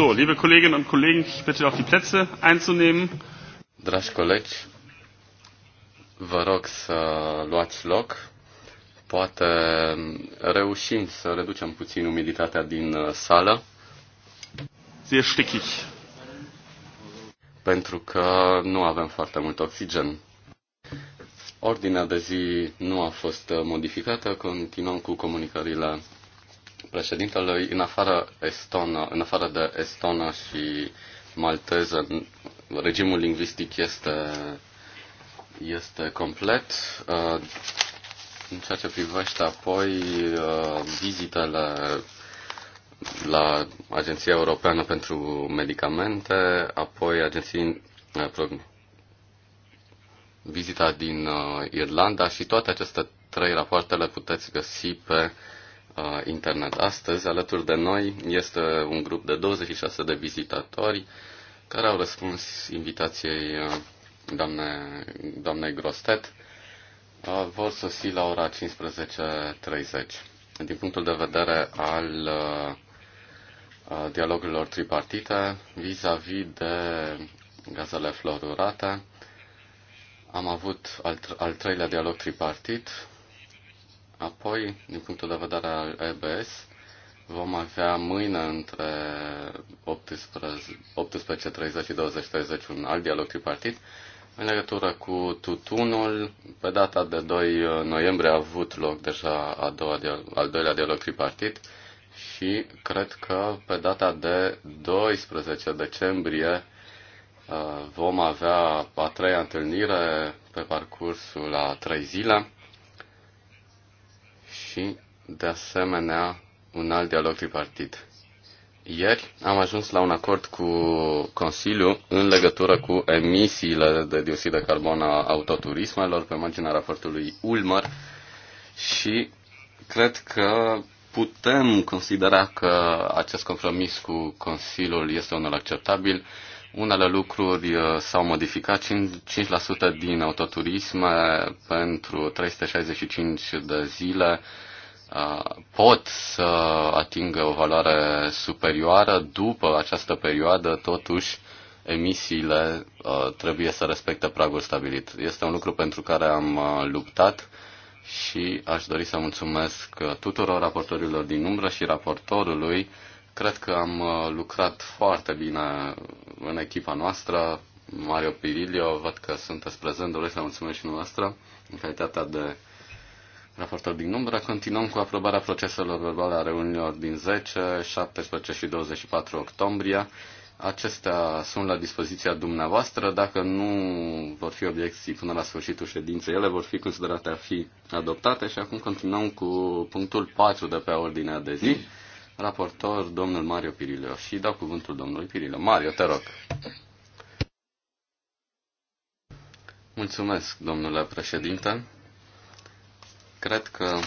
So, liebe Kolleginnen und Kollegen, ich bitte auf die Plätze einzunehmen. Dragi colegi, vă rog să luați loc. Poate reușim să reducem puțin umiditatea din uh, sală. Sehr stickig. Pentru că nu avem foarte mult oxigen. Ordinea de zi nu a fost uh, modificată, continuăm cu comunicările președintelui, în afară, estonă, în afară de estonă și malteză, regimul lingvistic este, este complet. Uh, în ceea ce privește apoi uh, vizitele la Agenția Europeană pentru Medicamente, apoi agenții, uh, vizita din Irlanda și toate aceste trei rapoarte le puteți găsi pe uh, internet. Astăzi, alături de noi, este un grup de 26 de vizitatori care au răspuns invitației uh, doamne, doamnei Grostet. Uh, Vor sosi la ora 15.30. Din punctul de vedere al uh, dialogurilor tripartite vis-a-vis -vis de gazele florurate, am avut al, al treilea dialog tripartit Apoi, din punctul de vedere al EBS, vom avea mâine între 18.30 18 și 20.30 un alt dialog tripartit în legătură cu tutunul. Pe data de 2 uh, noiembrie a avut loc deja a doua, al doilea dialog tripartit și cred că pe data de 12 decembrie uh, vom avea a treia întâlnire pe parcursul a trei zile și, de asemenea, un alt dialog tripartit. Ieri am ajuns la un acord cu Consiliul în legătură cu emisiile de dioxid de carbon a autoturismelor pe marginea raportului Ulmer și cred că putem considera că acest compromis cu Consiliul este unul acceptabil. Unele lucruri uh, s-au modificat, 5% din autoturisme pentru 365 de zile uh, pot să atingă o valoare superioară. După această perioadă, totuși, emisiile uh, trebuie să respecte pragul stabilit. Este un lucru pentru care am luptat și aș dori să mulțumesc tuturor raportorilor din umbră și raportorului Cred că am uh, lucrat foarte bine în echipa noastră. Mario Pirilio, văd că sunteți prezent, doresc să mulțumesc și noastră în calitatea de raportor din umbră. Continuăm cu aprobarea proceselor verbale a reuniunilor din 10, 17 și 24 octombrie. Acestea sunt la dispoziția dumneavoastră. Dacă nu vor fi obiecții până la sfârșitul ședinței, ele vor fi considerate a fi adoptate și acum continuăm cu punctul 4 de pe ordinea de zi raportor, domnul Mario Pirilio. Și dau cuvântul domnului Pirilio. Mario, te rog. Mulțumesc, domnule președinte. Cred că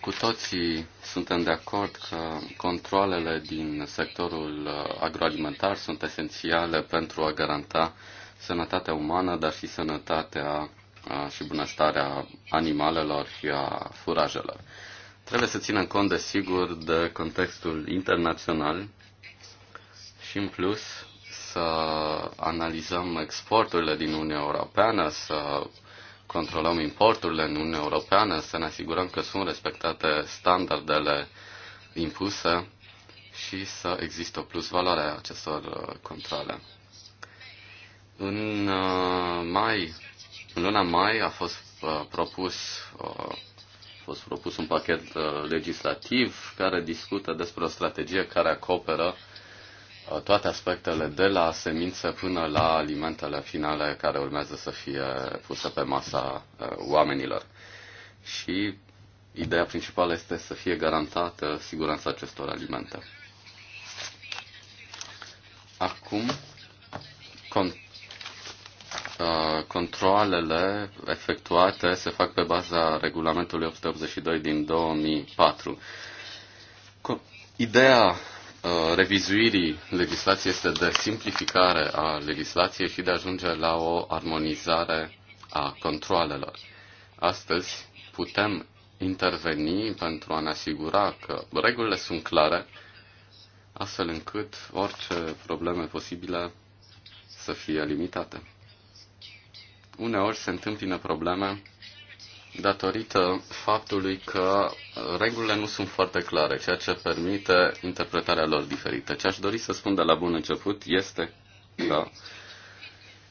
cu toții suntem de acord că controlele din sectorul uh, agroalimentar sunt esențiale pentru a garanta sănătatea umană, dar și sănătatea și bunăstarea animalelor și a furajelor. Trebuie să ținem cont, desigur, de contextul internațional și, în plus, să analizăm exporturile din Uniunea Europeană, să controlăm importurile în Uniunea Europeană, să ne asigurăm că sunt respectate standardele impuse și să există o plusvaloare a acestor uh, controle. În uh, mai în luna mai a fost uh, propus uh, a fost propus un pachet uh, legislativ care discută despre o strategie care acoperă uh, toate aspectele de la semințe până la alimentele finale care urmează să fie puse pe masa uh, oamenilor. Și ideea principală este să fie garantată siguranța acestor alimente. Acum, cont- Uh, controlele efectuate se fac pe baza regulamentului 882 din 2004. Ideea uh, revizuirii legislației este de simplificare a legislației și de a ajunge la o armonizare a controlelor. Astăzi putem interveni pentru a ne asigura că regulile sunt clare, astfel încât orice probleme posibile să fie limitate uneori se întâmplă probleme datorită faptului că regulile nu sunt foarte clare, ceea ce permite interpretarea lor diferită. Ce aș dori să spun de la bun început este că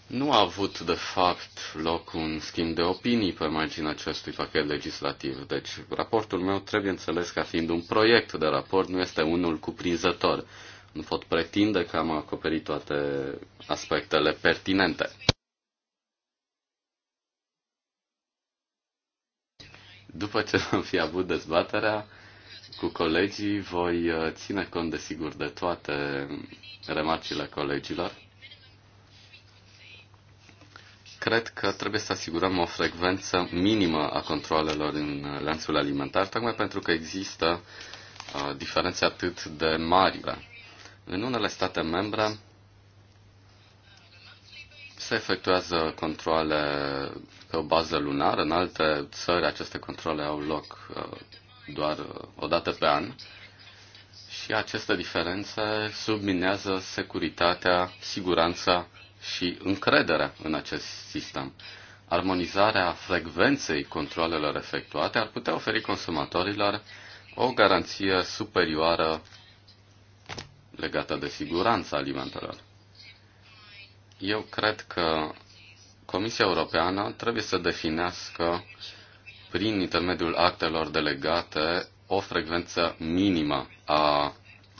nu a avut, de fapt, loc un schimb de opinii pe marginea acestui pachet legislativ. Deci, raportul meu trebuie înțeles ca fiind un proiect de raport, nu este unul cuprinzător. Nu pot pretinde că am acoperit toate aspectele pertinente. După ce vom fi avut dezbaterea cu colegii, voi uh, ține cont, desigur, de toate remarcile colegilor. Cred că trebuie să asigurăm o frecvență minimă a controlelor în lanțul alimentar, tocmai pentru că există uh, diferențe atât de mari. În unele state membre, se efectuează controle pe o bază lunară. În alte țări aceste controle au loc uh, doar uh, o dată pe an și aceste diferențe subminează securitatea, siguranța și încrederea în acest sistem. Armonizarea frecvenței controlelor efectuate ar putea oferi consumatorilor o garanție superioară legată de siguranța alimentelor. Eu cred că Comisia Europeană trebuie să definească prin intermediul actelor delegate o frecvență minimă a,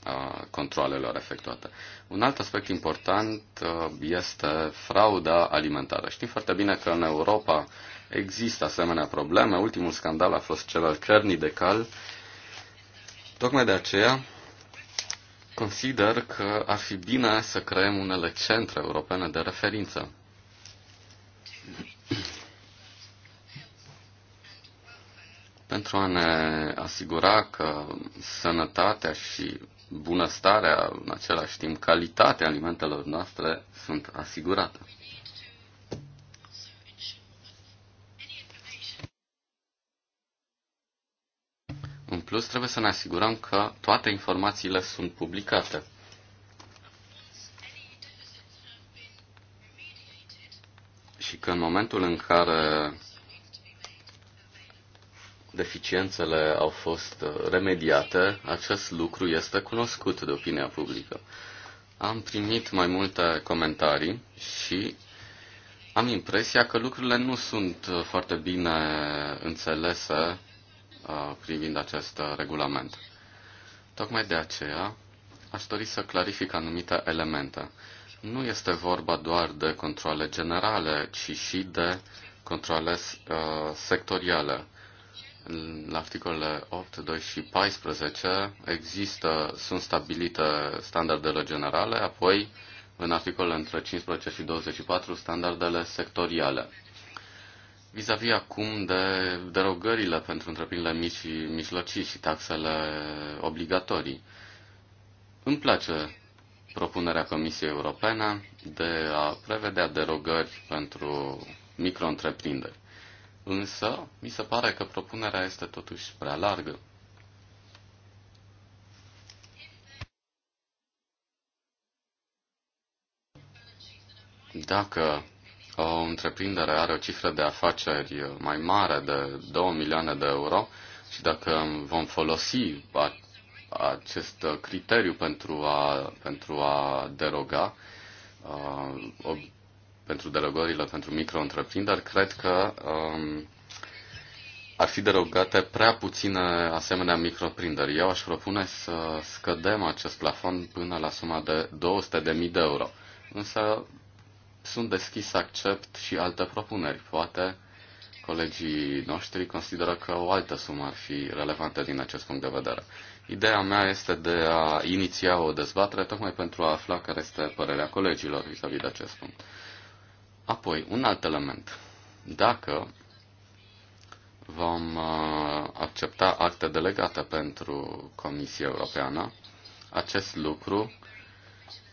a controlelor efectuate. Un alt aspect important uh, este frauda alimentară. Știm foarte bine că în Europa există asemenea probleme. Ultimul scandal a fost cel al cărnii de cal. Tocmai de aceea Consider că ar fi bine să creăm unele centre europene de referință. Pentru a ne asigura că sănătatea și bunăstarea, în același timp calitatea alimentelor noastre sunt asigurate. plus, trebuie să ne asigurăm că toate informațiile sunt publicate. Și că în momentul în care deficiențele au fost uh, remediate, acest lucru este cunoscut de opinia publică. Am primit mai multe comentarii și am impresia că lucrurile nu sunt uh, foarte bine înțelese Uh, privind acest uh, regulament. Tocmai de aceea aș dori să clarific anumite elemente. Nu este vorba doar de controle generale, ci și de controle uh, sectoriale. La articolele 8, 2 și 14 există, sunt stabilite standardele generale, apoi în articolele între 15 și 24 standardele sectoriale. Vis-a-vis -vis acum de derogările pentru întreprinderile mici și mijlocii și taxele obligatorii. Îmi place propunerea Comisiei Europene de a prevedea derogări pentru micro-întreprinderi. Însă, mi se pare că propunerea este totuși prea largă. Dacă o întreprindere are o cifră de afaceri mai mare de 2 milioane de euro și dacă vom folosi acest criteriu pentru a, pentru a deroga, pentru derogările pentru micro-întreprinderi, cred că ar fi derogate prea puține asemenea micro-întreprinderi. Eu aș propune să scădem acest plafon până la suma de 200.000 de euro. Însă sunt deschis să accept și alte propuneri. Poate colegii noștri consideră că o altă sumă ar fi relevantă din acest punct de vedere. Ideea mea este de a iniția o dezbatere tocmai pentru a afla care este părerea colegilor vis-a-vis -vis de acest punct. Apoi, un alt element. Dacă vom uh, accepta acte delegate pentru Comisia Europeană, acest lucru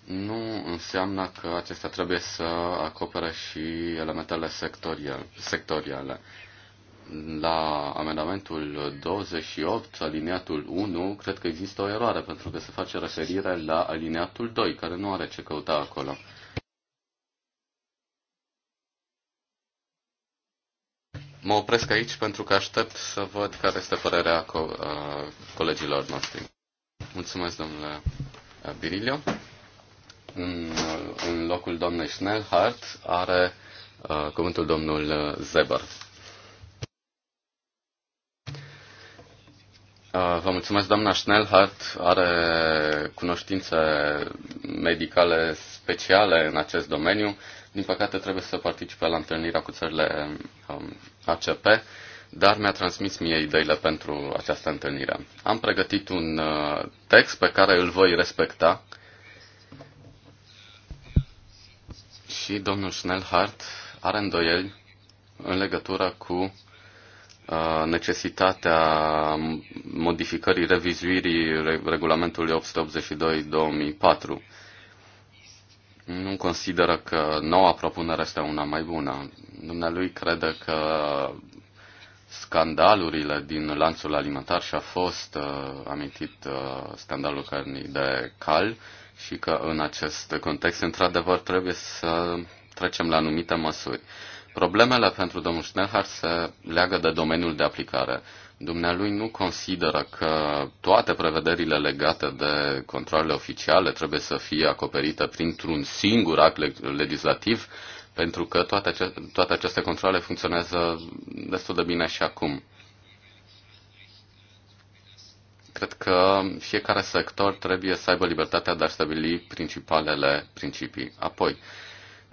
nu înseamnă că acestea trebuie să acopere și elementele sectoriale. La amendamentul 28, aliniatul 1, cred că există o eroare, pentru că se face referire la aliniatul 2, care nu are ce căuta acolo. Mă opresc aici pentru că aștept să văd care este părerea co- colegilor noștri. Mulțumesc, domnule Birilio în, în locul domnului Schnellhardt are uh, cuvântul domnul Zeber. Uh, vă mulțumesc, doamna Schnellhardt are cunoștințe medicale speciale în acest domeniu. Din păcate trebuie să participe la întâlnirea cu țările um, ACP, dar mi-a transmis mie ideile pentru această întâlnire. Am pregătit un uh, text pe care îl voi respecta și domnul Schnellhardt are îndoieli în legătură cu uh, necesitatea modificării, revizuirii regulamentului 882-2004. Nu consideră că noua propunere este una mai bună. Dumnealui crede că scandalurile din lanțul alimentar și a fost uh, amintit uh, scandalul cărnii de cal, și că în acest context, într-adevăr, trebuie să trecem la anumite măsuri. Problemele pentru domnul Schnehar se leagă de domeniul de aplicare. Dumnealui nu consideră că toate prevederile legate de controlele oficiale trebuie să fie acoperite printr-un singur act legislativ, pentru că toate, ace- toate aceste controle funcționează destul de bine și acum. Cred că fiecare sector trebuie să aibă libertatea de a stabili principalele principii. Apoi,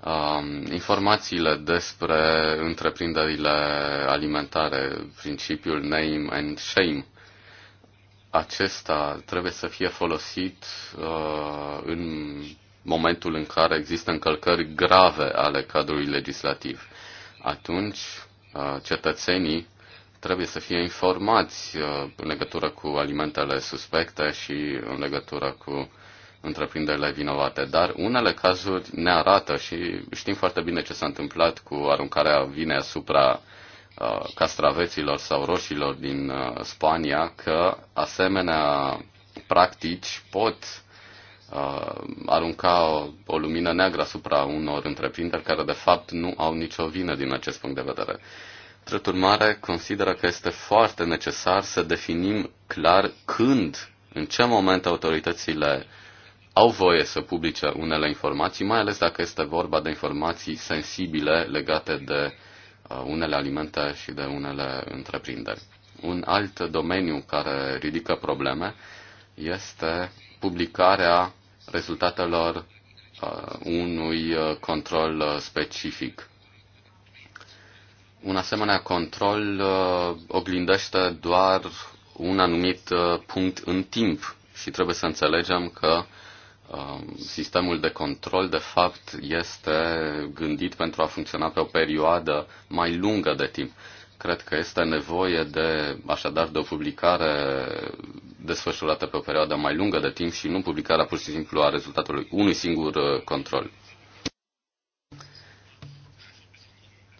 um, informațiile despre întreprinderile alimentare, principiul name and shame, acesta trebuie să fie folosit uh, în momentul în care există încălcări grave ale cadrului legislativ. Atunci, uh, cetățenii trebuie să fie informați uh, în legătură cu alimentele suspecte și în legătură cu întreprinderile vinovate. Dar unele cazuri ne arată și știm foarte bine ce s-a întâmplat cu aruncarea vinei asupra uh, castraveților sau roșilor din uh, Spania că asemenea practici pot arunca o, o lumină neagră asupra unor întreprinderi care de fapt nu au nicio vină din acest punct de vedere. Drept urmare, consideră că este foarte necesar să definim clar când, în ce moment autoritățile au voie să publice unele informații, mai ales dacă este vorba de informații sensibile legate de uh, unele alimente și de unele întreprinderi. Un alt domeniu care ridică probleme este publicarea rezultatelor uh, unui uh, control specific un asemenea control uh, oglindește doar un anumit uh, punct în timp și trebuie să înțelegem că uh, sistemul de control, de fapt, este gândit pentru a funcționa pe o perioadă mai lungă de timp. Cred că este nevoie de, așadar, de o publicare desfășurată pe o perioadă mai lungă de timp și nu publicarea pur și simplu a rezultatului unui singur uh, control.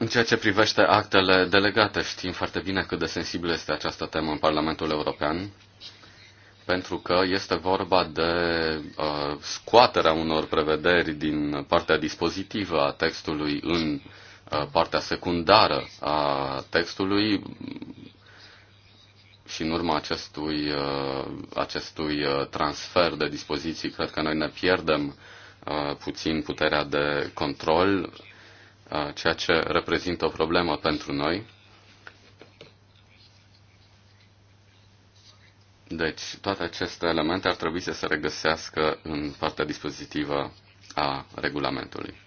În ceea ce privește actele delegate, știm foarte bine cât de sensibilă este această temă în Parlamentul European, pentru că este vorba de uh, scoaterea unor prevederi din partea dispozitivă a textului în uh, partea secundară a textului și în urma acestui, uh, acestui uh, transfer de dispoziții, cred că noi ne pierdem uh, puțin puterea de control ceea ce reprezintă o problemă pentru noi. Deci, toate aceste elemente ar trebui să se regăsească în partea dispozitivă a regulamentului.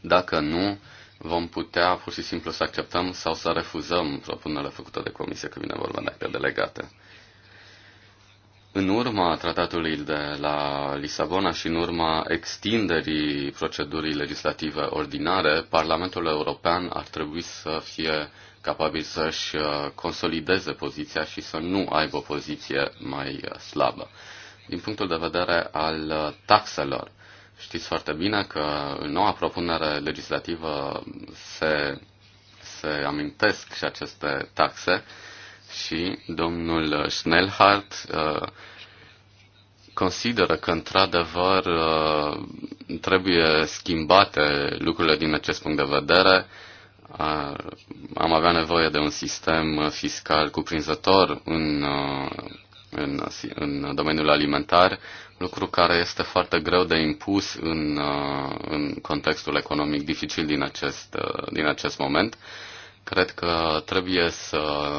Dacă nu, vom putea pur și simplu să acceptăm sau să refuzăm propunerea făcută de comisie când vine vorba de delegate. În urma tratatului de la Lisabona și în urma extinderii procedurii legislative ordinare, Parlamentul European ar trebui să fie capabil să-și uh, consolideze poziția și să nu aibă o poziție mai uh, slabă. Din punctul de vedere al uh, taxelor, știți foarte bine că în noua propunere legislativă se, se amintesc și aceste taxe, și domnul Schnellhardt uh, consideră că, într-adevăr, uh, trebuie schimbate lucrurile din acest punct de vedere. Uh, am avea nevoie de un sistem fiscal cuprinzător în, în, în domeniul alimentar, lucru care este foarte greu de impus în, în contextul economic dificil din acest, din acest moment. Cred că trebuie să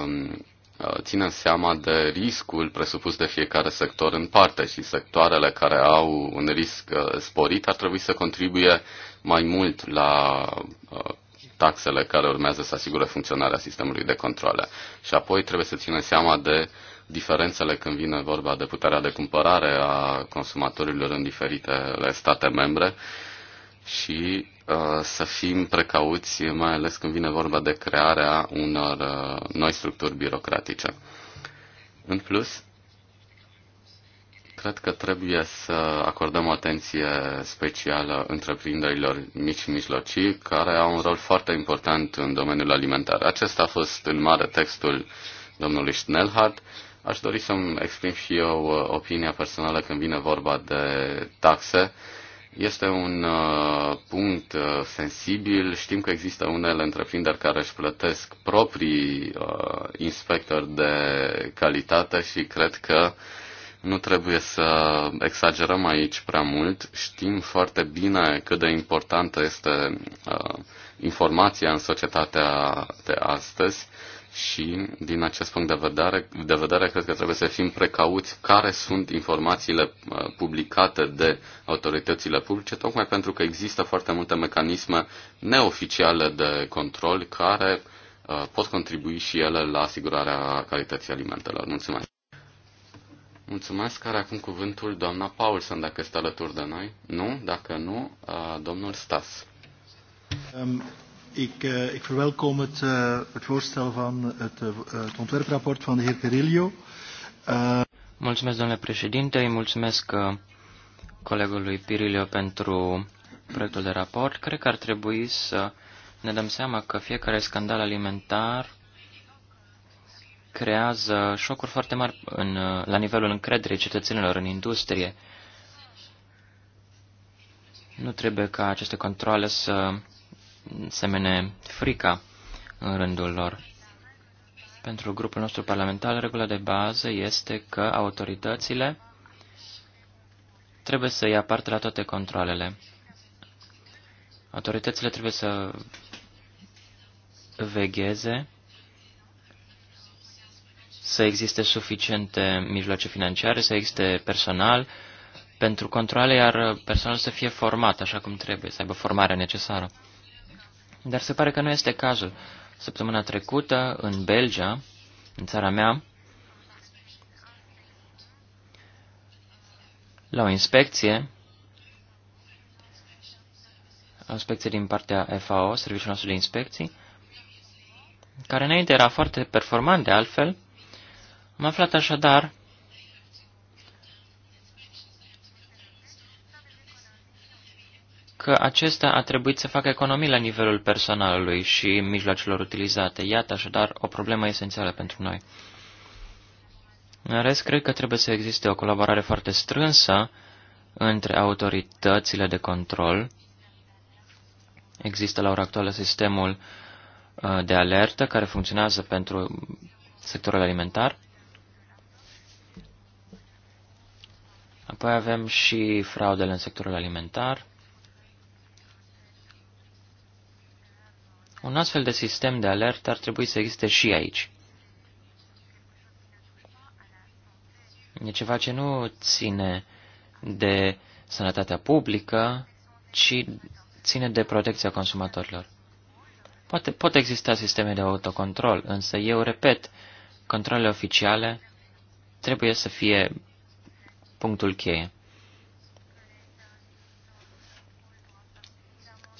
Uh, ține seama de riscul presupus de fiecare sector în parte și sectoarele care au un risc uh, sporit ar trebui să contribuie mai mult la uh, taxele care urmează să asigure funcționarea sistemului de controle. Și apoi trebuie să țină seama de diferențele când vine vorba de puterea de cumpărare a consumatorilor în diferitele state membre și uh, să fim precauți, mai ales când vine vorba de crearea unor uh, noi structuri birocratice. În plus, cred că trebuie să acordăm o atenție specială întreprinderilor mici și mijlocii, care au un rol foarte important în domeniul alimentar. Acesta a fost în mare textul domnului Schnellhardt. Aș dori să-mi exprim și eu uh, opinia personală când vine vorba de taxe. Uh, este un uh, punct uh, sensibil. Știm că există unele întreprinderi care își plătesc proprii uh, inspectori de calitate și cred că nu trebuie să exagerăm aici prea mult. Știm foarte bine cât de importantă este informația în societatea de astăzi și din acest punct de vedere, de vedere cred că trebuie să fim precauți care sunt informațiile uh, publicate de autoritățile publice, tocmai pentru că există foarte multe mecanisme neoficiale de control care uh, pot contribui și ele la asigurarea calității alimentelor. Mulțumesc! Mulțumesc, care acum cuvântul doamna Paulson, dacă este alături de noi. Nu? Dacă nu, uh, domnul Stas. Um, Ik, uh, ik verwelkom het, uh, het voorstel van het, uh, het ontwerprapport van de heer Perillo. Uh... Mulțumesc, domnule președinte, îi mulțumesc colegului Pirilio pentru proiectul de raport. Cred că ar trebui să ne dăm seama că fiecare scandal alimentar creează șocuri foarte mari în, la nivelul încrederii cetățenilor în industrie. Nu trebuie ca aceste controle să semene frica în rândul lor. Pentru grupul nostru parlamentar, regula de bază este că autoritățile trebuie să ia parte la toate controlele. Autoritățile trebuie să vegheze să existe suficiente mijloace financiare, să existe personal pentru controle, iar personalul să fie format așa cum trebuie, să aibă formarea necesară. Dar se pare că nu este cazul. Săptămâna trecută, în Belgia, în țara mea, la o inspecție, o inspecție din partea FAO, Serviciul nostru de inspecții, care înainte era foarte performant de altfel, am aflat așadar că acesta a trebuit să facă economii la nivelul personalului și mijloacelor utilizate. Iată așadar o problemă esențială pentru noi. În rest, cred că trebuie să existe o colaborare foarte strânsă între autoritățile de control. Există la ora actuală sistemul uh, de alertă care funcționează pentru sectorul alimentar. Apoi avem și fraudele în sectorul alimentar. Un astfel de sistem de alertă ar trebui să existe și aici. E ceva ce nu ține de sănătatea publică, ci ține de protecția consumatorilor. Poate, pot exista sisteme de autocontrol, însă eu repet, controlele oficiale trebuie să fie punctul cheie.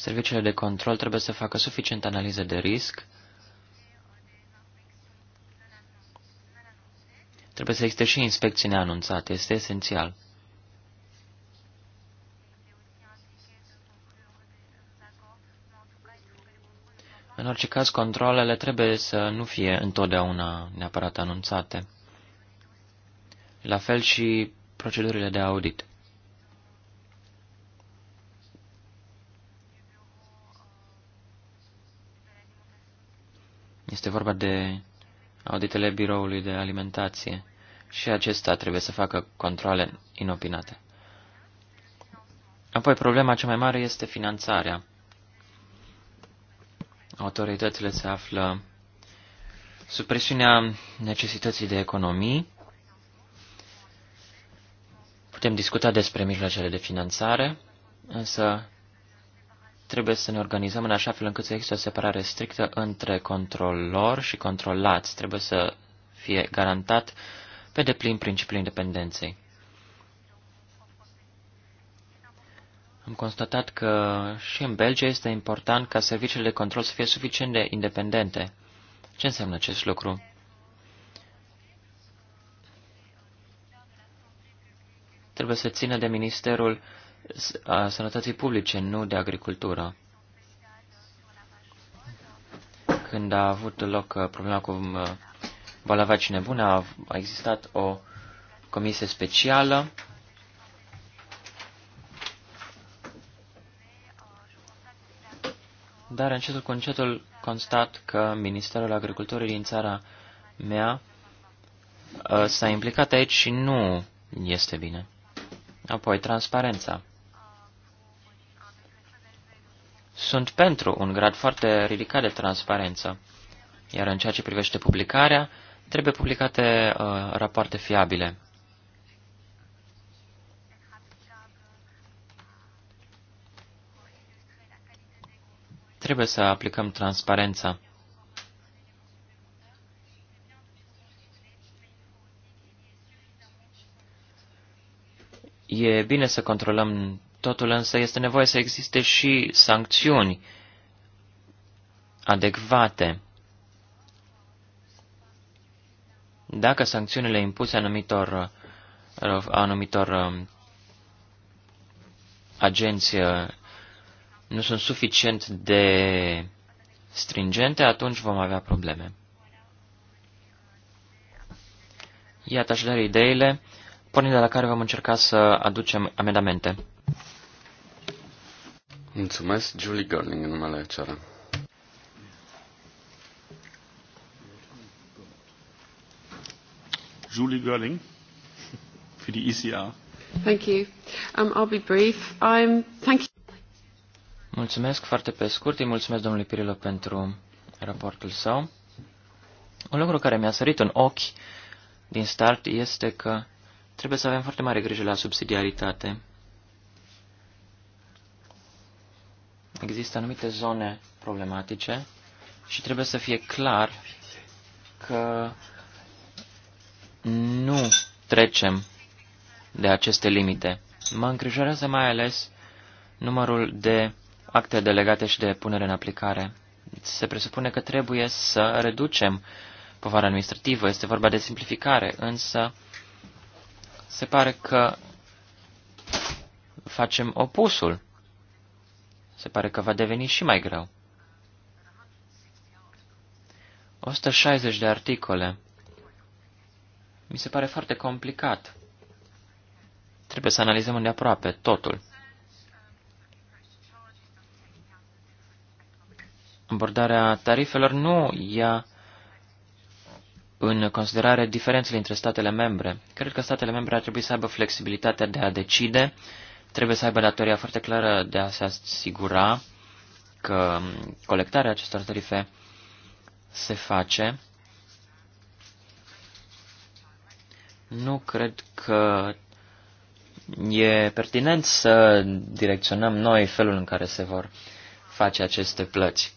Serviciile de control trebuie să facă suficient analize de risc, trebuie să existe și inspecții neanunțate, este esențial. În orice caz, controlele trebuie să nu fie întotdeauna neapărat anunțate. La fel și procedurile de audit. Este vorba de auditele biroului de alimentație și acesta trebuie să facă controle inopinate. Apoi, problema cea mai mare este finanțarea. Autoritățile se află sub presiunea necesității de economii. Putem discuta despre mijloacele de finanțare, însă trebuie să ne organizăm în așa fel încât să existe o separare strictă între controlor și controlați. Trebuie să fie garantat pe deplin principiul independenței. Am constatat că și în Belgia este important ca serviciile de control să fie suficient de independente. Ce înseamnă acest lucru? Trebuie să țină de Ministerul uh, a sănătății publice, nu de agricultură. Când a avut loc uh, problema cu uh, boala vacii nebune, a existat o comisie specială dar încetul cu încetul constat că Ministerul Agriculturii din țara mea uh, s-a implicat aici și nu este bine. Apoi, transparența. sunt pentru un grad foarte ridicat de transparență. Iar în ceea ce privește publicarea, trebuie publicate uh, rapoarte fiabile. Trebuie să aplicăm transparența. E bine să controlăm totul însă este nevoie să existe și sancțiuni adecvate. Dacă sancțiunile impuse anumitor, anumitor um, agenți uh, nu sunt suficient de stringente, atunci vom avea probleme. Iată așadar ideile, pornind de la care vom încerca să aducem amendamente. Mulțumesc, Julie Garling, în numele acela. Julie Görling for the ECR. Thank you. Um, I'll be brief. I'm, thank you. Mulțumesc foarte pe scurt, îi mulțumesc domnului Pirilo pentru raportul său. Un lucru care mi-a sărit în ochi din start este că trebuie să avem foarte mare grijă la subsidiaritate. Există anumite zone problematice și trebuie să fie clar că nu trecem de aceste limite. Mă îngrijorează mai ales numărul de acte delegate și de punere în aplicare. Se presupune că trebuie să reducem povara administrativă, este vorba de simplificare, însă se pare că facem opusul se pare că va deveni și mai greu. 160 de articole. Mi se pare foarte complicat. Trebuie să analizăm îndeaproape totul. Abordarea tarifelor nu ia în considerare diferențele între statele membre. Cred că statele membre ar trebui să aibă flexibilitatea de a decide uh, trebuie să aibă datoria foarte clară de a se asigura că colectarea acestor tarife se face. Nu cred că e pertinent să direcționăm noi felul în care se vor face aceste plăți.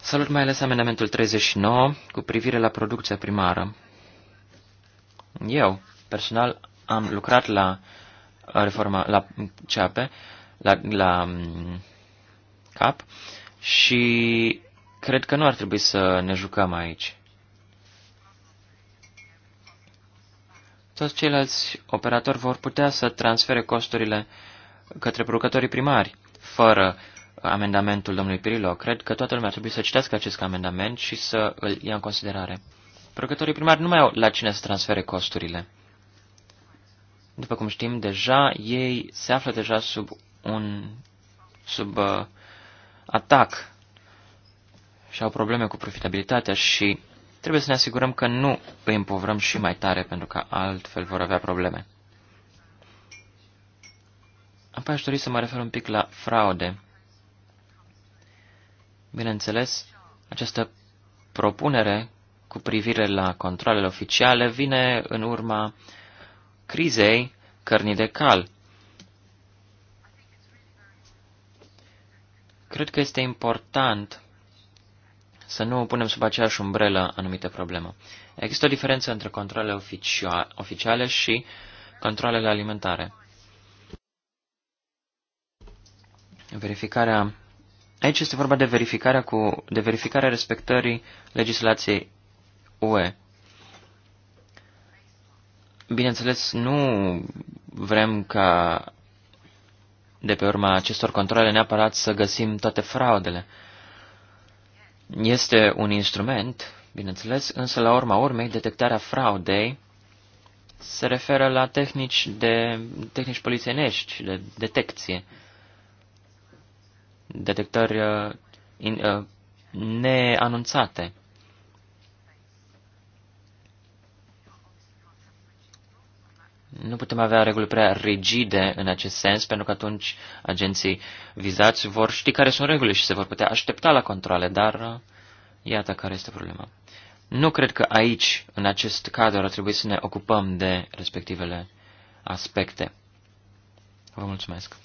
Salut mai ales amendamentul 39 cu privire la producția primară. Eu, personal, am lucrat la uh, reforma la CAP, la, la mm, cap și cred că nu ar trebui să ne jucăm aici. Toți ceilalți operatori vor putea să transfere costurile către producătorii primari, fără amendamentul domnului Pirilo. Cred că toată lumea ar trebui să citească acest amendament și să îl ia în considerare. Producătorii primari nu mai au la cine să transfere costurile. După cum știm, deja ei se află deja sub un sub uh, atac și au probleme cu profitabilitatea și trebuie să ne asigurăm că nu îi împovrăm și mai tare, pentru că altfel vor avea probleme. Apoi aș dori să mă refer un pic la fraude. Bineînțeles, această propunere cu privire la controlele oficiale vine în urma crizei cărnii de cal. Cred că este important să nu punem sub aceeași umbrelă anumite probleme. Există o diferență între controlele oficiale și controlele alimentare. Verificarea. Aici este vorba de verificarea, cu, de verificarea respectării legislației UE Bineînțeles, nu vrem ca de pe urma acestor controle neapărat să găsim toate fraudele. Este un instrument, bineînțeles, însă la urma urmei detectarea fraudei se referă la tehnici, de, tehnici polițienești, de detecție, detectări uh, in, uh, neanunțate. Nu putem avea reguli prea rigide în acest sens, pentru că atunci agenții vizați vor ști care sunt regulile și se vor putea aștepta la controle, dar uh, iată care este problema. Nu cred că aici, în acest cadru, ar trebui să ne ocupăm de respectivele aspecte. Vă mulțumesc.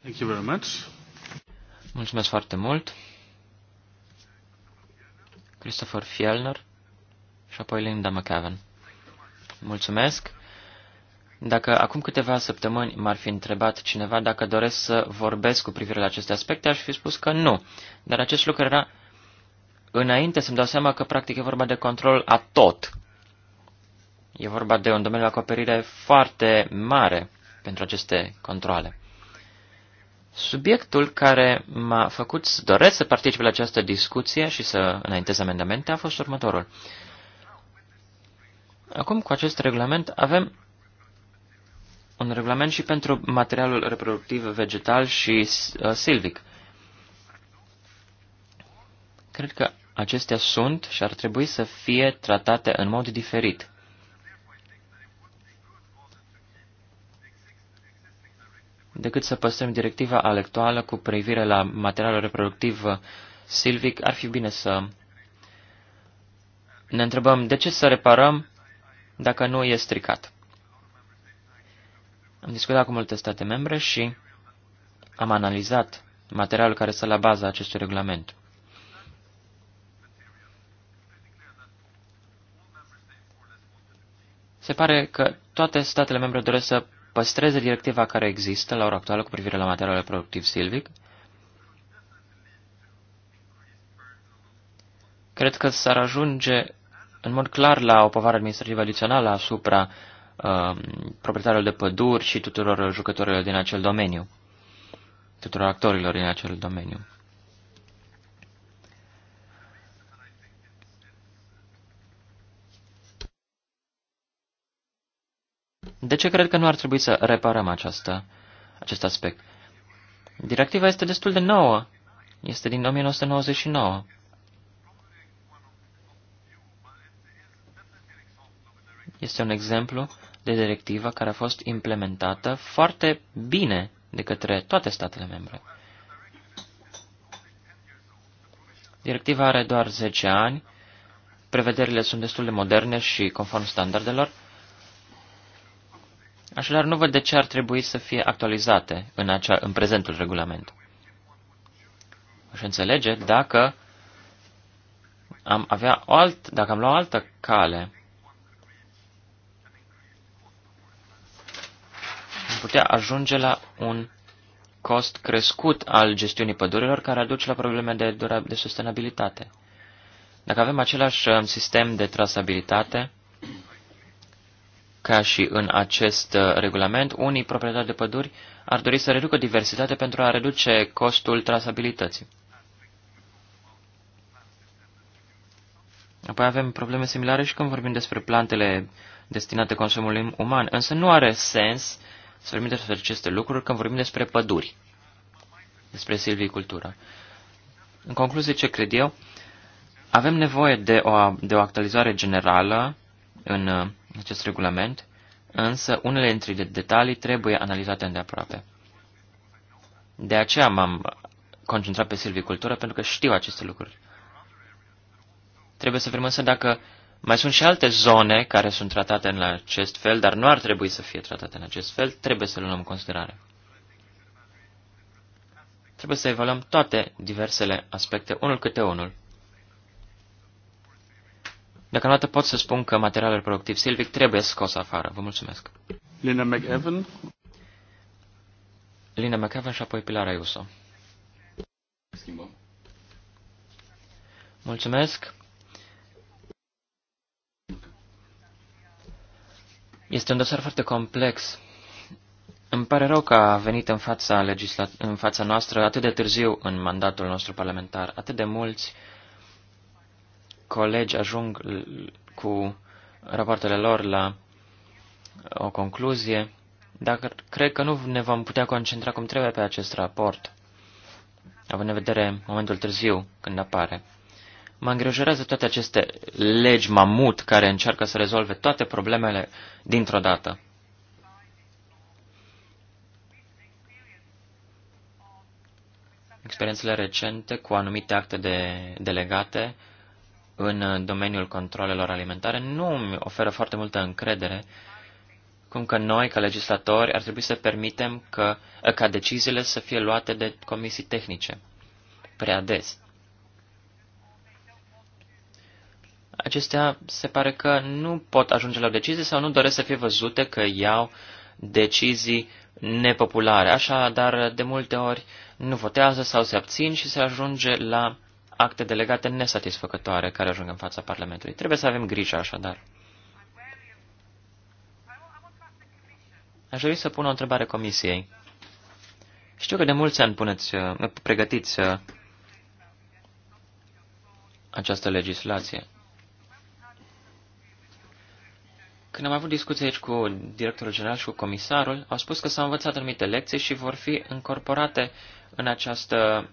Thank you very much. Mulțumesc foarte mult. Christopher Fielner și apoi Linda McAven. Mulțumesc. Dacă acum câteva săptămâni m-ar fi întrebat cineva dacă doresc să vorbesc cu privire la aceste aspecte, aș fi spus că nu. Dar acest lucru era înainte să-mi dau seama că practic e vorba de control a tot. E vorba de un domeniu de acoperire foarte mare pentru aceste controle. Subiectul care m-a făcut să doresc să particip la această discuție și să înaintez amendamente a fost următorul. Acum, cu acest regulament, avem un regulament și pentru materialul reproductiv vegetal și uh, silvic. Cred că acestea sunt și ar trebui să fie tratate în mod diferit. Decât să păstrăm directiva actuală cu privire la materialul reproductiv silvic, ar fi bine să ne întrebăm de ce să reparăm dacă nu e stricat. Am discutat cu multe state membre și am analizat materialul care stă la baza acestui regulament. Se pare că toate statele membre doresc să păstreze directiva care există la ora actuală cu privire la materialul productiv silvic. Cred că s-ar ajunge în mod clar la o povară administrativă adițională asupra uh, Um, proprietarilor de păduri și tuturor jucătorilor din acel domeniu, tuturor actorilor din acel domeniu. De ce cred că nu ar trebui să reparăm această, acest aspect? Directiva este destul de nouă. Este din 1999. Este un exemplu de directivă care a fost implementată foarte bine de către toate statele membre. Directiva are doar 10 ani, prevederile sunt destul de moderne și conform standardelor, așadar nu văd de ce ar trebui să fie actualizate în, acea, în prezentul regulament. Aș înțelege dacă am avea o alt, dacă am luat o altă cale putea ajunge la un cost crescut al gestiunii pădurilor, care aduce la probleme de, de sustenabilitate. Dacă avem același um, sistem de trasabilitate, ca și în acest uh, regulament, unii proprietari de păduri ar dori să reducă diversitatea pentru a reduce costul trasabilității. Apoi avem probleme similare și când vorbim despre plantele destinate consumului uman, însă nu are sens uh, să vorbim despre aceste lucruri când vorbim despre păduri, despre silvicultură. În concluzie, ce cred eu? Avem nevoie de o, de o actualizare generală în uh, acest regulament, însă unele dintre detalii trebuie analizate îndeaproape. De aceea m-am concentrat pe silvicultură, pentru că știu aceste lucruri. Trebuie să vrem însă dacă mai sunt și alte zone care sunt tratate în acest fel, dar nu ar trebui să fie tratate în acest fel, trebuie să le luăm în considerare. Trebuie să evaluăm toate diversele aspecte, unul câte unul. Deocamdată pot să spun că materialul productiv silvic trebuie scos afară. Vă mulțumesc. Lina McEvan. Lina McEvan și apoi Pilar Ayuso. Schimbăm. Mulțumesc. Este un dosar foarte complex. Îmi pare rău că a venit în fața, legisla- în fața noastră atât de târziu în mandatul nostru parlamentar. Atât de mulți colegi ajung cu rapoartele lor la o concluzie, dar cred că nu ne vom putea concentra cum trebuie pe acest raport, având în vedere momentul târziu când apare. Mă îngrijorează toate aceste legi mamut care încearcă să rezolve toate problemele dintr-o dată. Experiențele recente cu anumite acte de delegate în domeniul controlelor alimentare nu îmi oferă foarte multă încredere cum că noi, ca legislatori, ar trebui să permitem că, ca deciziile să fie luate de comisii tehnice prea des. acestea se pare că nu pot ajunge la o decizie sau nu doresc să fie văzute că iau decizii nepopulare. Așa, dar de multe ori nu votează sau se abțin și se ajunge la acte delegate nesatisfăcătoare care ajung în fața Parlamentului. Trebuie să avem grijă așadar. Aș dori să pun o întrebare comisiei. Știu că de mulți ani puneți, pregătiți uh, această legislație. Când am avut discuții aici cu directorul general și cu comisarul, au spus că s-au învățat anumite lecții și vor fi incorporate în, această,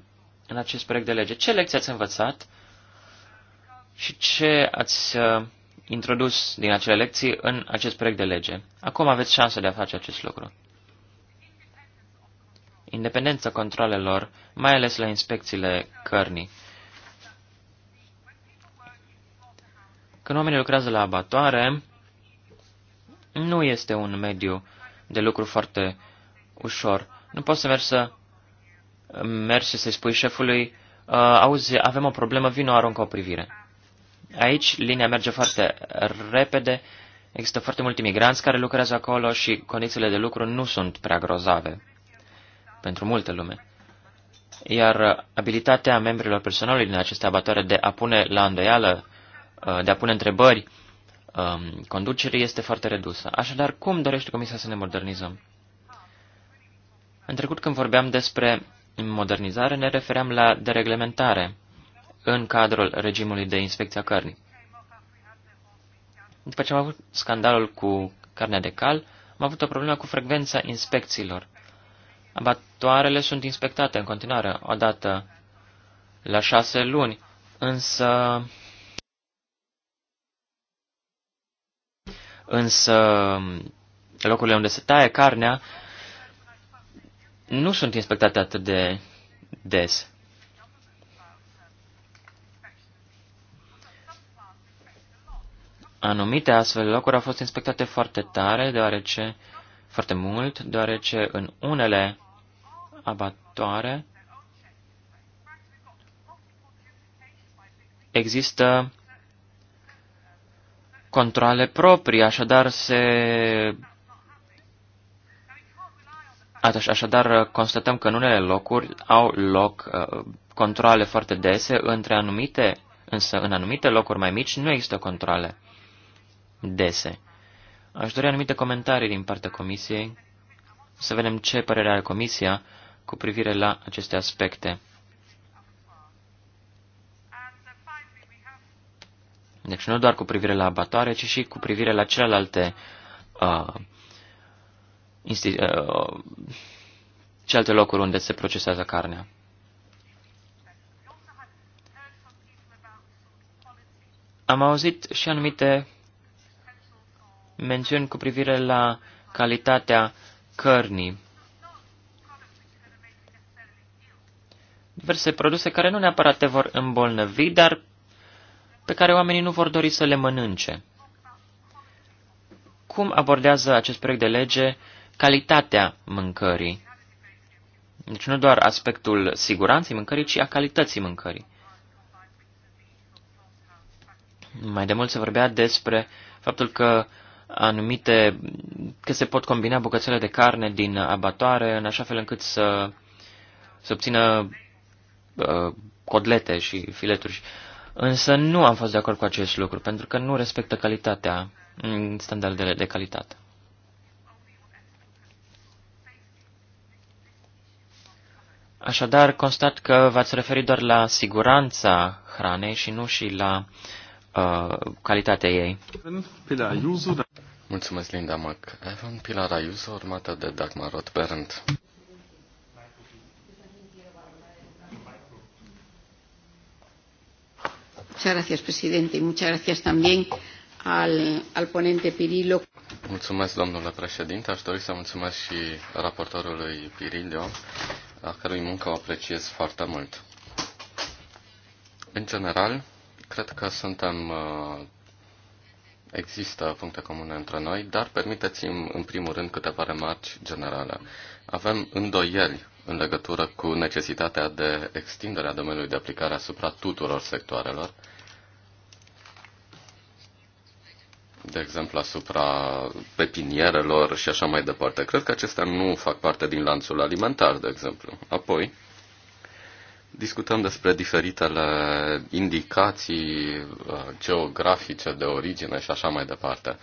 în acest proiect de lege. Ce lecții ați învățat și ce ați uh, introdus din acele lecții în acest proiect de lege? Acum aveți șansa de a face acest lucru. Independența controlelor, mai ales la inspecțiile cărnii. Când oamenii lucrează la abatoare, nu este un mediu de lucru foarte ușor. Nu poți să mergi să mergi și să-i spui șefului, uh, auzi, avem o problemă, vino, aruncă o privire. Aici linia merge foarte repede, există foarte mulți migranți care lucrează acolo și condițiile de lucru nu sunt prea grozave pentru multă lume. Iar abilitatea membrilor personalului din aceste abatoare de a pune la îndoială, uh, de a pune întrebări um, conducerii este foarte redusă. Așadar, cum dorește Comisia să ne modernizăm? În trecut, când vorbeam despre modernizare, ne refeream la dereglementare în cadrul regimului de inspecție a cărnii. După ce am avut scandalul cu carnea de cal, am avut o problemă cu frecvența inspecțiilor. Abatoarele sunt inspectate în continuare, o dată la șase luni, însă însă locurile unde se taie carnea nu sunt inspectate atât de des. Anumite astfel de locuri au fost inspectate foarte tare, deoarece, foarte mult, deoarece în unele abatoare există controle proprii, așadar se... Așadar, constatăm că în unele locuri au loc uh, controle foarte dese, între anumite, însă în anumite locuri mai mici nu există controle dese. Aș dori anumite comentarii din partea comisiei, să vedem ce părere are comisia cu privire la aceste aspecte. Deci nu doar cu privire la abatoare, ci și cu privire la celelalte uh, uh, celelalte locuri unde se procesează carnea. Am auzit și anumite mențiuni cu privire la calitatea cărnii. Diverse produse care nu neapărat te vor îmbolnăvi, dar pe care oamenii nu vor dori să le mănânce. Cum abordează acest proiect de lege calitatea mâncării? Deci nu doar aspectul siguranței mâncării, ci a calității mâncării. Mai de mult se vorbea despre faptul că anumite, că se pot combina bucățele de carne din abatoare în așa fel încât să, să obțină uh, codlete și fileturi. Uh, Însă nu am fost de acord cu acest lucru, pentru că nu respectă calitatea, standardele de calitate. Așadar, constat că v-ați referit doar la siguranța hranei și nu și la uh, calitatea ei. Mulțumesc, Linda Mac. Evan Pilar Ayuso, urmată de Dagmar Rothbernd. Muchas gracias, presidente, y muchas gracias también al, al ponente Pirillo. Mulțumesc, domnule președinte. Aș dori să mulțumesc și raportorului Pirillo, a cărui muncă o apreciez foarte mult. În general, cred că suntem uh, Există puncte comune între noi, dar permiteți-mi în primul rând câteva remarci generale. Avem îndoieli în legătură cu necesitatea de extindere a domeniului de aplicare asupra tuturor sectoarelor de exemplu, asupra pepinierelor și așa mai departe. Cred că acestea nu fac parte din lanțul alimentar, de exemplu. Apoi, discutăm despre diferitele indicații uh, geografice de origine și așa mai departe.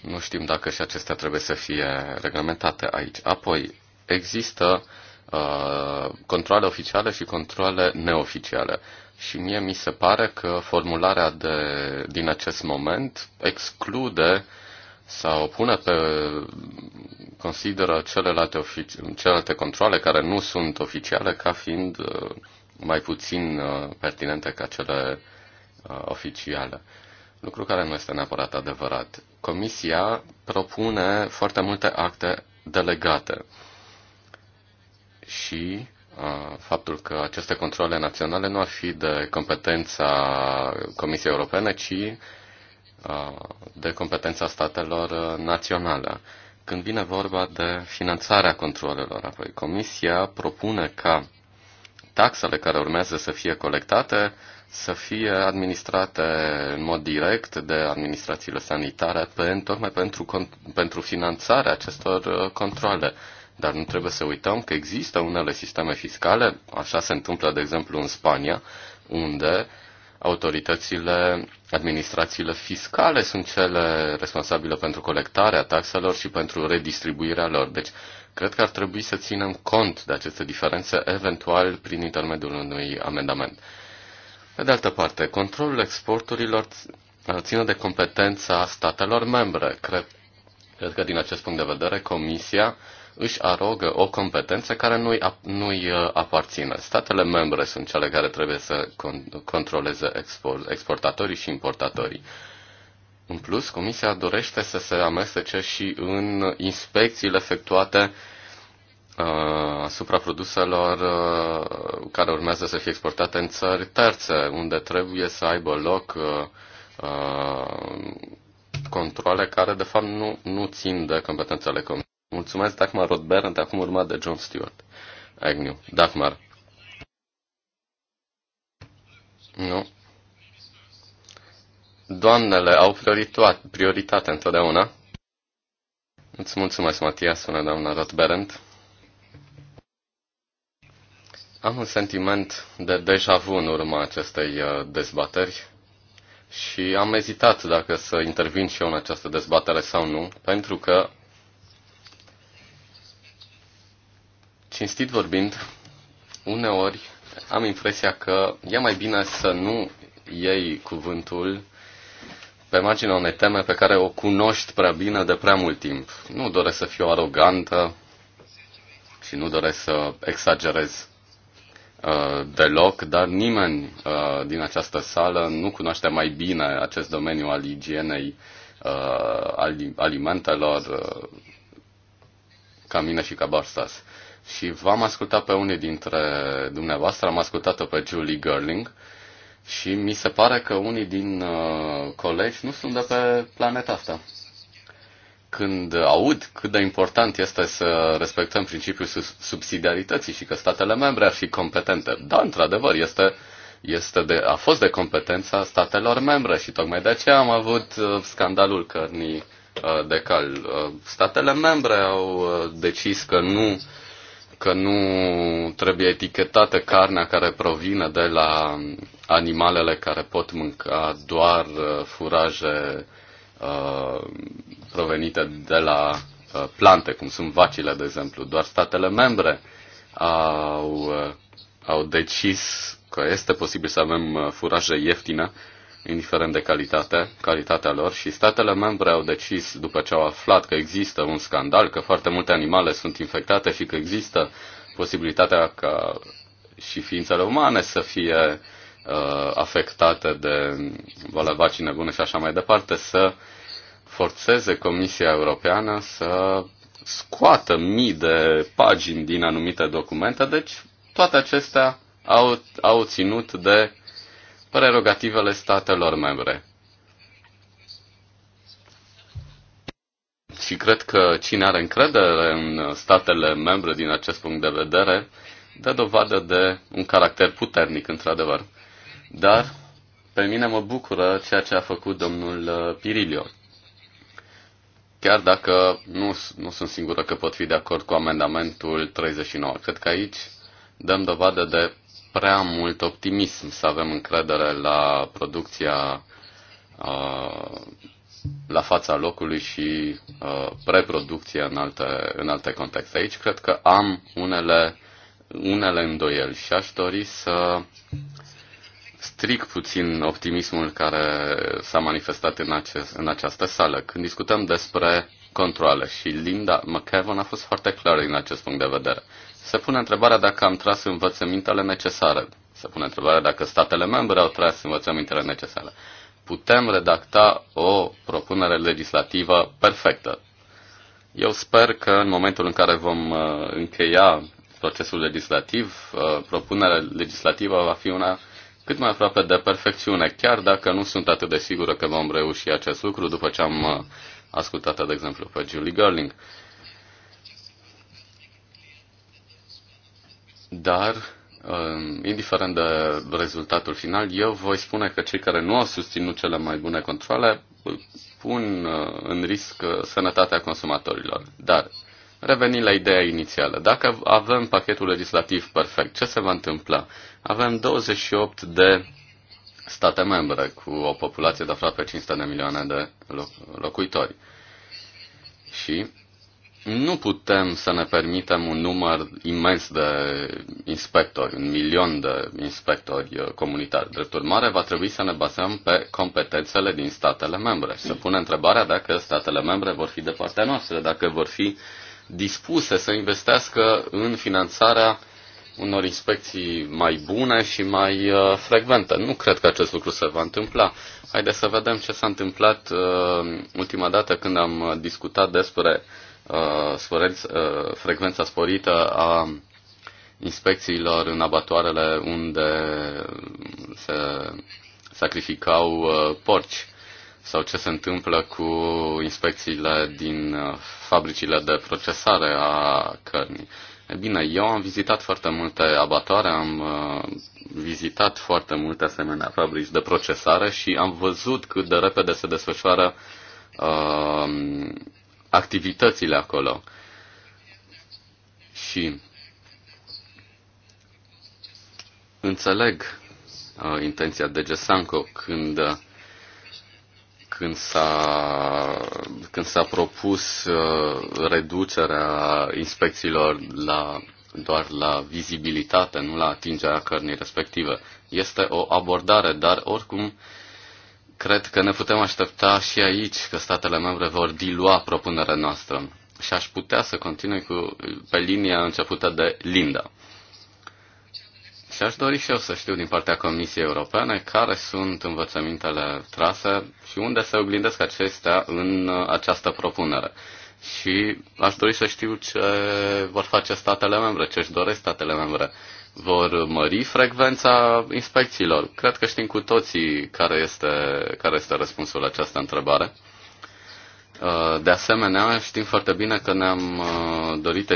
Nu știm dacă și acestea trebuie să fie reglementate aici. Apoi, există uh, controle oficiale și controle neoficiale. Și mie mi se pare că formularea de, din acest moment exclude sau pune pe, consideră celelalte, ofici, celelalte controle care nu sunt oficiale ca fiind uh, mai puțin uh, pertinente ca cele uh, oficiale. Lucru care nu este neapărat adevărat. Comisia propune foarte multe acte delegate și faptul că aceste controle naționale nu ar fi de competența Comisiei Europene, ci de competența statelor naționale. Când vine vorba de finanțarea controlelor, apoi Comisia propune ca taxele care urmează să fie colectate să fie administrate în mod direct de administrațiile sanitare, pentru, tocmai pentru, pentru finanțarea acestor controle. Dar nu trebuie să uităm că există unele sisteme fiscale, așa se întâmplă, de exemplu, în Spania, unde autoritățile, administrațiile fiscale sunt cele responsabile pentru colectarea taxelor și pentru redistribuirea lor. Deci, cred că ar trebui să ținem cont de aceste diferențe, eventual prin intermediul unui amendament. Pe de altă parte, controlul exporturilor ține de competența statelor membre. Cred, cred că din acest punct de vedere, Comisia își arogă o competență care nu-i, nu-i uh, aparține. Statele membre sunt cele care trebuie să con- controleze export, exportatorii și importatorii. În plus, Comisia dorește să se amestece și în inspecțiile efectuate uh, asupra produselor uh, care urmează să fie exportate în țări terțe, unde trebuie să aibă loc controle care, de fapt, nu, nu țin de competențele Comisiei. Mulțumesc, Dagmar Rodberant, acum urmat de John Stewart. Agnew. Dagmar. Nu. Doamnele au prioritate prioritate întotdeauna. Îți mulțumesc, Matia, sună doamna Rodberant. Am un sentiment de deja vu în urma acestei uh, dezbateri și am ezitat dacă să intervin și eu în această dezbatere sau nu, pentru că Cinstit vorbind, uneori am impresia că e mai bine să nu iei cuvântul pe marginea unei teme pe care o cunoști prea bine de prea mult timp. Nu doresc să fiu arogantă și nu doresc să exagerez uh, deloc, dar nimeni uh, din această sală nu cunoaște mai bine acest domeniu al igienei uh, alimentelor uh, ca mine și ca Barstas. Uh, și v-am ascultat pe unii dintre dumneavoastră, am ascultat-o pe Julie Girling și mi se pare că unii din uh, colegi nu sunt de pe planeta asta. Când aud cât de important este să respectăm principiul subsidiarității și că statele membre ar fi competente, da, într-adevăr, este, este de, a fost de competența statelor membre și tocmai de aceea am avut uh, scandalul cărnii uh, de cal. Uh, statele membre au uh, decis că nu uh, că nu trebuie etichetată carnea care provine de la animalele care pot mânca doar uh, furaje uh, provenite de la uh, plante, cum sunt vacile, de exemplu. Doar statele membre au, uh, au decis că este posibil să avem uh, furaje ieftine indiferent de calitate, calitatea lor, și statele membre au decis, după ce au aflat că există un scandal, că foarte multe animale sunt infectate și că există posibilitatea ca și ființele umane să fie uh, afectate de boala vaccină, nebune și așa mai departe, să forțeze Comisia Europeană să scoată mii de pagini din anumite documente, deci toate acestea au, au ținut de uh, prerogativele statelor membre. Și cred că cine are încredere în statele membre din acest punct de vedere, dă dovadă de un caracter puternic, într-adevăr. Dar pe mine mă bucură ceea ce a făcut domnul uh, Pirilio. Chiar dacă nu, nu sunt sigură că pot fi de acord cu amendamentul 39. Cred că aici dăm dovadă de prea mult optimism să avem încredere la producția la fața locului și preproducția în alte, în alte contexte. Aici cred că am unele, unele îndoieli și aș dori să stric puțin optimismul care s-a manifestat în, acest, în această sală. Când discutăm despre controle și Linda McEvan a fost foarte clară din acest punct de vedere. Se pune întrebarea dacă am tras învățămintele necesare. Se pune întrebarea dacă statele membre au tras învățămintele necesare. Putem redacta o propunere legislativă perfectă. Eu sper că în momentul în care vom uh, încheia procesul legislativ, uh, propunerea legislativă va fi una cât mai aproape de perfecțiune, chiar dacă nu sunt atât de sigură că vom reuși acest lucru după ce am uh, ascultat, de exemplu, pe Julie Gerling. dar um, indiferent de rezultatul final, eu voi spune că cei care nu au susținut cele mai bune controle pun uh, în risc uh, sănătatea consumatorilor. Dar, revenind la ideea inițială, dacă avem pachetul legislativ perfect, ce se va întâmpla? Avem 28 de state membre cu o populație de aproape 500 de milioane de locuitori. Și nu putem să ne permitem un număr imens de inspectori, un milion de inspectori uh, comunitari. Drept urmare, va trebui să ne bazăm pe competențele din statele membre și să punem întrebarea dacă statele membre vor fi de partea noastră, dacă vor fi dispuse să investească în finanțarea unor inspecții mai bune și mai uh, frecvente. Nu cred că acest lucru se va întâmpla. Haideți să vedem ce s-a întâmplat uh, ultima dată când am discutat despre Uh, uh, frecvența sporită a inspecțiilor în abatoarele unde se sacrificau uh, porci sau ce se întâmplă cu inspecțiile din fabricile de procesare a cărnii. E bine, eu am vizitat foarte multe abatoare, am vizitat foarte multe asemenea fabrici de procesare și am văzut cât de repede se desfășoară uh, activitățile acolo. Și înțeleg uh, intenția de Gesanco când uh, când s-a, când s-a propus uh, reducerea inspecțiilor la, doar la vizibilitate, nu la atingerea cărnii respective. Este o abordare, dar oricum Cred că ne putem aștepta și aici că statele membre vor dilua propunerea noastră și aș putea să continui cu, pe linia începută de Linda. Și aș dori și eu să știu din partea Comisiei Europene care sunt învățămintele trase și unde se oglindesc acestea în uh, această propunere. Și aș dori să știu ce vor face statele membre, ce își doresc statele membre vor mări frecvența inspecțiilor. Cred că știm cu toții care este, care este răspunsul la această întrebare. Uh, de asemenea, știm foarte bine că ne-am uh, dorit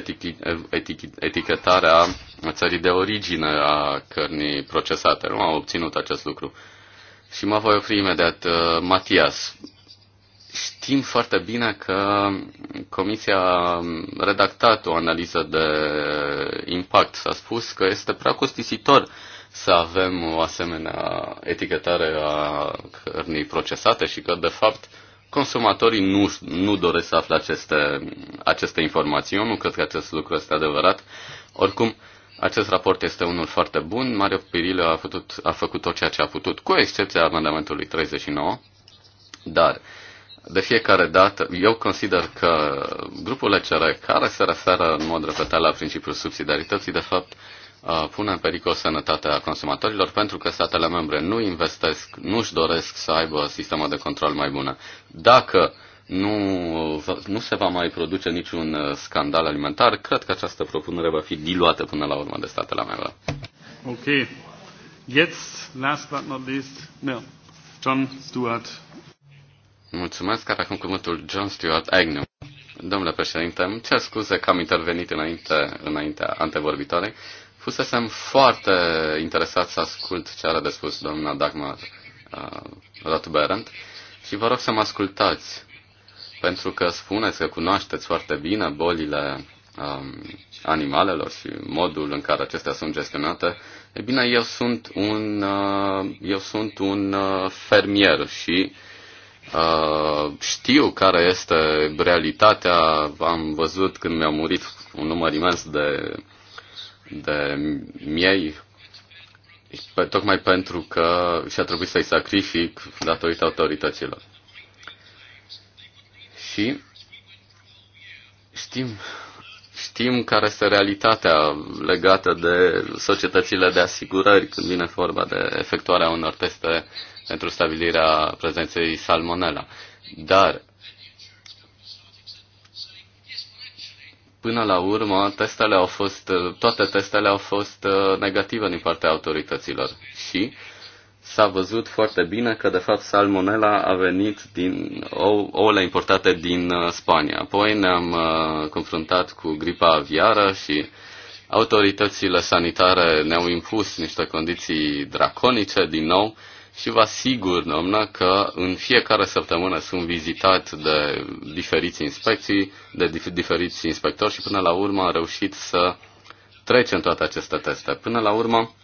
etichetarea țării de origine a cărnii procesate. Nu am obținut acest lucru. Și mă voi opri imediat. Uh, Matias, Știm foarte bine că Comisia a redactat o analiză de impact. S-a spus că este prea costisitor să avem o asemenea etichetare a cărnii procesate și că, de fapt, consumatorii nu, nu doresc să afle aceste, aceste informații. Eu nu cred că acest lucru este adevărat. Oricum, acest raport este unul foarte bun. Mario Pirilă a făcut, a făcut tot ceea ce a putut, cu excepția amendamentului 39. Dar de fiecare dată, eu consider că grupul ECR, care se referă în mod repetat la principiul subsidiarității, de fapt, pune în pericol sănătatea consumatorilor pentru că statele membre nu investesc, nu își doresc să aibă sistemă de control mai bună. Dacă nu, nu se va mai produce niciun uh, scandal alimentar, cred că această propunere va fi diluată până la urmă de statele membre. Ok. Jetzt, last but not least, no. John Stuart Mulțumesc, care acum cuvântul John Stuart Agnew. Domnule președinte, îmi cer scuze că am intervenit înainte, înaintea antevorbitoarei. Fusesem foarte interesat să ascult ce are de spus doamna Dagmar uh, Rotberent și vă rog să mă ascultați, pentru că spuneți că cunoașteți foarte bine bolile um, animalelor și modul în care acestea sunt gestionate. E bine, eu sunt un, uh, eu sunt un uh, fermier și uh, Uh, știu care este realitatea. Am văzut când mi-a murit un număr imens de, de miei, pe, tocmai pentru că și-a trebuit să-i sacrific datorită autorităților. Și știm știm care este realitatea legată de societățile de asigurări când vine vorba de efectuarea unor teste pentru stabilirea prezenței salmonella. Dar până la urmă, testele au fost, toate testele au fost uh, negative din partea autorităților și s-a văzut foarte bine că, de fapt, salmonella a venit din ou, ouăle importate din uh, Spania. Apoi ne-am uh, confruntat cu gripa aviară și autoritățile sanitare ne-au impus niște condiții draconice din nou și vă asigur, doamnă, că în fiecare săptămână sunt vizitat de diferiți inspecții, de dif- diferiți inspectori și până la urmă am reușit să trecem toate aceste teste. Până la urmă,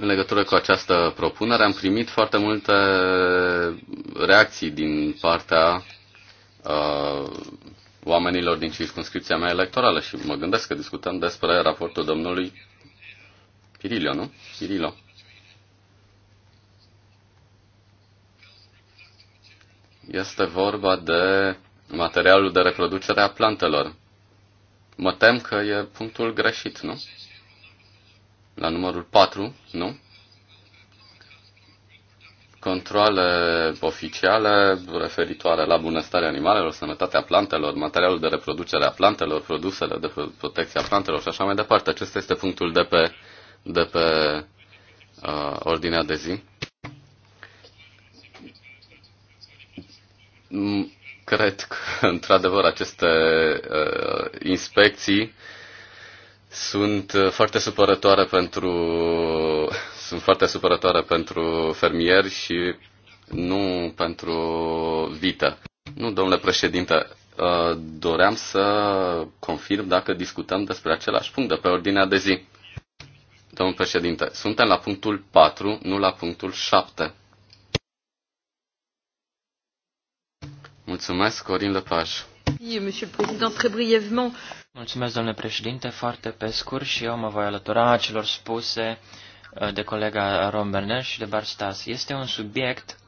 în legătură cu această propunere am primit foarte multe reacții din partea uh, oamenilor din circunscripția mea electorală și mă gândesc că discutăm despre raportul domnului Pirilio, nu? Pirilo. Este vorba de materialul de reproducere a plantelor. Mă tem că e punctul greșit, nu? la numărul 4, nu? Controle oficiale referitoare la bunăstarea animalelor, sănătatea plantelor, materialul de reproducere a plantelor, produsele de protecție a plantelor și așa mai departe. Acesta este punctul de pe, de pe uh, ordinea de zi. Mm, cred că, într-adevăr, aceste uh, inspecții uh, sunt uh, foarte supărătoare pentru, sunt foarte supărătoare pentru fermieri și nu pentru vită. Nu, domnule președinte, uh, doream să confirm dacă discutăm despre același punct de pe ordinea de zi. Domnul președinte, suntem la punctul 4, nu la punctul 7. Mulțumesc, Corin Lepaj. Mulțumesc, domnule președinte, foarte pe scurt și eu mă voi alătura celor spuse uh, de colega Ron și de Barstas. Este un subiect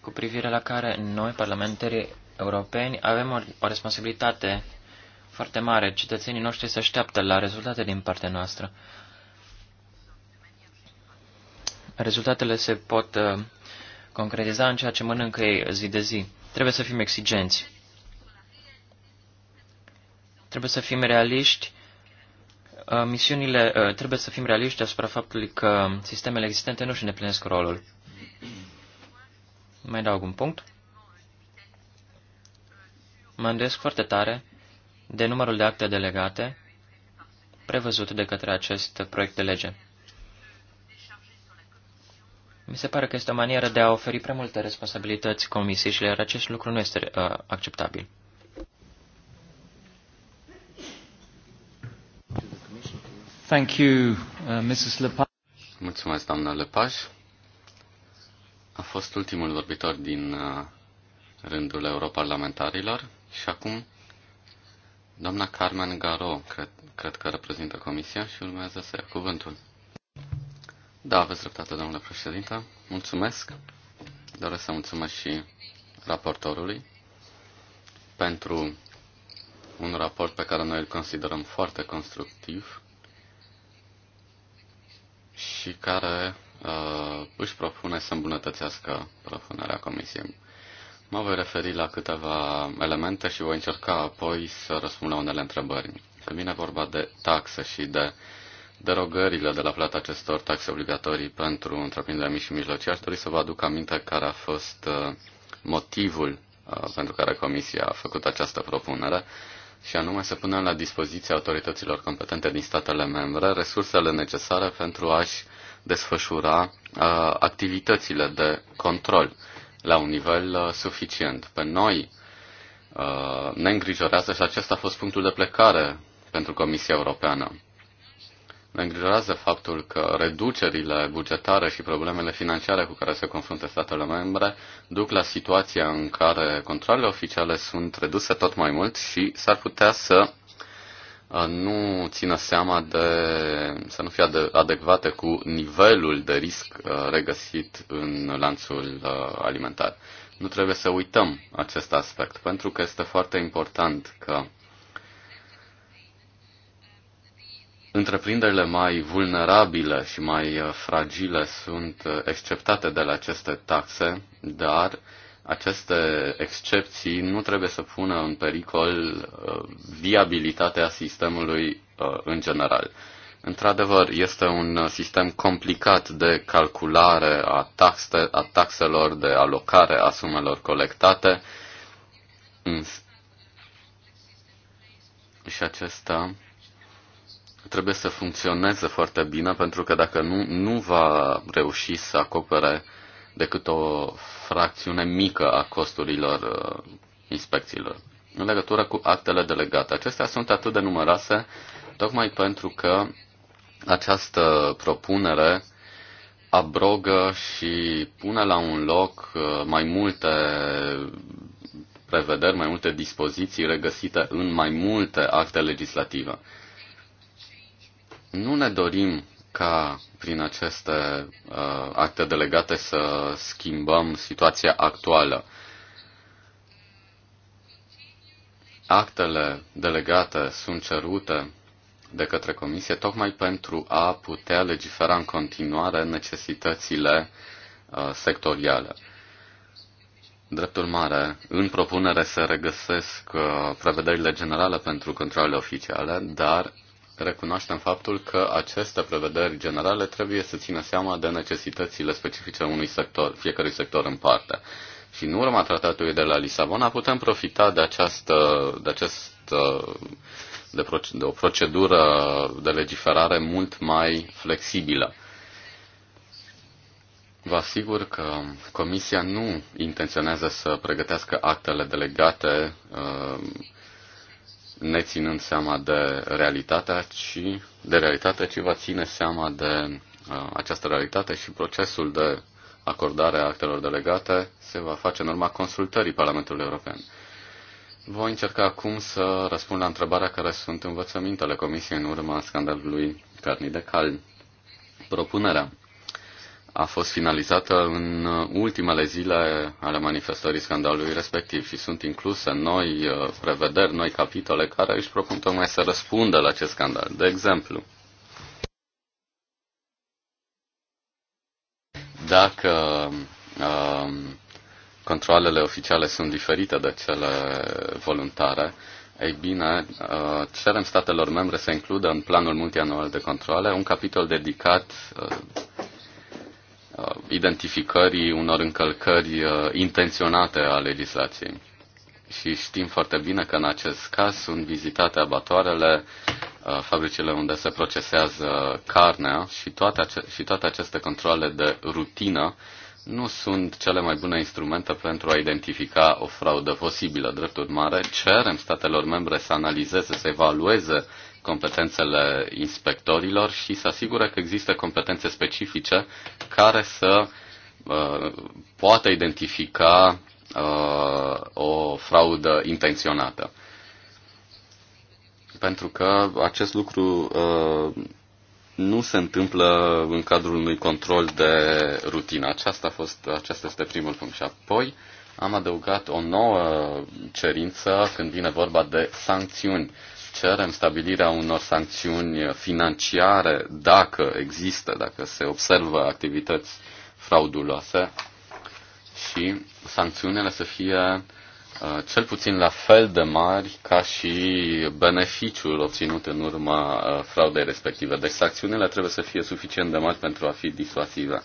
cu privire la care noi, parlamentarii europeni, avem o, o responsabilitate foarte mare. Cetățenii noștri se așteaptă la rezultate din partea noastră. Rezultatele se pot uh, concretiza în ceea ce mănâncă ei zi de zi. Trebuie să fim exigenți. Trebuie să fim realiști uh, misiunile, uh, trebuie să fim realiști asupra faptului că sistemele existente nu își îndeplinesc rolul. Mai dau un punct. Mă îndoiesc foarte tare de numărul de acte delegate prevăzut de către acest proiect de lege. Mi se pare că este o manieră de a oferi prea multe responsabilități comisiei și iar acest lucru nu este uh, acceptabil. Thank you, uh, Mrs. Lepage. Mulțumesc, doamna Lepaj. A fost ultimul vorbitor din uh, rândul europarlamentarilor și acum doamna Carmen Garo, cred, cred că reprezintă comisia și urmează să ia cuvântul. Da, aveți dreptate, domnule președinte. Mulțumesc. Doresc să mulțumesc și raportorului pentru un raport pe care noi îl considerăm foarte constructiv și care uh, își propune să îmbunătățească propunerea comisiei. Mă voi referi la câteva elemente și voi încerca apoi să răspund la unele întrebări. Când vine vorba de taxe și de derogările de la plata acestor taxe obligatorii pentru întreprinderea mici și mijlocii, aș dori să vă aduc aminte care a fost uh, motivul uh, pentru care Comisia a făcut această propunere și anume să punem la dispoziția autorităților competente din statele membre resursele necesare pentru a-și desfășura uh, activitățile de control la un nivel uh, suficient. Pe noi uh, ne îngrijorează și acesta a fost punctul de plecare pentru Comisia Europeană. Ne îngrijorează faptul că reducerile bugetare și problemele financiare cu care se confruntă statele membre duc la situația în care controlele oficiale sunt reduse tot mai mult și s-ar putea să uh, nu țină seama de, să nu fie adecvate cu nivelul de risc uh, regăsit în lanțul uh, alimentar. Nu trebuie să uităm acest aspect, pentru că este foarte important că Întreprinderile mai vulnerabile și mai uh, fragile sunt uh, exceptate de la aceste taxe, dar aceste excepții nu trebuie să pună în pericol uh, viabilitatea sistemului în general. Într-adevăr, este un sistem complicat de calculare a, taxe, a taxelor, de alocare a sumelor colectate. Și acesta trebuie să funcționeze foarte bine, pentru că dacă nu, nu va reuși să acopere decât o fracțiune mică a costurilor uh, inspecțiilor. În legătură cu actele delegate, acestea sunt atât de numeroase tocmai pentru că această propunere abrogă și pune la un loc uh, mai multe prevederi, mai multe dispoziții regăsite în mai multe acte legislative. Nu ne dorim ca prin aceste uh, acte delegate să schimbăm situația actuală. Actele delegate sunt cerute de către Comisie tocmai pentru a putea legifera în continuare necesitățile uh, sectoriale. Drept urmare, în propunere se regăsesc uh, prevederile generale pentru controlele oficiale, dar recunoaștem faptul că aceste prevederi generale trebuie să țină seama de necesitățile specifice unui sector, fiecărui sector în parte. Și în urma tratatului de la Lisabona putem profita de, această, de, acest, de, pro, de o procedură de legiferare mult mai flexibilă. Vă asigur că Comisia nu intenționează să pregătească actele delegate uh, ne ținând seama de realitatea, ci de realitate, ci va ține seama de uh, această realitate și procesul de acordare a actelor delegate se va face în urma consultării Parlamentului European. Voi încerca acum să răspund la întrebarea care sunt învățămintele Comisiei în urma scandalului Carni de Cal. Propunerea a fost finalizată în uh, ultimele zile ale manifestării scandalului respectiv și sunt incluse noi uh, prevederi, noi capitole care își propun tocmai să răspundă la acest scandal. De exemplu, dacă um, controlele oficiale sunt diferite de cele voluntare, ei bine, uh, cerem statelor membre să includă în planul multianual de controle un capitol dedicat Uh, identificării unor încălcări uh, intenționate a legislației. Și știm foarte bine că în acest caz sunt vizitate abatoarele, uh, fabricile unde se procesează carnea și toate, ace- și toate aceste controle de rutină nu sunt cele mai bune instrumente pentru a identifica o fraudă posibilă. Drept urmare, cerem statelor membre să analizeze, să evalueze competențele inspectorilor și să asigure că există competențe specifice care să uh, poată identifica uh, o fraudă intenționată. Pentru că acest lucru uh, nu se întâmplă în cadrul unui control de rutină. Aceasta a fost, acesta este primul punct. Și apoi am adăugat o nouă cerință când vine vorba de sancțiuni cerem stabilirea unor sancțiuni financiare dacă există, dacă se observă activități frauduloase și sancțiunile să fie uh, cel puțin la fel de mari ca și beneficiul obținut în urma uh, fraudei respective. Deci sancțiunile trebuie să fie suficient de mari pentru a fi disuasive.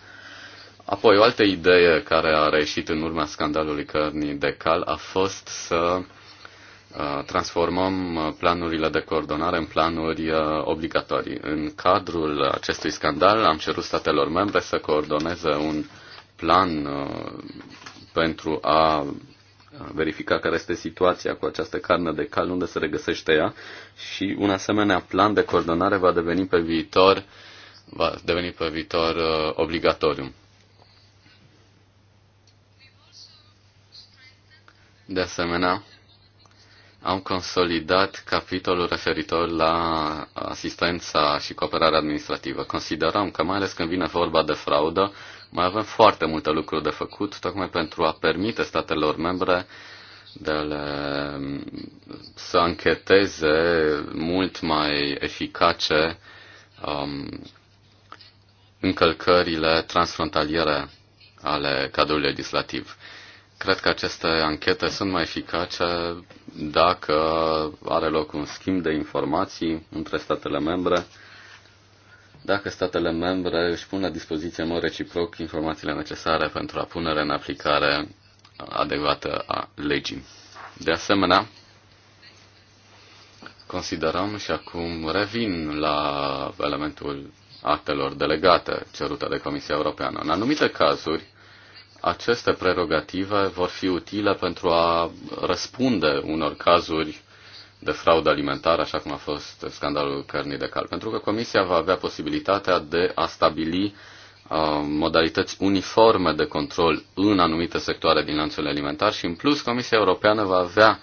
Apoi, o altă idee care a reieșit în urma scandalului cărnii de cal a fost să Uh, transformăm uh, planurile de coordonare în planuri uh, obligatorii. În cadrul acestui scandal am cerut statelor membre să coordoneze un plan pentru a verifica care este situația cu această carne de cal, unde se regăsește ea și un asemenea plan de coordonare va deveni pe viitor, va deveni pe viitor obligatoriu. De asemenea, am consolidat capitolul referitor la asistența și cooperarea administrativă. Considerăm că, mai ales când vine vorba de fraudă, mai avem foarte multe lucruri de făcut, tocmai pentru a permite statelor membre de le, să ancheteze mult mai eficace um, încălcările transfrontaliere ale cadrului legislativ. Cred că aceste anchete sunt mai eficace dacă are loc un schimb de informații între statele membre, dacă statele membre își pun la dispoziție în mod reciproc informațiile necesare pentru a punere în aplicare adecvată a legii. De asemenea, considerăm și acum revin la elementul actelor delegate cerute de Comisia Europeană. În anumite cazuri, aceste prerogative vor fi utile pentru a răspunde unor cazuri de fraudă alimentară, așa cum a fost scandalul cărnii de cal. Pentru că Comisia va avea posibilitatea de a stabili uh, modalități uniforme de control în anumite sectoare din lanțul alimentar și, în plus, Comisia Europeană va avea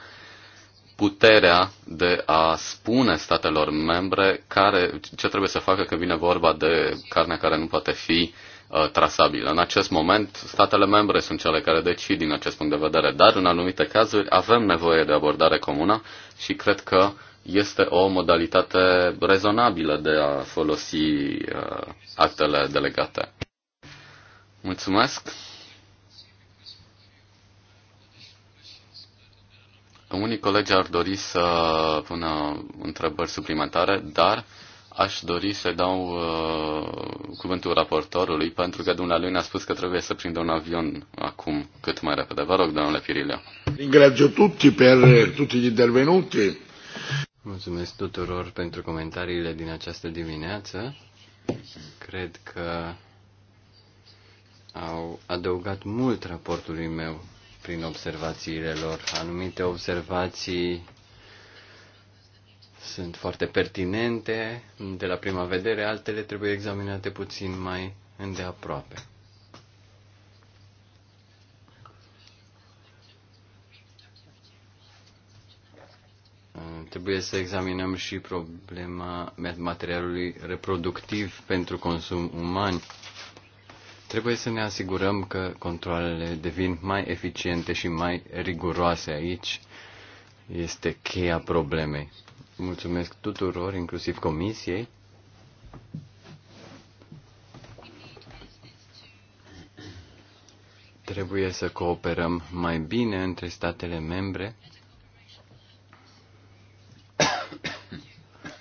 puterea de a spune statelor membre care, ce trebuie să facă când vine vorba de carne care nu poate fi uh, Uh, trasabilă. În acest moment, statele membre sunt cele care decid din acest punct de vedere, dar în anumite cazuri avem nevoie de abordare comună și cred că este o modalitate rezonabilă de a folosi uh, actele delegate. Mulțumesc! Unii colegi ar dori să pună întrebări suplimentare, dar Aș dori să dau uh, cuvântul raportorului, pentru că dumnealui ne-a spus că trebuie să prindă un avion acum, cât mai repede. Vă rog, domnule Firilea. Ringrazio tutti per tutti gli intervenuti. Mulțumesc tuturor pentru comentariile din această dimineață. Cred că au adăugat mult raportului meu prin observațiile lor. Anumite observații sunt foarte pertinente de la prima vedere, altele trebuie examinate puțin mai îndeaproape. Trebuie să examinăm și problema materialului reproductiv pentru consum uman. Trebuie să ne asigurăm că controlele devin mai eficiente și mai riguroase aici. Este cheia problemei Mulțumesc tuturor, inclusiv comisiei. Trebuie să cooperăm mai bine între statele membre.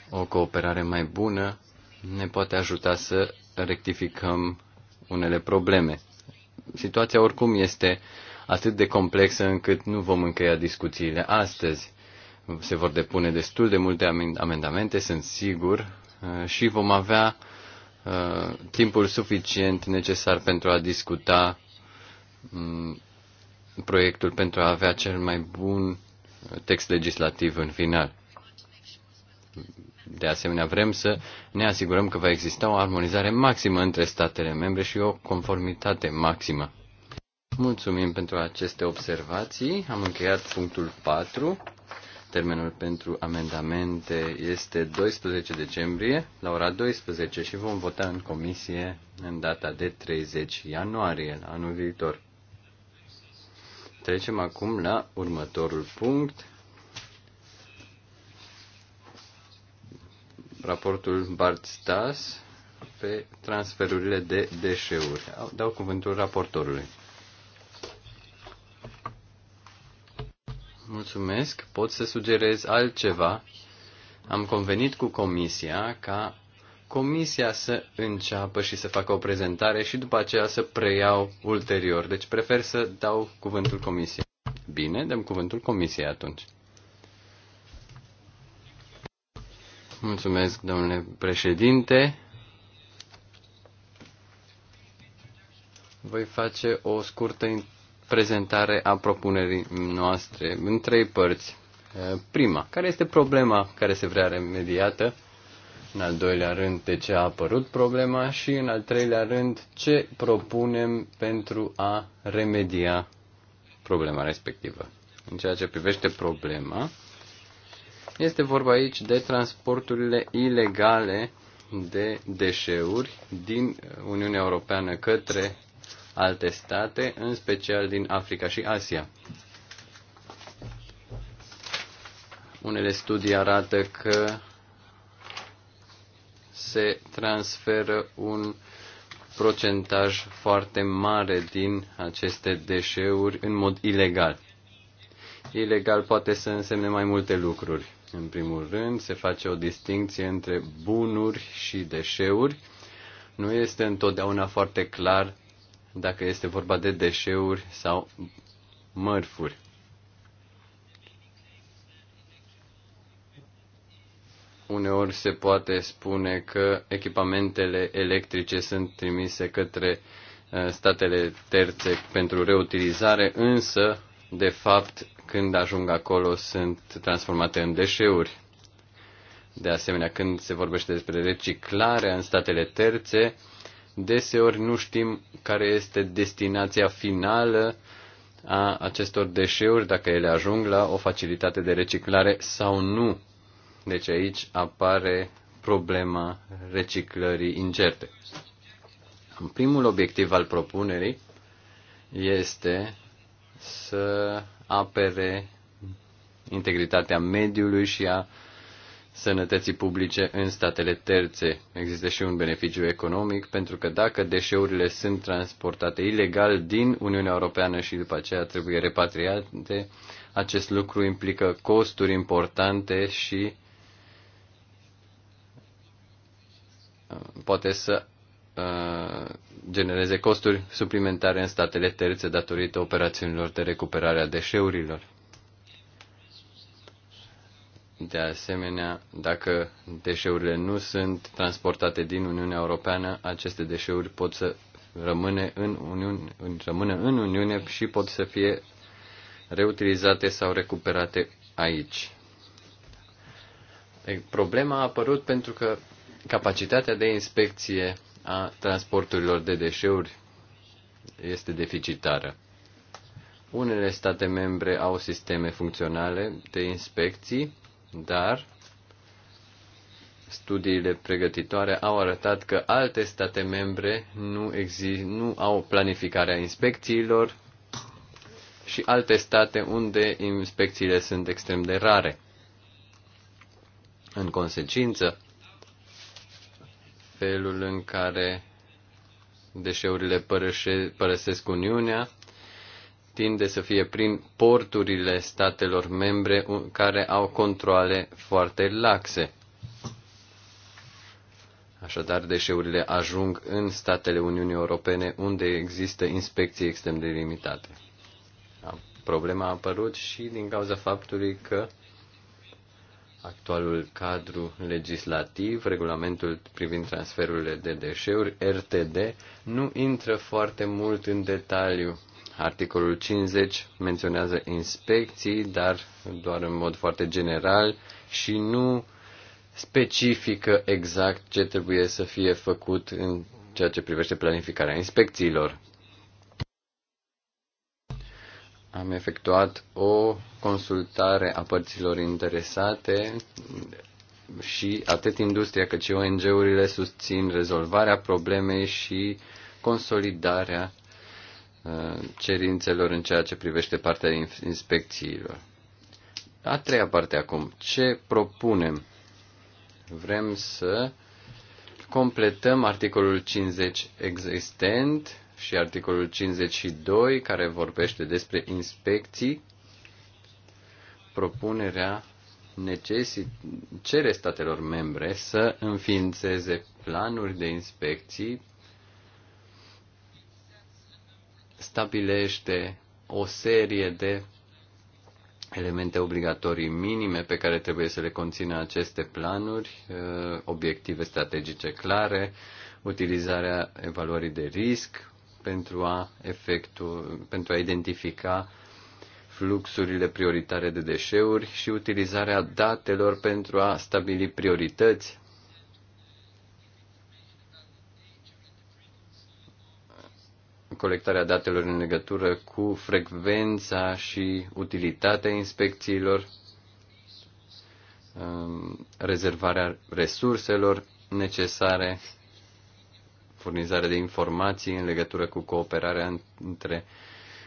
O cooperare mai bună ne poate ajuta să rectificăm unele probleme. Situația oricum este atât de complexă încât nu vom încheia discuțiile astăzi se vor depune destul de multe amendamente, sunt sigur, uh, și vom avea uh, timpul suficient necesar pentru a discuta mm, proiectul pentru a avea cel mai bun text legislativ în final. De asemenea, vrem să ne asigurăm că va exista o armonizare maximă între statele membre și o conformitate maximă. Mulțumim pentru aceste observații. Am încheiat punctul 4. Termenul pentru amendamente este 12 decembrie la ora 12 și vom vota în comisie în data de 30 ianuarie anul viitor. Trecem acum la următorul punct. Raportul Bart Stas pe transferurile de deșeuri. Dau cuvântul raportorului. Mulțumesc. Pot să sugerez altceva. Am convenit cu comisia ca comisia să înceapă și să facă o prezentare și după aceea să preiau ulterior. Deci prefer să dau cuvântul comisiei. Bine, dăm cuvântul comisiei atunci. Mulțumesc, domnule președinte. Voi face o scurtă prezentare a propunerii noastre în trei părți. Eh, prima, care este problema care se vrea remediată? În al doilea rând, de ce a apărut problema? Și în al treilea rând, ce propunem pentru a remedia problema respectivă? În ceea ce privește problema, este vorba aici de transporturile ilegale de deșeuri din Uniunea Europeană către alte state, în special din Africa și Asia. Unele studii arată că se transferă un procentaj foarte mare din aceste deșeuri în mod ilegal. Ilegal poate să însemne mai multe lucruri. În primul rând, se face o distinție între bunuri și deșeuri. Nu este întotdeauna foarte clar dacă este vorba de deșeuri sau mărfuri. Uneori se poate spune că echipamentele electrice sunt trimise către uh, statele terțe pentru reutilizare, însă, de fapt, când ajung acolo sunt transformate în deșeuri. De asemenea, când se vorbește despre reciclarea în statele terțe, Deseori nu știm care este destinația finală a acestor deșeuri, dacă ele ajung la o facilitate de reciclare sau nu. Deci aici apare problema reciclării incerte. Primul obiectiv al propunerii este să apere integritatea mediului și a sănătății publice în statele terțe. Există și un beneficiu economic, pentru că dacă deșeurile sunt transportate ilegal din Uniunea Europeană și după aceea trebuie repatriate, acest lucru implică costuri importante și uh, poate să uh, genereze costuri suplimentare în statele terțe datorită operațiunilor de recuperare a deșeurilor. De asemenea, dacă deșeurile nu sunt transportate din Uniunea Europeană, aceste deșeuri pot să rămâne în Uniune, rămână în Uniune și pot să fie reutilizate sau recuperate aici. Problema a apărut pentru că capacitatea de inspecție a transporturilor de deșeuri este deficitară. Unele state membre au sisteme funcționale de inspecții dar studiile pregătitoare au arătat că alte state membre nu, exist, nu au planificarea inspecțiilor și alte state unde inspecțiile sunt extrem de rare. În consecință, felul în care deșeurile părășe, părăsesc Uniunea tinde să fie prin porturile statelor membre care au controle foarte laxe. Așadar, deșeurile ajung în statele Uniunii Europene unde există inspecții extrem de limitate. Da, problema a apărut și din cauza faptului că actualul cadru legislativ, regulamentul privind transferurile de deșeuri, RTD, nu intră foarte mult în detaliu Articolul 50 menționează inspecții, dar doar în mod foarte general și nu specifică exact ce trebuie să fie făcut în ceea ce privește planificarea inspecțiilor. Am efectuat o consultare a părților interesate și atât industria cât și ONG-urile susțin rezolvarea problemei și consolidarea cerințelor în ceea ce privește partea inspecțiilor. A treia parte acum. Ce propunem? Vrem să completăm articolul 50 existent și articolul 52 care vorbește despre inspecții. Propunerea necesit, cere statelor membre să înființeze planuri de inspecții stabilește o serie de elemente obligatorii minime pe care trebuie să le conțină aceste planuri, uh, obiective strategice clare, utilizarea evaluării de risc pentru a, efectu, pentru a identifica fluxurile prioritare de deșeuri și utilizarea datelor pentru a stabili priorități colectarea datelor în legătură cu frecvența și utilitatea inspecțiilor, um, rezervarea resurselor necesare, furnizarea de informații în legătură cu cooperarea între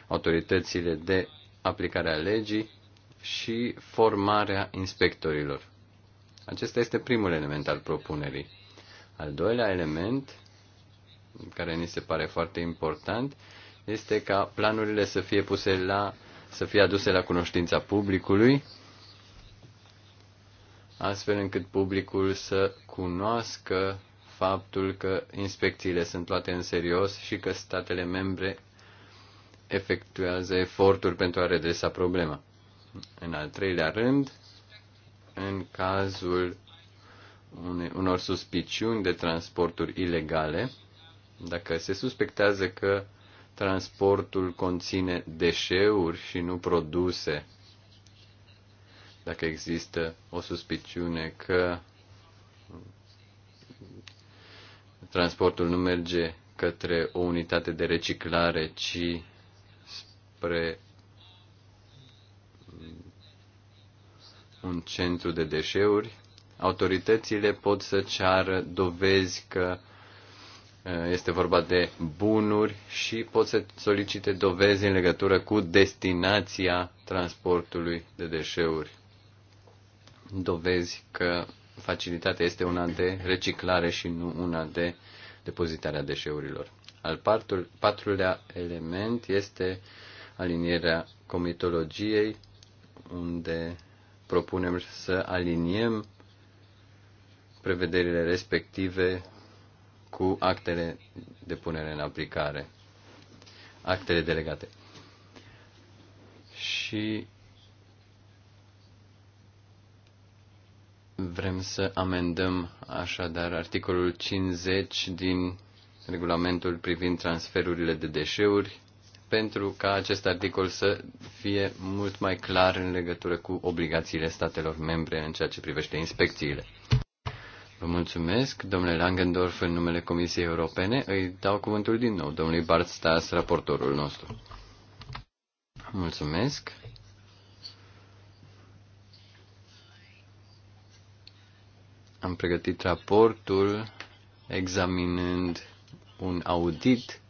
autoritățile de aplicare a legii și formarea inspectorilor. Acesta este primul element al propunerii. Al doilea element care ni se pare foarte important este ca planurile să fie puse la să fie aduse la cunoștința publicului astfel încât publicul să cunoască faptul că inspecțiile sunt luate în serios și că statele membre efectuează eforturi pentru a redresa problema. În al treilea rând, în cazul unor suspiciuni de transporturi ilegale, dacă se suspectează că transportul conține deșeuri și nu produse, dacă există o suspiciune că transportul nu merge către o unitate de reciclare, ci spre un centru de deșeuri, autoritățile pot să ceară dovezi că uh, Eh, este vorba de bunuri și pot să solicite dovezi în legătură cu destinația transportului de deșeuri. Dovezi că facilitatea este una de reciclare și nu una de depozitarea deșeurilor. Al patru, patrulea element este alinierea comitologiei, unde propunem să aliniem prevederile respective cu actele de punere în aplicare, actele delegate. Și vrem să amendăm așadar articolul 50 din regulamentul privind transferurile de deșeuri pentru ca acest articol să fie mult mai clar în legătură cu obligațiile statelor membre în ceea ce privește inspecțiile. Vă mulțumesc, domnule Langendorf, în numele Comisiei Europene. Îi dau cuvântul din nou domnului Bart Stas, raportorul nostru. Mulțumesc. Am pregătit raportul examinând un audit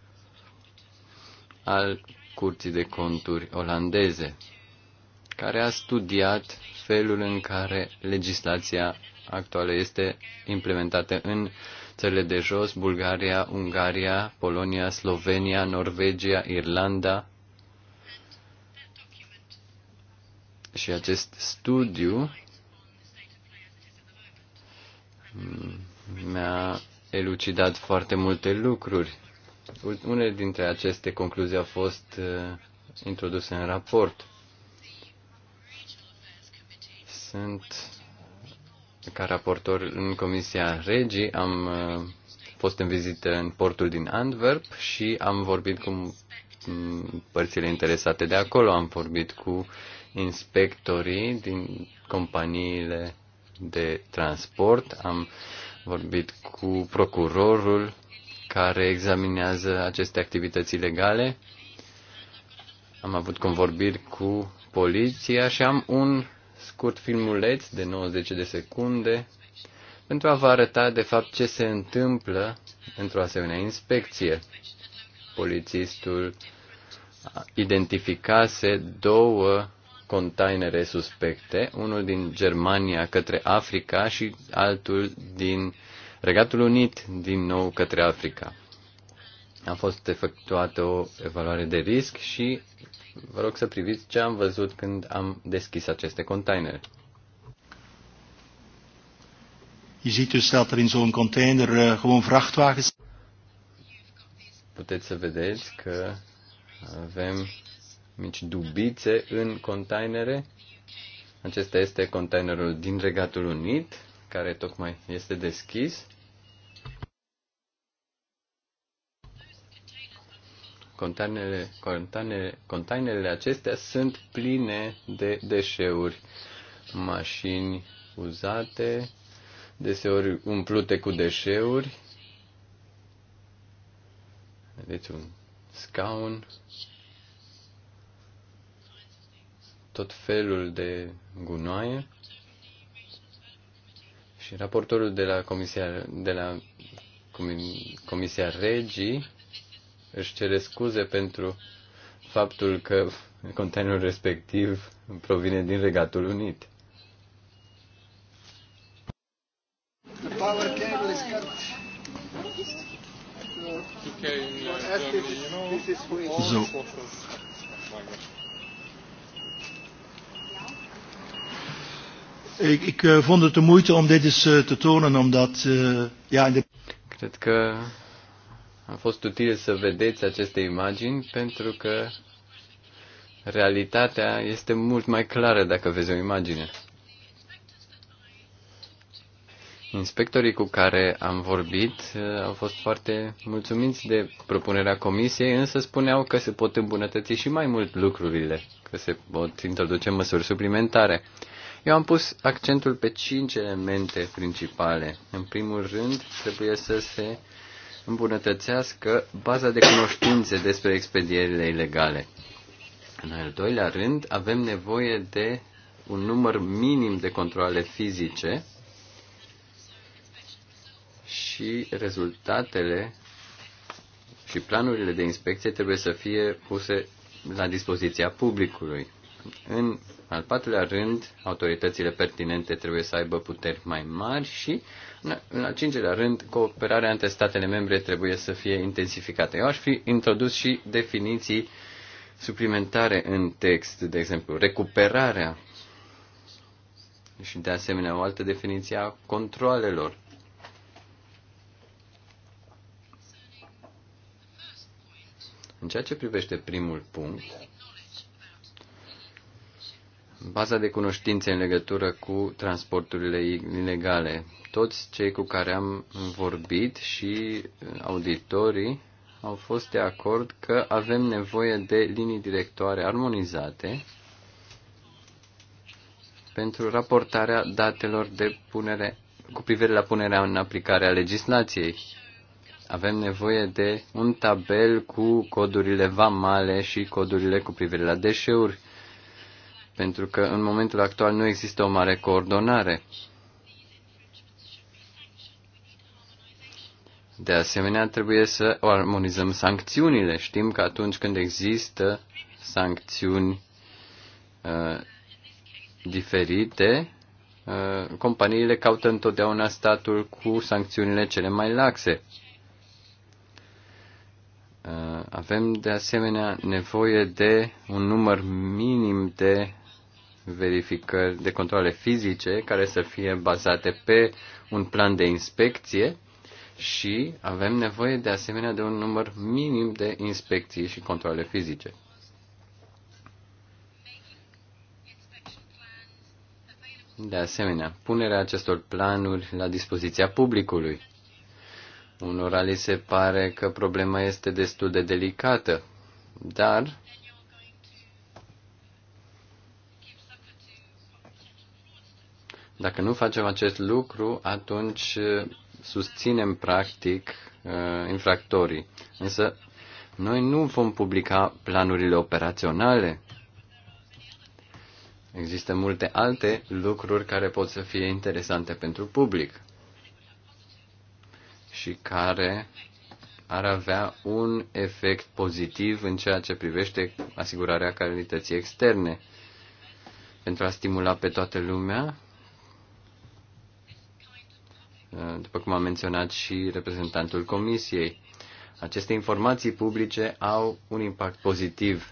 al Curții de Conturi olandeze, care a studiat felul în care legislația actuală este implementată în țările de jos, Bulgaria, Ungaria, Polonia, Slovenia, Norvegia, Irlanda. Și acest studiu mi-a elucidat foarte multe lucruri. Unele dintre aceste concluzii au fost uh, introduse în raport. Sunt ca raportor în Comisia Regii am uh, fost în vizită în portul din Antwerp și am vorbit cu mm, părțile interesate de acolo. Am vorbit cu inspectorii din companiile de transport, am vorbit cu procurorul care examinează aceste activități ilegale, am avut convorbiri cu poliția și am un scurt filmuleț de 90 de secunde pentru a vă arăta de fapt ce se întâmplă într-o asemenea inspecție. Polițistul identificase două containere suspecte, unul din Germania către Africa și altul din Regatul Unit din nou către Africa a fost efectuată o evaluare de risc și vă rog să priviți ce am văzut când am deschis aceste containere. Je ziet dus dat er in zo'n container uh, gewoon vrachtwagens. Puteți să vedeți că avem mici dubițe în containere. Acesta este containerul din Regatul Unit, care tocmai este deschis. Containele, containele, containerele acestea sunt pline de deșeuri, mașini uzate, deseori umplute cu deșeuri. Vedeți un scaun, tot felul de gunoaie. Și raportorul de la Comisia, de la Comisia Regii își cere scuze pentru faptul că containerul respectiv provine din Regatul Unit. Ik, ik uh, vond het de moeite om dit eens uh, te tonen, omdat... Uh, ja, in de... Cred că a fost util să vedeți aceste imagini pentru că realitatea este mult mai clară dacă vezi o imagine. Inspectorii cu care am vorbit uh, au fost foarte mulțumiți de propunerea comisiei, însă spuneau că se pot îmbunătăți și mai mult lucrurile, că se pot introduce măsuri suplimentare. Eu am pus accentul pe cinci elemente principale. În primul rând, trebuie să se îmbunătățească baza de cunoștințe despre expedierile ilegale. În al doilea rând, avem nevoie de un număr minim de controle fizice și rezultatele și planurile de inspecție trebuie să fie puse la dispoziția publicului. În al patrulea rând, autoritățile pertinente trebuie să aibă puteri mai mari și, în al cincilea rând, cooperarea între statele membre trebuie să fie intensificată. Eu aș fi introdus și definiții suplimentare în text, de exemplu, recuperarea și, de asemenea, o altă definiție a controlelor. În ceea ce privește primul punct, baza de cunoștințe în legătură cu transporturile ilegale. Toți cei cu care am vorbit și uh, auditorii au fost de acord că avem nevoie de linii directoare armonizate pentru raportarea datelor de punere, cu privire la punerea în aplicare a legislației. Avem nevoie de un tabel cu codurile vamale și codurile cu privire la deșeuri pentru că în momentul actual nu există o mare coordonare. De asemenea, trebuie să armonizăm sancțiunile. Știm că atunci când există sancțiuni uh, diferite, uh, companiile caută întotdeauna statul cu sancțiunile cele mai laxe. Uh, avem de asemenea nevoie de un număr minim de verificări, de controle fizice care să fie bazate pe un plan de inspecție și avem nevoie de asemenea de un număr minim de inspecții și controle fizice. De asemenea, punerea acestor planuri la dispoziția publicului. Unora li se pare că problema este destul de delicată, dar Dacă nu facem acest lucru, atunci uh, susținem practic uh, infractorii. Însă noi nu vom publica planurile operaționale. Există multe alte lucruri care pot să fie interesante pentru public și care ar avea un efect pozitiv în ceea ce privește asigurarea calității externe. Pentru a stimula pe toată lumea, Uh, după cum a menționat și reprezentantul Comisiei. Aceste informații publice au un impact pozitiv.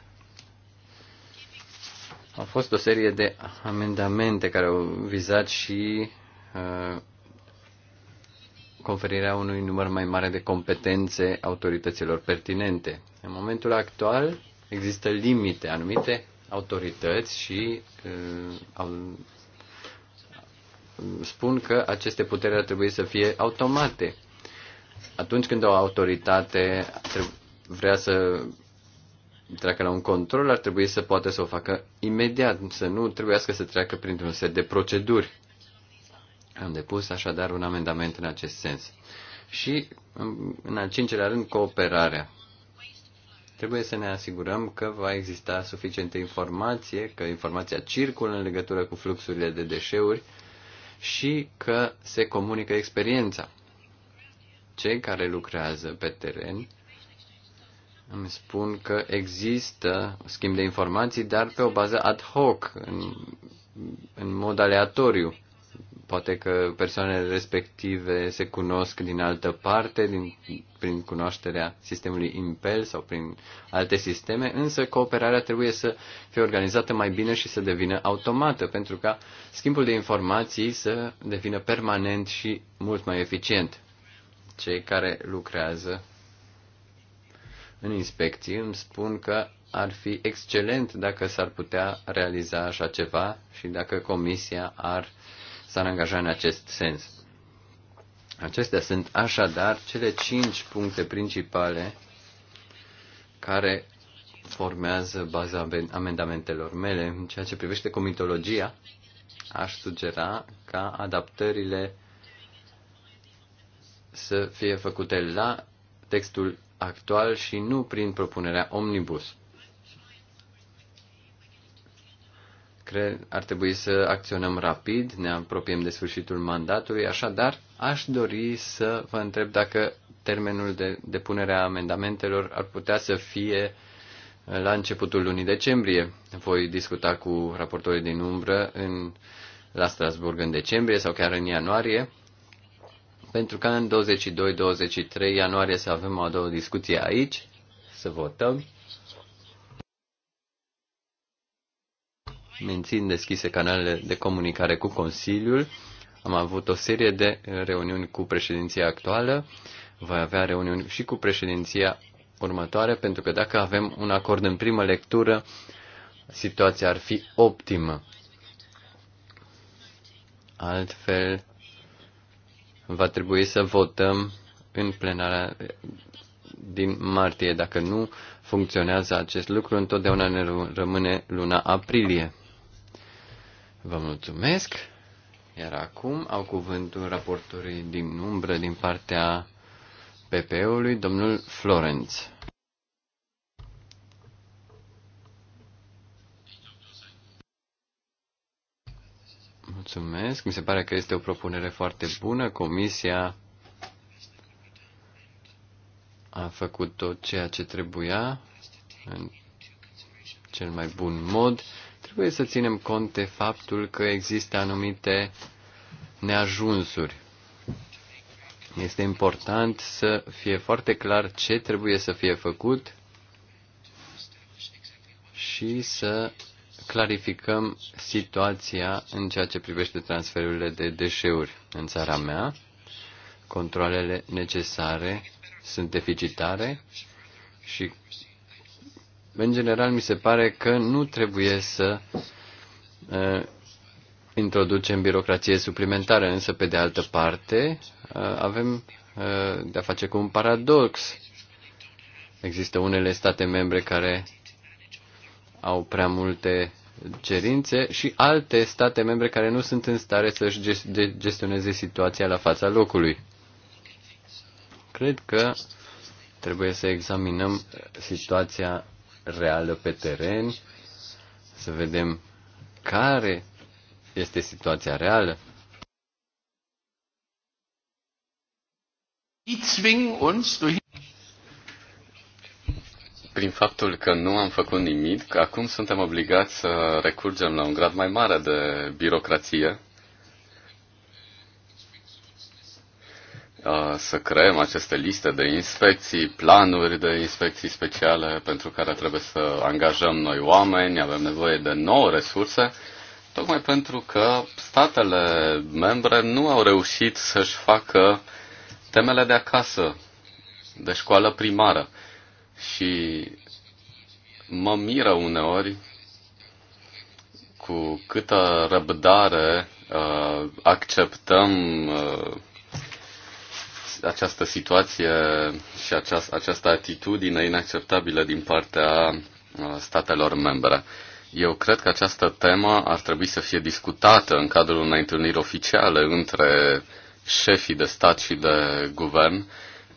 Au fost o serie de amendamente care au vizat și uh, conferirea unui număr mai mare de competențe autorităților pertinente. În momentul actual există limite. Anumite autorități și uh, spun că aceste puteri ar trebui să fie automate. Atunci când o autoritate vrea să treacă la un control, ar trebui să poată să o facă imediat, să nu trebuiască să treacă printr-un set de proceduri. Am depus așadar un amendament în acest sens. Și, în al cincilea rând, cooperarea. Trebuie să ne asigurăm că va exista suficientă informație, că informația circulă în legătură cu fluxurile de deșeuri și că se comunică experiența. Cei care lucrează pe teren îmi spun că există schimb de informații, dar pe o bază ad hoc, în, în mod aleatoriu. Poate că persoanele respective se cunosc din altă parte, din, prin cunoașterea sistemului Impel sau prin alte sisteme, însă cooperarea trebuie să fie organizată mai bine și să devină automată, pentru ca schimbul de informații să devină permanent și mult mai eficient. Cei care lucrează în inspecții îmi spun că ar fi excelent dacă s-ar putea realiza așa ceva și dacă comisia ar uh, s-ar angaja în acest sens. Acestea sunt așadar cele cinci puncte principale care formează baza amendamentelor mele. În ceea ce privește comitologia, aș sugera ca adaptările să fie făcute la textul actual și nu prin propunerea omnibus. cred, ar trebui să acționăm rapid, ne apropiem de sfârșitul mandatului, așadar aș dori să vă întreb dacă termenul de depunere a amendamentelor ar putea să fie la începutul lunii decembrie. Voi discuta cu raportorii din umbră în, la Strasburg în decembrie sau chiar în ianuarie, pentru că în 22-23 ianuarie să avem o a doua discuție aici, să votăm mențin deschise canalele de comunicare cu Consiliul. Am avut o serie de reuniuni cu președinția actuală. Voi avea reuniuni și cu președinția următoare, pentru că dacă avem un acord în primă lectură, situația ar fi optimă. Altfel, va trebui să votăm în plenarea din martie. Dacă nu funcționează acest lucru, întotdeauna ne rămâne luna aprilie. Vă mulțumesc. Iar acum au cuvântul raportorii din umbră din partea PP-ului, domnul Florenț. Mulțumesc. Mi se pare că este o propunere foarte bună. Comisia a făcut tot ceea ce trebuia în cel mai bun mod trebuie să ținem cont de faptul că există anumite neajunsuri. Este important să fie foarte clar ce trebuie să fie făcut și să clarificăm situația în ceea ce privește transferurile de deșeuri. În țara mea, controlele necesare sunt deficitare și în general, mi se pare că nu trebuie să uh, introducem birocrație suplimentară, însă, pe de altă parte, uh, avem uh, de-a face cu un paradox. Există unele state membre care au prea multe cerințe și alte state membre care nu sunt în stare să-și gestioneze situația la fața locului. Cred că trebuie să examinăm situația reală pe teren, să vedem care este situația reală. Prin faptul că nu am făcut nimic, acum suntem obligați să recurgem la un grad mai mare de birocrație să creăm aceste liste de inspecții, planuri de inspecții speciale pentru care trebuie să angajăm noi oameni, avem nevoie de nouă resurse, tocmai pentru că statele membre nu au reușit să-și facă temele de acasă, de școală primară. Și mă miră uneori cu câtă răbdare uh, acceptăm uh, această situație și această, această atitudine inacceptabilă din partea uh, statelor membre. Eu cred că această temă ar trebui să fie discutată în cadrul unei întâlniri oficiale între șefii de stat și de guvern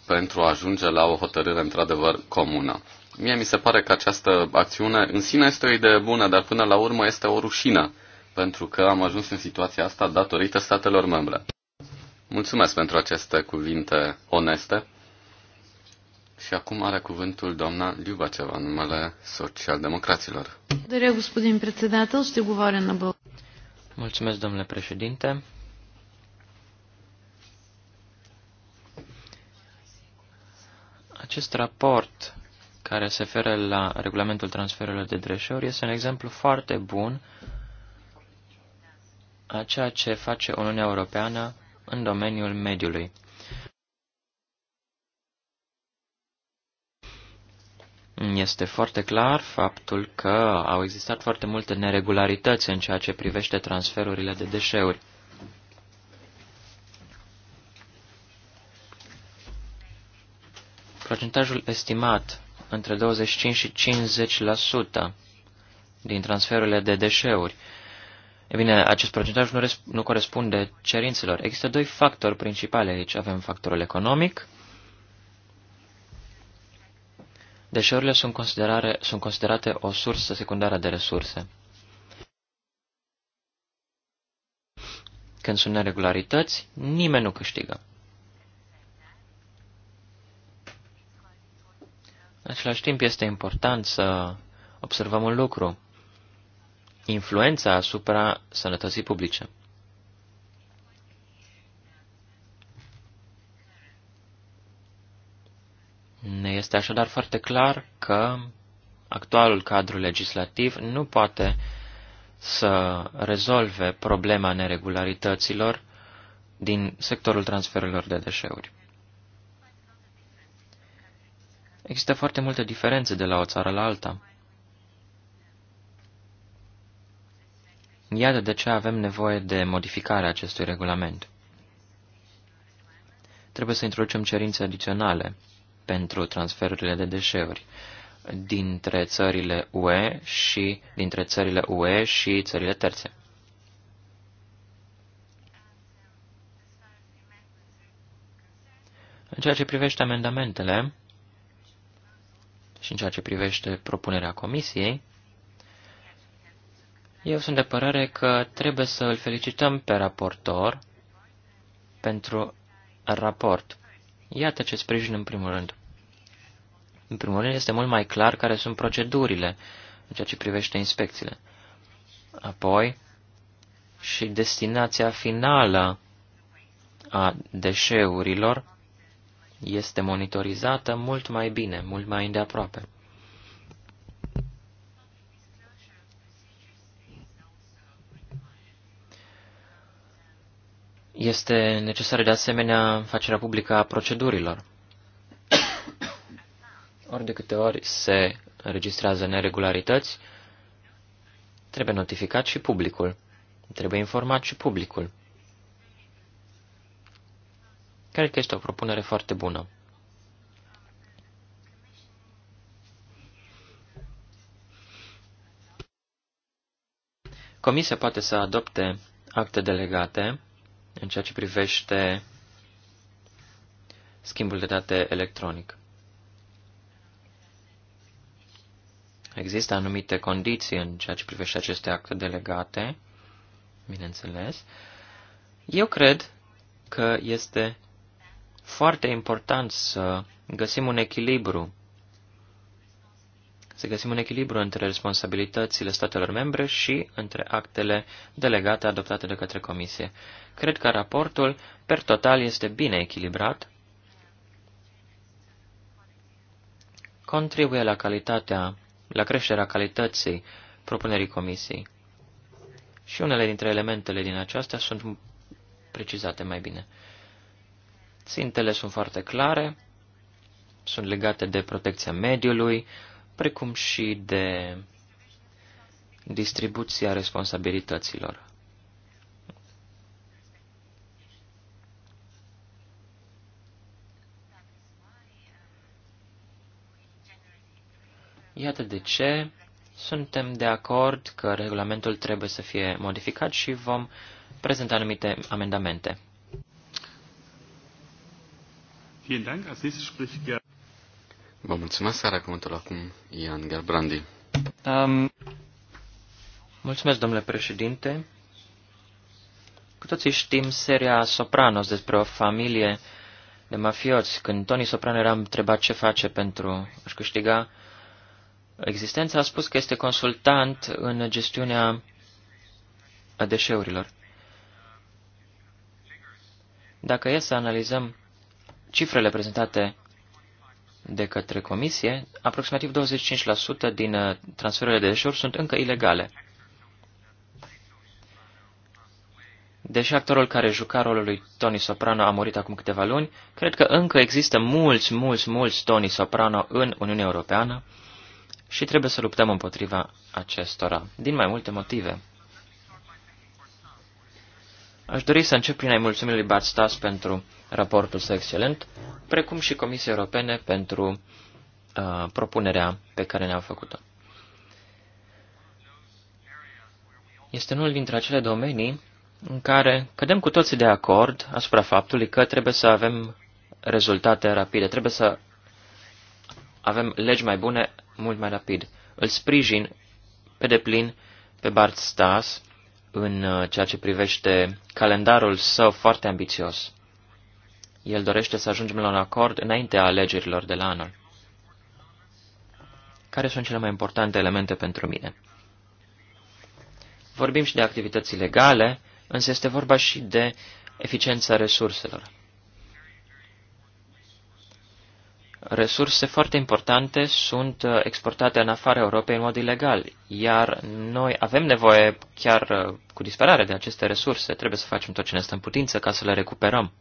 pentru a ajunge la o hotărâre într-adevăr comună. Mie mi se pare că această acțiune în sine este o idee bună, dar până la urmă este o rușină, pentru că am ajuns în situația asta datorită statelor membre. Mulțumesc pentru aceste cuvinte oneste. Și acum are cuvântul doamna Liubaceva, în numele socialdemocraților. Mulțumesc, domnule președinte. Acest raport care se referă la regulamentul transferurilor de dreșori este un exemplu foarte bun a ceea ce face Uniunea Europeană în domeniul mediului. Este foarte clar faptul că au existat foarte multe neregularități în ceea ce privește transferurile de deșeuri. Procentajul estimat între 25 și 50% din transferurile de deșeuri E bine, acest procentaj nu, nu corespunde cerințelor. Există doi factori principale aici. Avem factorul economic. Deșeurile sunt, sunt considerate o sursă secundară de resurse. Când sunt neregularități, nimeni nu câștigă. În același timp, este important să observăm un lucru influența asupra sănătății publice. Ne este așadar foarte clar că actualul cadru legislativ nu poate să rezolve problema neregularităților din sectorul transferurilor de deșeuri. Există foarte multe diferențe de la o țară la alta. Iată de ce avem nevoie de modificarea acestui regulament. Trebuie să introducem cerințe adiționale pentru transferurile de deșeuri dintre țările UE și dintre țările UE și țările terțe. În ceea ce privește amendamentele și în ceea ce privește propunerea Comisiei, eu sunt de părere că trebuie să îl felicităm pe raportor pentru raport. Iată ce sprijin în primul rând. În primul rând este mult mai clar care sunt procedurile în ceea ce privește inspecțiile. Apoi, și destinația finală a deșeurilor este monitorizată mult mai bine, mult mai îndeaproape. Este necesară de asemenea facerea publică a procedurilor. Ori de câte ori se înregistrează neregularități, trebuie notificat și publicul. Trebuie informat și publicul. Cred că este o propunere foarte bună. Comisia poate să adopte acte delegate în ceea ce privește schimbul de date electronic. Există anumite condiții în ceea ce privește aceste acte delegate, bineînțeles. Eu cred că este foarte important să găsim un echilibru să găsim un echilibru între responsabilitățile statelor membre și între actele delegate adoptate de către Comisie. Cred că raportul, per total, este bine echilibrat, contribuie la calitatea, la creșterea calității propunerii Comisiei. Și unele dintre elementele din aceasta sunt precizate mai bine. Țintele sunt foarte clare, sunt legate de protecția mediului, precum și de distribuția responsabilităților. Iată de ce suntem de acord că regulamentul trebuie să fie modificat și vom prezenta anumite amendamente. Vă mulțumesc. Are cuvântul acum Ian Gerbrandi. Um, mulțumesc, domnule președinte. Cu toții știm seria Sopranos despre o familie de mafioți. Când Tony Soprano era întrebat ce face pentru a-și câștiga existența, a spus că este consultant în gestiunea deșeurilor. Dacă e să analizăm cifrele prezentate de către comisie, aproximativ 25% din uh, transferurile de deșeuri sunt încă ilegale. Deși actorul care juca rolul lui Tony Soprano a murit acum câteva luni, cred că încă există mulți, mulți, mulți Tony Soprano în Uniunea Europeană și trebuie să luptăm împotriva acestora, din mai multe motive. Aș dori să încep prin a-i mulțumi lui Bart Stas pentru raportul său excelent, precum și Comisia Europene pentru uh, propunerea pe care ne au făcut-o. Este unul dintre acele domenii în care cădem cu toții de acord asupra faptului că trebuie să avem rezultate rapide, trebuie să avem legi mai bune mult mai rapid. Îl sprijin pe deplin pe Bart Stas în uh, ceea ce privește calendarul său foarte ambițios. El dorește să ajungem la un acord înaintea alegerilor de la anul. Care sunt cele mai importante elemente pentru mine? Vorbim și de activități legale, însă este vorba și de eficiența resurselor. Resurse foarte importante sunt uh, exportate în afara Europei în mod ilegal, iar noi avem nevoie chiar uh, cu disperare de aceste resurse. Trebuie să facem tot ce ne stă în putință ca să le recuperăm.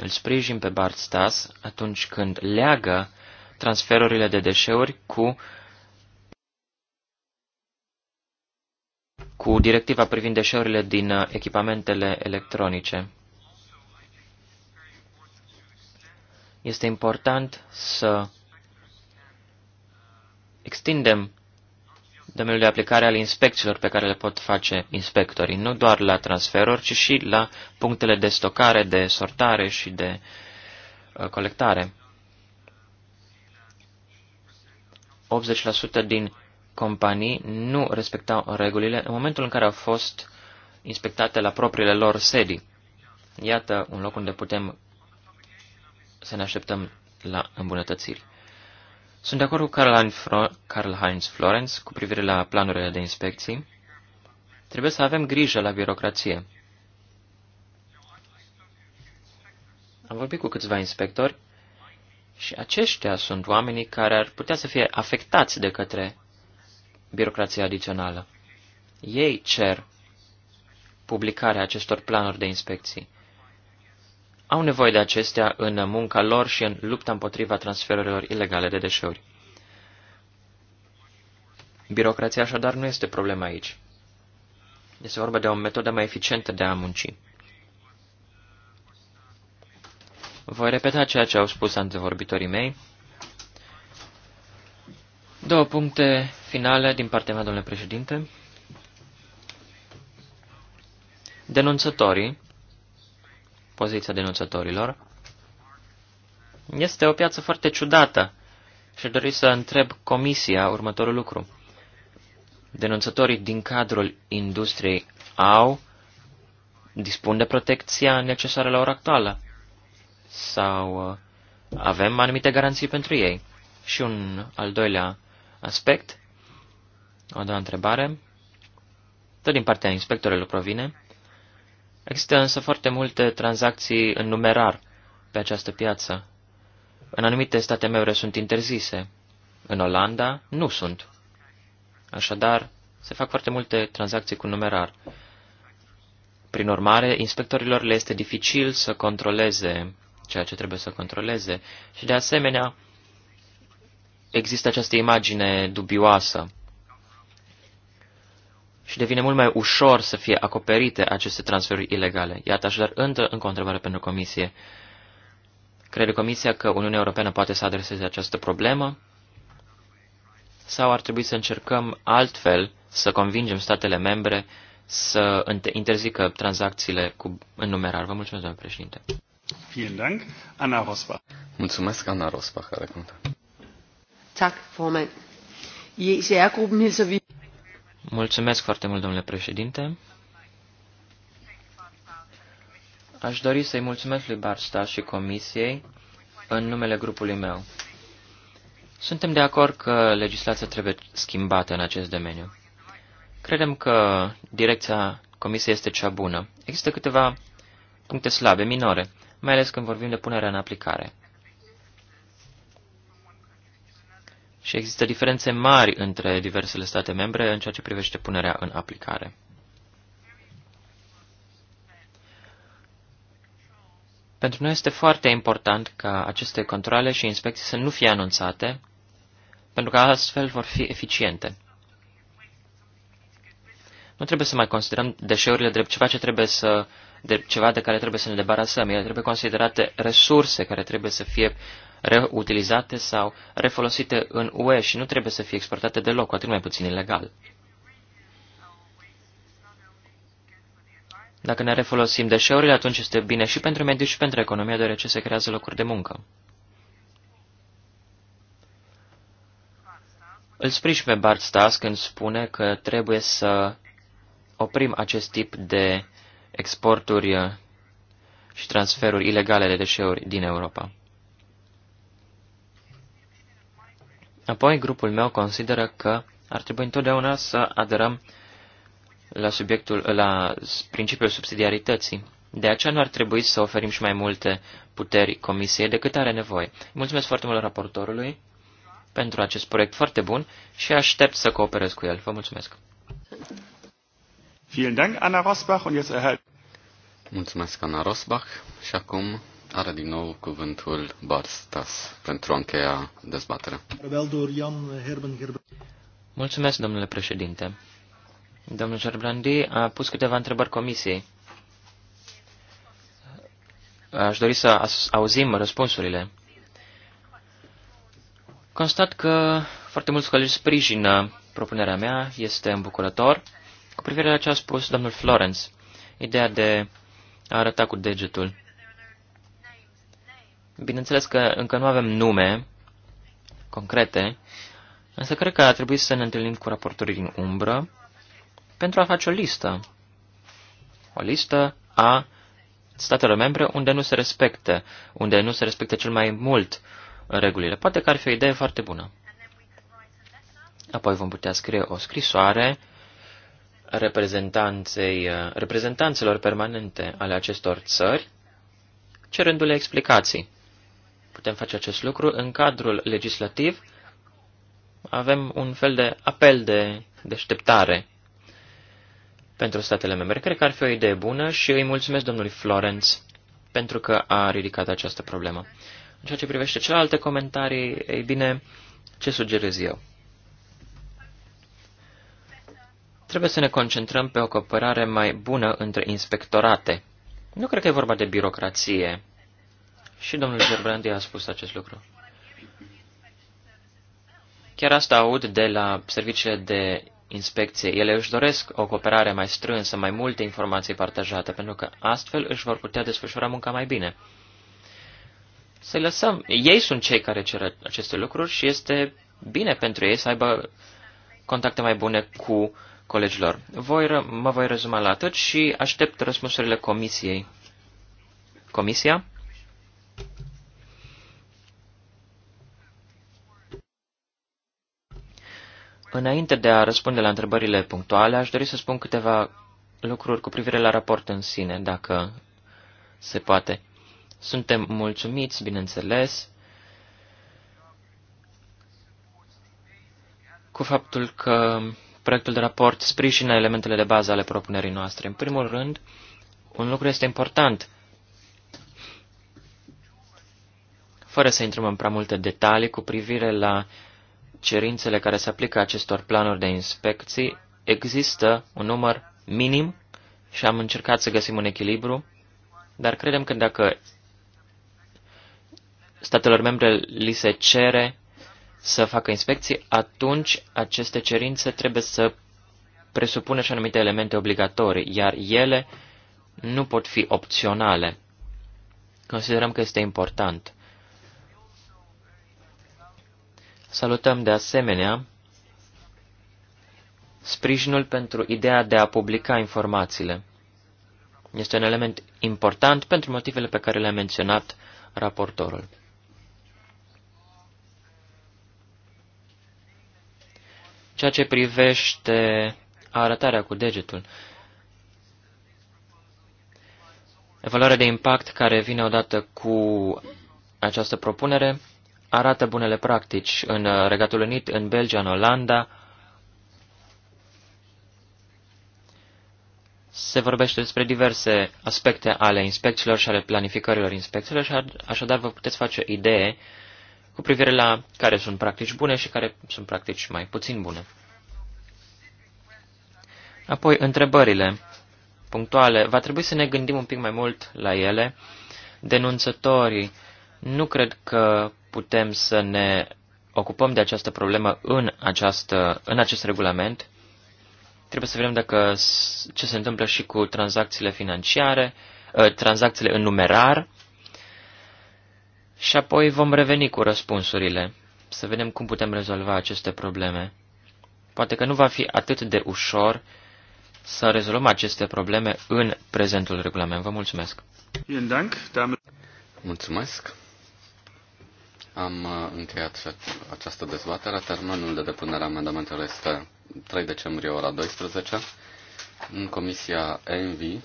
Îl sprijin pe Bart Stas atunci când leagă transferurile de deșeuri cu cu directiva privind deșeurile din uh, echipamentele electronice. Este important să extindem domeniul de aplicare al inspecțiilor pe care le pot face inspectorii, nu doar la transferuri, ci și la punctele de stocare, de sortare și de uh, colectare. 80% din companii nu respectau regulile în momentul în care au fost inspectate la propriile lor sedii. Iată un loc unde putem să ne așteptăm la îmbunătățiri. Sunt de acord cu Karl-Heinz Florenz cu privire la planurile de inspecții. Trebuie să avem grijă la birocrație. Am vorbit cu câțiva inspectori și aceștia sunt oamenii care ar putea să fie afectați de către birocrația adițională. Ei cer publicarea acestor planuri de inspecții au nevoie de acestea în munca lor și în lupta împotriva transferurilor ilegale de deșeuri. Birocrația așadar nu este problema aici. Este vorba de o metodă mai eficientă de a munci. Voi repeta ceea ce au spus antevorbitorii mei. Două puncte finale din partea mea, domnule președinte. Denunțătorii poziția denunțătorilor. Este o piață foarte ciudată și dori să întreb comisia următorul lucru. Denunțătorii din cadrul industriei au, dispun de protecția necesară la ora actuală sau uh, avem anumite garanții pentru ei. Și un al doilea aspect, o doua întrebare, tot din partea inspectorilor provine, Există însă foarte multe tranzacții în numerar pe această piață. În anumite state membre sunt interzise. În Olanda nu sunt. Așadar, se fac foarte multe tranzacții cu numerar. Prin urmare, inspectorilor le este dificil să controleze ceea ce trebuie să controleze și, de asemenea, există această imagine dubioasă și devine mult mai ușor să fie acoperite aceste transferuri ilegale. Iată așadar, încă în întrebare pentru Comisie. Crede Comisia că Uniunea Europeană poate să adreseze această problemă? Sau ar trebui să încercăm altfel să convingem statele membre să interzică tranzacțiile cu, în numerar? Vă mulțumesc, doamne președinte. Dank. Anna Rosbach. Mulțumesc, Ana Rosbach, care cuvântul. Tak, formand. I ECR-gruppen hilser vi Mulțumesc foarte mult, domnule președinte. Aș dori să-i mulțumesc lui Barsta și Comisiei în numele grupului meu. Suntem de acord că legislația trebuie schimbată în acest domeniu. Credem că direcția Comisiei este cea bună. Există câteva puncte slabe, minore, mai ales când vorbim de punerea în aplicare. și există diferențe mari între diversele state membre în ceea ce privește punerea în aplicare. Pentru noi este foarte important ca aceste controle și inspecții să nu fie anunțate, pentru că astfel vor fi eficiente. Nu trebuie să mai considerăm deșeurile drept ceva ce trebuie să de ceva de care trebuie să ne debarasăm. Ele trebuie considerate resurse care trebuie să fie reutilizate sau refolosite în UE și nu trebuie să fie exportate deloc, cu atât mai puțin ilegal. Dacă ne refolosim deșeurile, atunci este bine și pentru mediu și pentru economia, deoarece se creează locuri de muncă. Îl sprijin pe Bart Stas când spune că trebuie să oprim acest tip de exporturi uh, și transferuri ilegale de deșeuri din Europa. Apoi, grupul meu consideră că ar trebui întotdeauna să aderăm la, subiectul, la principiul subsidiarității. De aceea nu ar trebui să oferim și mai multe puteri comisiei decât are nevoie. Mulțumesc foarte mult raportorului pentru acest proiect foarte bun și aștept să cooperez cu el. Vă mulțumesc! Vielen Dank, Anna Rosbach, und jetzt erhält. Mulțumesc, Ana Rosbach, și acum are din nou cuvântul Barstas pentru a încheia dezbaterea. Mulțumesc, domnule președinte. Domnul Gerblandi a pus câteva întrebări comisiei. Aș dori să auzim răspunsurile. Constat că foarte mulți colegi sprijină propunerea mea, este îmbucurător. Cu privire la ce a spus domnul Florence, ideea de a arăta cu degetul. Bineînțeles că încă nu avem nume concrete, însă cred că ar trebui să ne întâlnim cu raportorii din umbră pentru a face o listă. O listă a statelor membre unde nu se respectă, unde nu se respectă cel mai mult regulile. Poate că ar fi o idee foarte bună. Apoi vom putea scrie o scrisoare reprezentanței, uh, reprezentanților permanente ale acestor țări, cerându-le explicații. Putem face acest lucru în cadrul legislativ. Avem un fel de apel de deșteptare pentru statele membre. Cred că ar fi o idee bună și îi mulțumesc domnului Florence pentru că a ridicat această problemă. În ceea ce privește celelalte comentarii, ei bine, ce sugerez eu? Trebuie să ne concentrăm pe o cooperare mai bună între inspectorate. Nu cred că e vorba de birocrație. Și domnul Gerbrandi a spus acest lucru. Chiar asta aud de la serviciile de inspecție. Ele își doresc o cooperare mai strânsă, mai multe informații partajate, pentru că astfel își vor putea desfășura munca mai bine. Să lăsăm. Ei sunt cei care cer aceste lucruri și este bine pentru ei să aibă contacte mai bune cu colegilor. Voi, mă voi rezuma la atât și aștept răspunsurile comisiei. Comisia? Înainte de a răspunde la întrebările punctuale, aș dori să spun câteva lucruri cu privire la raport în sine, dacă se poate. Suntem mulțumiți, bineînțeles, cu faptul că proiectul de raport sprijină elementele de bază ale propunerii noastre. În primul rând, un lucru este important. Fără să intrăm în prea multe detalii cu privire la cerințele care se aplică acestor planuri de inspecții, există un număr minim și am încercat să găsim un echilibru, dar credem că dacă statelor membre li se cere să facă inspecții, atunci aceste cerințe trebuie să presupună și anumite elemente obligatorii, iar ele nu pot fi opționale. Considerăm că este important. Salutăm de asemenea sprijinul pentru ideea de a publica informațiile. Este un element important pentru motivele pe care le-a menționat raportorul. ceea ce privește arătarea cu degetul. Evaluarea de impact care vine odată cu această propunere arată bunele practici în Regatul Unit, în Belgia, în Olanda. Se vorbește despre diverse aspecte ale inspecțiilor și ale planificărilor inspecțiilor și așadar vă puteți face idee uh, cu privire la care sunt practici bune și care sunt practici mai puțin bune. Apoi, întrebările punctuale. Va trebui să ne gândim un pic mai mult la ele. Denunțătorii, nu cred că putem să ne ocupăm de această problemă în, această, în acest regulament. Trebuie să vedem dacă ce se întâmplă și cu tranzacțiile financiare, ă, tranzacțiile în numerar, și apoi vom reveni cu răspunsurile, să vedem cum putem rezolva aceste probleme. Poate că nu va fi atât de ușor să rezolvăm aceste probleme în prezentul regulament. Vă mulțumesc! Mulțumesc! Am uh, încheiat această dezbatere. Termenul de depunere a amendamentelor este 3 decembrie ora 12 în Comisia ENVI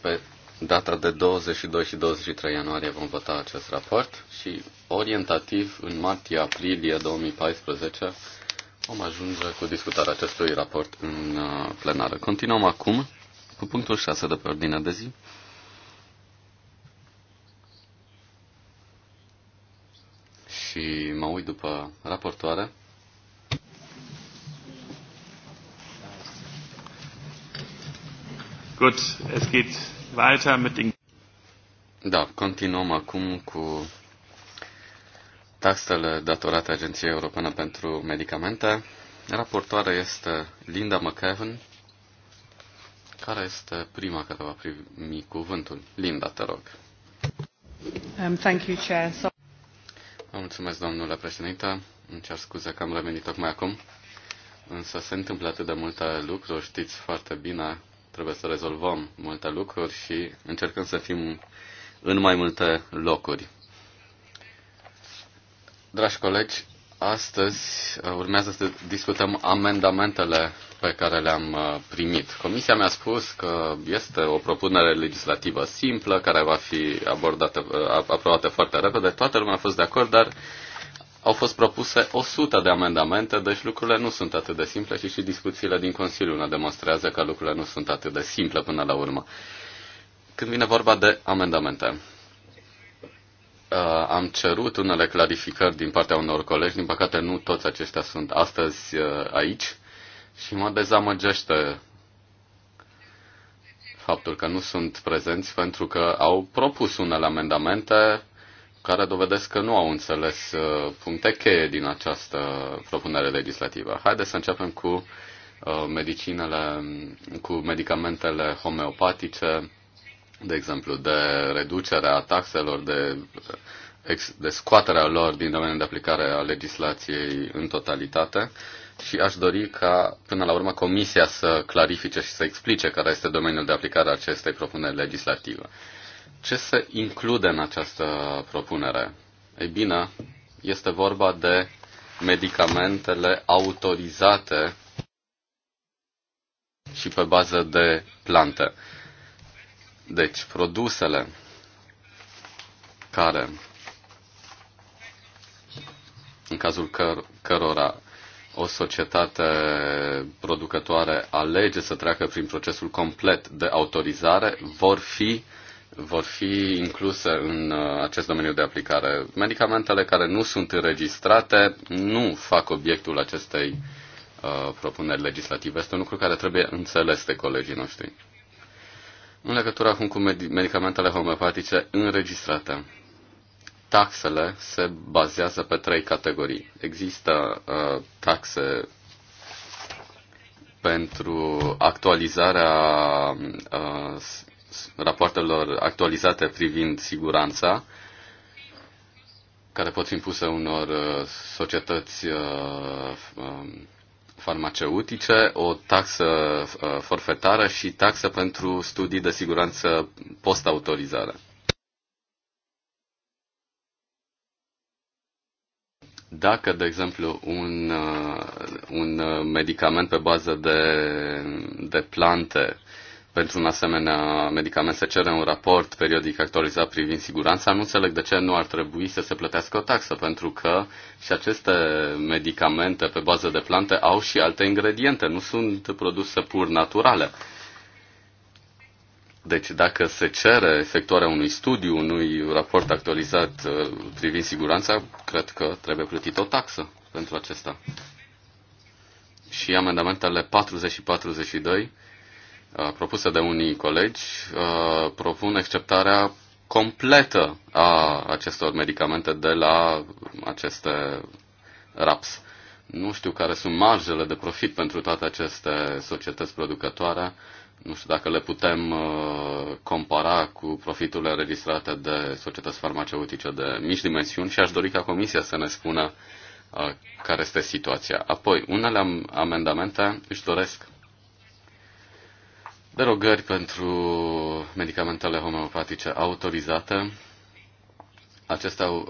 pe data de 22 și 23 ianuarie vom vota acest raport și orientativ în martie-aprilie 2014 vom ajunge cu discutarea acestui raport în uh, plenară. Continuăm acum cu punctul 6 de pe ordinea de zi. Și mă uit după raportoare. Gut, es geht weiter mit den Da, continuăm acum cu taxele datorate Agenției Europene pentru Medicamente. Raportoarea este Linda McEvan, care este prima care va primi cuvântul. Linda, te rog. Um, thank you, Chair. So- Vă mulțumesc, domnule președinte. Îmi cer scuze că am revenit tocmai acum. Însă se întâmplă atât de multe lucruri, știți foarte bine Trebuie să rezolvăm multe lucruri și încercăm să fim în mai multe locuri. Dragi colegi, astăzi uh, urmează să discutăm amendamentele pe care le-am uh, primit. Comisia mi-a spus că este o propunere legislativă simplă, care va fi abordată, uh, aprobată foarte repede. Toată lumea a fost de acord, dar au fost propuse 100 de amendamente, deci lucrurile nu sunt atât de simple și și discuțiile din Consiliu ne demonstrează că lucrurile nu sunt atât de simple până la urmă. Când vine vorba de amendamente, uh, am cerut unele clarificări din partea unor colegi, din păcate nu toți aceștia sunt astăzi uh, aici și mă dezamăgește faptul că nu sunt prezenți pentru că au propus unele amendamente care dovedesc că nu au înțeles uh, puncte cheie din această propunere legislativă. Haideți să începem cu uh, medicinele, cu medicamentele homeopatice, de exemplu, de reducerea taxelor, de, de scoaterea lor din domeniul de aplicare a legislației în totalitate și aș dori ca, până la urmă, Comisia să clarifice și să explice care este domeniul de aplicare a acestei propuneri legislative. Ce se include în această propunere? Ei bine, este vorba de medicamentele autorizate și pe bază de plante. Deci, produsele care, în cazul căr- cărora o societate producătoare alege să treacă prin procesul complet de autorizare, vor fi uh, vor fi incluse în uh, acest domeniu de aplicare. Medicamentele care nu sunt înregistrate nu fac obiectul acestei uh, propuneri legislative. Este un lucru care trebuie înțeles de colegii noștri. În legătură acum cu medicamentele homeopatice înregistrate, taxele se bazează pe trei categorii. Există uh, taxe pentru actualizarea uh, rapoartelor actualizate privind siguranța, care pot fi impuse unor uh, societăți uh, um, farmaceutice, o taxă uh, forfetară și taxă pentru studii de siguranță post-autorizare. Dacă, de exemplu, un, un medicament pe bază de, de plante pentru un asemenea medicament se cere un raport periodic actualizat privind siguranța, nu înțeleg de ce nu ar trebui să se plătească o taxă, pentru că și aceste medicamente pe bază de plante au și alte ingrediente, nu sunt produse pur naturale. Deci dacă se cere efectuarea unui studiu, unui raport actualizat uh, privind siguranța, cred că trebuie plătit o taxă pentru acesta. Și amendamentele 40 și 42 Uh, propuse de unii colegi uh, propun acceptarea completă a acestor medicamente de la aceste RAPS. Nu știu care sunt marjele de profit pentru toate aceste societăți producătoare. Nu știu dacă le putem uh, compara cu profiturile înregistrate de societăți farmaceutice de mici dimensiuni și aș dori ca Comisia să ne spună care este situația. Apoi, unele amendamente își doresc derogări pentru medicamentele homeopatice autorizate, acestea uh,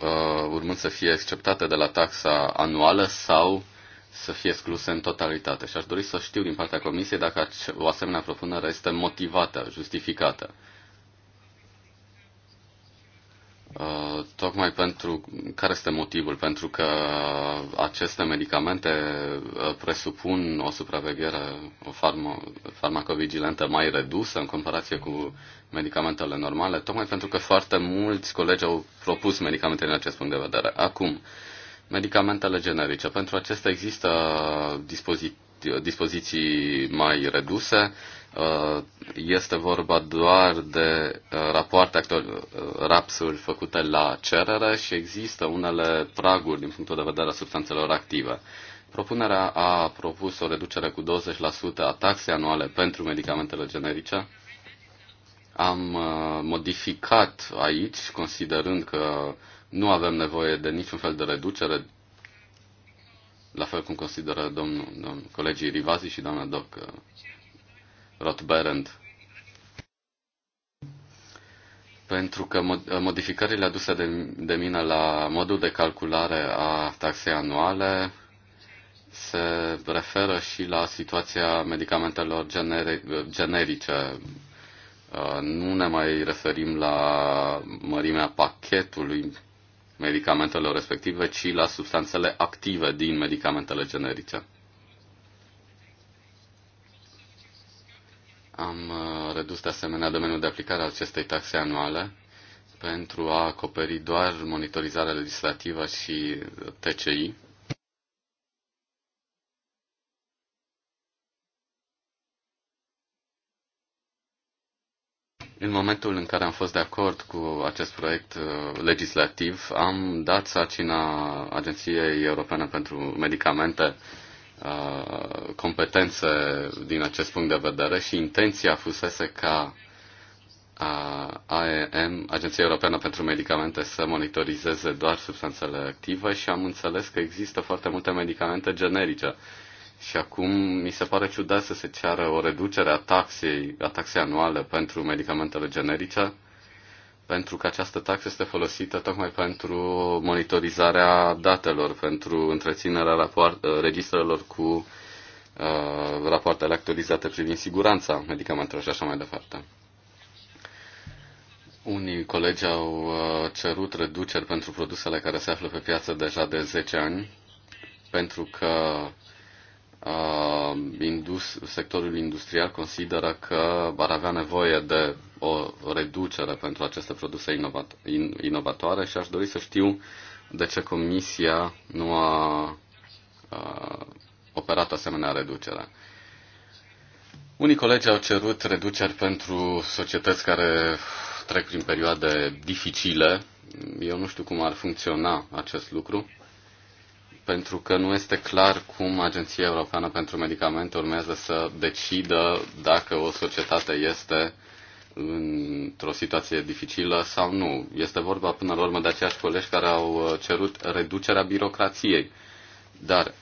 urmând să fie exceptate de la taxa anuală sau să fie excluse în totalitate. Și aș dori să știu din partea Comisiei dacă o asemenea propunere este motivată, justificată. Uh, tocmai pentru care este motivul, pentru că aceste medicamente uh, presupun o supraveghere o farm- farmacovigilentă mai redusă în comparație cu medicamentele normale, tocmai pentru că foarte mulți colegi au propus medicamente din acest punct de vedere. Acum, medicamentele generice. Pentru acestea există uh, dispozitiv dispoziții mai reduse. Uh, este vorba doar de uh, rapoarte, actual, uh, rapsuri făcute la cerere și există unele praguri din punctul de vedere a substanțelor active. Propunerea a propus o reducere cu 20% a taxei anuale pentru medicamentele generice. Am modificat aici, considerând că nu avem nevoie de niciun fel de reducere la fel cum consideră domnul, domnul colegii Rivazi și doamna Doc uh, Rothberend. Pentru că uh, modificările aduse de, de mine la modul de calculare a taxei anuale se referă și la situația medicamentelor generi, uh, generice. Nu ne mai referim la mărimea pachetului medicamentelor respective, ci la substanțele active din medicamentele generice. Am uh, redus de asemenea domeniul de aplicare a acestei taxe anuale pentru a acoperi doar monitorizarea legislativă și TCI, În momentul în care am fost de acord cu acest proiect uh, legislativ, am dat sacina Agenției Europene pentru Medicamente uh, competențe din acest punct de vedere și intenția fusese ca uh, AEM, Agenția Europeană pentru Medicamente, să monitorizeze doar substanțele active și am înțeles că există foarte multe medicamente generice și acum mi se pare ciudat să se ceară o reducere a taxei, a taxei anuale pentru medicamentele generice, pentru că această taxă este folosită tocmai pentru monitorizarea datelor, pentru întreținerea rapoart, registrelor cu uh, rapoartele actualizate privind siguranța medicamentelor și așa mai departe. Unii colegi au uh, cerut reduceri pentru produsele care se află pe piață deja de 10 ani, pentru că uh, uh, indus, sectorul industrial consideră că ar avea nevoie de o reducere pentru aceste produse inovato- in, inovatoare și aș dori să știu de ce Comisia nu a uh, operat o asemenea reducere. Unii colegi au cerut reduceri pentru societăți care trec prin perioade dificile. Eu nu știu cum ar funcționa acest lucru pentru că nu este clar cum Agenția Europeană pentru Medicamente urmează să decidă dacă o societate este într-o situație dificilă sau nu. Este vorba până la urmă de aceiași colegi care au uh, cerut reducerea birocrației. Dar,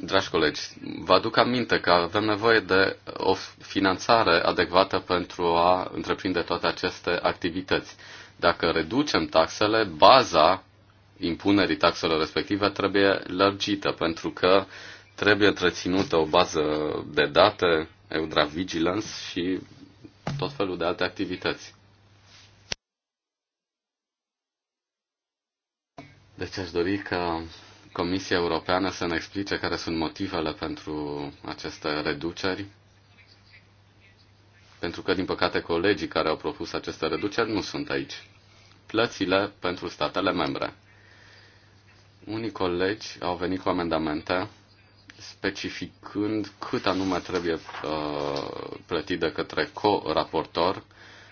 dragi colegi, vă aduc aminte că avem nevoie de o finanțare adecvată pentru a întreprinde toate aceste activități. Dacă reducem taxele, baza impunerii taxelor respective trebuie lărgită, pentru că trebuie întreținută o bază de date, Eudra Vigilance și tot felul de alte activități. Deci aș dori ca Comisia Europeană să ne explice care sunt motivele pentru aceste reduceri, pentru că, din păcate, colegii care au propus aceste reduceri nu sunt aici. Plățile pentru statele membre. Unii colegi au venit cu amendamente specificând cât anume trebuie uh, plătit de către co-raportor.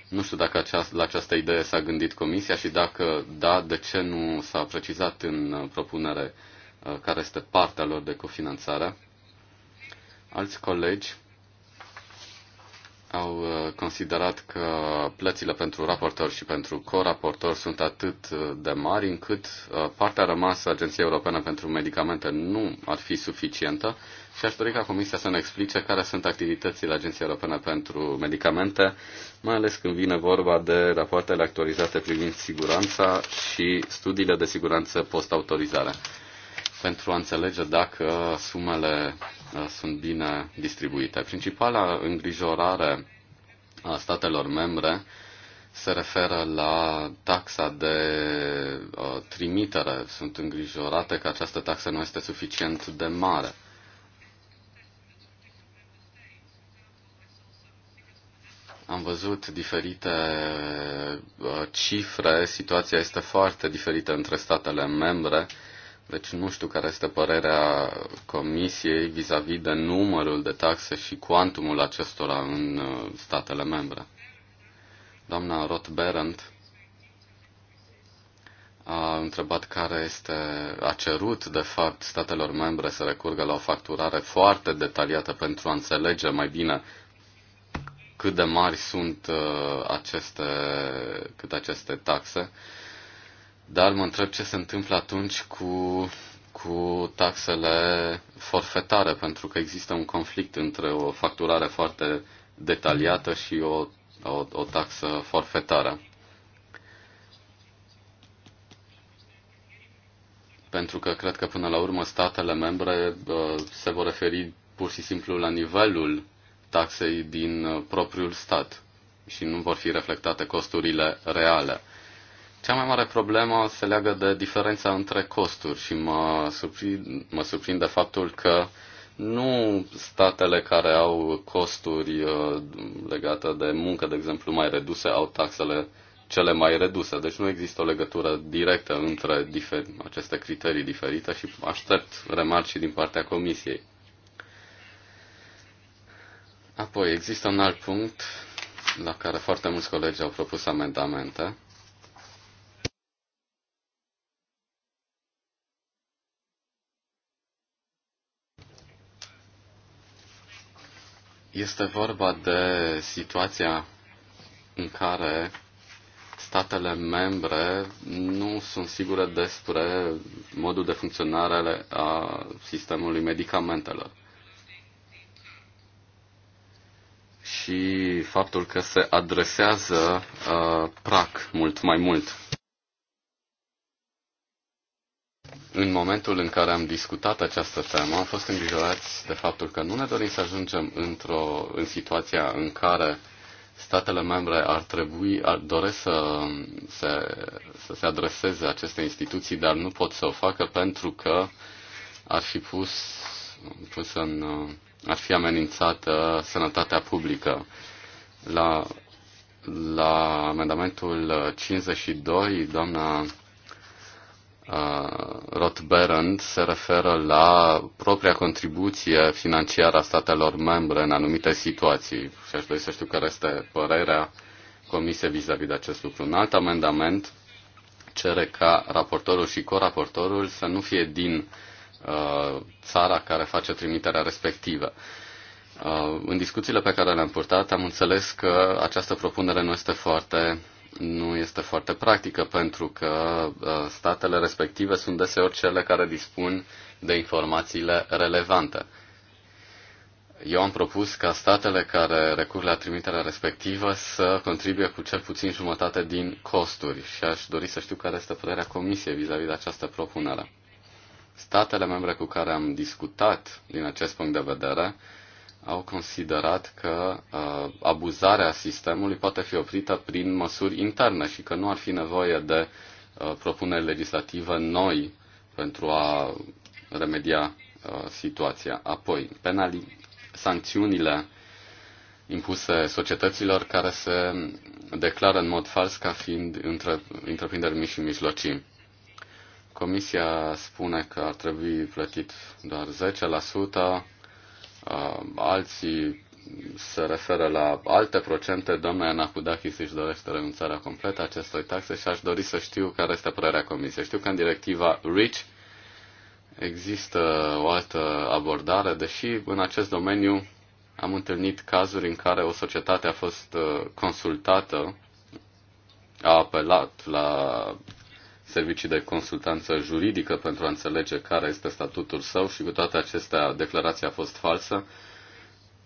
Nu știu dacă aceast, la această idee s-a gândit comisia și dacă da, de ce nu s-a precizat în uh, propunere uh, care este partea lor de cofinanțare. Alți colegi au uh, considerat că plățile pentru raportor și pentru co-raportor sunt atât uh, de mari încât uh, partea rămasă a Agenției Europene pentru Medicamente nu ar fi suficientă și aș dori ca Comisia să ne explice care sunt activitățile Agenției Europene pentru Medicamente, mai ales când vine vorba de rapoartele actualizate privind siguranța și studiile de siguranță post-autorizare, pentru a înțelege dacă sumele Uh, sunt bine distribuite. Principala îngrijorare a statelor membre se referă la taxa de uh, trimitere. Sunt îngrijorate că această taxă nu este suficient de mare. Am văzut diferite uh, cifre, situația este foarte diferită între statele membre. Uh, deci nu știu care este părerea Comisiei vis-a-vis -vis de numărul de taxe și cuantumul acestora în uh, statele membre. Doamna Roth Berend a întrebat care este, a cerut de fapt statelor membre să recurgă la o facturare foarte detaliată pentru a înțelege mai bine cât de mari sunt uh, aceste, cât aceste taxe. Uh, dar mă întreb ce se întâmplă atunci cu, cu taxele forfetare, pentru că există un conflict între o facturare foarte detaliată și o, o, o taxă forfetară. Pentru că cred că până la urmă statele membre se vor referi pur și simplu la nivelul taxei din propriul stat și nu vor fi reflectate costurile reale. Cea mai mare problemă se leagă de diferența între costuri și mă surprind, mă de faptul că nu statele care au costuri uh, legate de muncă, de exemplu, mai reduse, au taxele cele mai reduse. Deci nu există o legătură directă între difer- aceste criterii diferite și aștept remarci din partea Comisiei. Apoi, există un alt punct la care foarte mulți colegi au propus amendamente Este vorba de situația în care statele membre nu sunt sigure despre modul de funcționare a sistemului medicamentelor. Și faptul că se adresează uh, PRAC mult mai mult în momentul în care am discutat această temă, am fost îngrijorați de faptul că nu ne dorim să ajungem într-o, în situația în care statele membre ar trebui, ar doresc să se, să se adreseze aceste instituții, dar nu pot să o facă pentru că ar fi pus, pus în, ar fi amenințată uh, sănătatea publică. La, la amendamentul 52, uh, doamna Uh, Rothberend se referă la propria contribuție financiară a statelor membre în anumite situații și aș dori să știu care este părerea Comisiei vis-a-vis de acest lucru. Un alt amendament cere ca raportorul și coraportorul să nu fie din uh, țara care face trimiterea respectivă. Uh, în discuțiile pe care le-am purtat am înțeles că această propunere nu este foarte nu este foarte practică pentru că uh, statele respective sunt deseori cele care dispun de informațiile relevante. Eu am propus ca statele care recur la trimiterea respectivă să contribuie cu cel puțin jumătate din costuri și aș dori să știu care este părerea Comisiei vis-a-vis de această propunere. Statele membre cu care am discutat din acest punct de vedere au considerat că uh, abuzarea sistemului poate fi oprită prin măsuri interne și că nu ar fi nevoie de uh, propuneri legislative noi pentru a remedia uh, situația. Apoi, penali, sancțiunile impuse societăților care se declară în mod fals ca fiind între, întreprinderi mici și mijlocii. Comisia spune că ar trebui plătit doar 10%, Uh, alții se referă la alte procente. Doamna Anacudachis își dorește renunțarea completă acestor taxe și aș dori să știu care este părerea Comisiei. Știu că în directiva REACH există o altă abordare, deși în acest domeniu am întâlnit cazuri în care o societate a fost uh, consultată, a apelat la servicii de consultanță juridică pentru a înțelege care este statutul său și cu toate acestea declarația a fost falsă.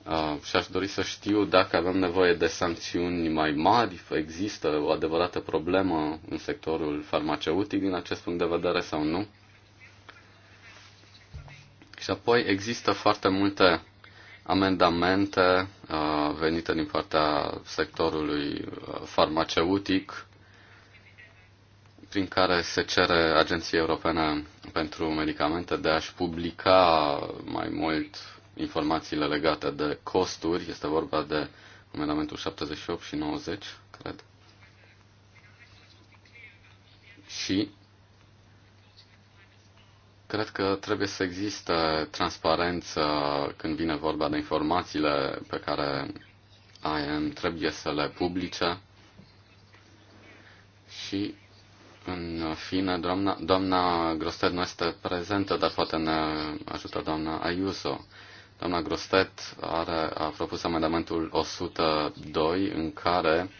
Uh, și aș dori să știu dacă avem nevoie de sancțiuni mai mari, există o adevărată problemă în sectorul farmaceutic din acest punct de vedere sau nu. Și apoi există foarte multe amendamente uh, venite din partea sectorului uh, farmaceutic prin care se cere Agenției Europene pentru Medicamente de a-și publica mai mult informațiile legate de costuri. Este vorba de amendamentul 78 și 90, cred. Și cred că trebuie să existe transparență când vine vorba de informațiile pe care IAM trebuie să le publice și în fine, doamna, doamna Grostet nu este prezentă, dar poate ne ajută doamna Ayuso. Doamna Grostet are, a propus amendamentul 102 în care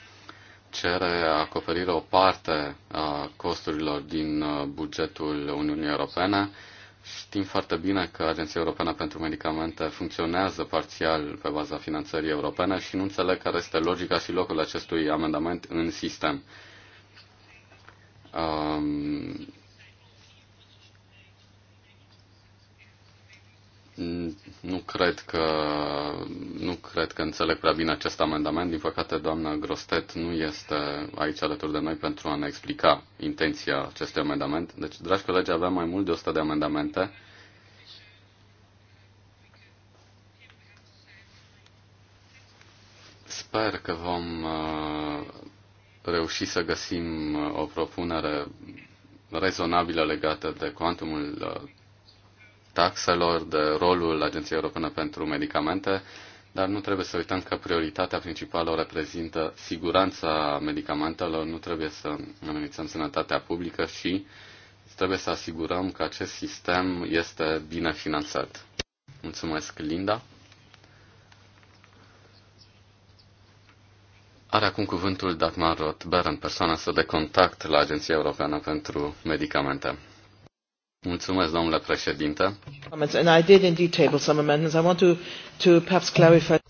cere acoperire o parte a costurilor din uh, bugetul Uniunii Europene. Știm foarte bine că Agenția Europeană pentru Medicamente funcționează parțial pe baza finanțării europene și nu înțeleg care este logica și locul acestui amendament în sistem. Um, nu cred că nu cred că înțeleg prea bine acest amendament. Din păcate, doamna Grostet nu este aici alături de noi pentru a ne explica intenția acestui amendament. Deci, dragi colegi, avem mai mult de 100 de amendamente. Sper că vom uh, reușit să găsim uh, o propunere rezonabilă legată de cuantumul uh, taxelor, de rolul Agenției Europene pentru Medicamente, dar nu trebuie să uităm că prioritatea principală o reprezintă siguranța medicamentelor, nu trebuie să amenințăm sănătatea publică și trebuie să asigurăm că acest sistem este bine finanțat. Mulțumesc, Linda. Are acum cuvântul Dagmar Roth-Beren, persoana să de contact la Agenția Europeană pentru Medicamente. Mulțumesc, domnule președinte.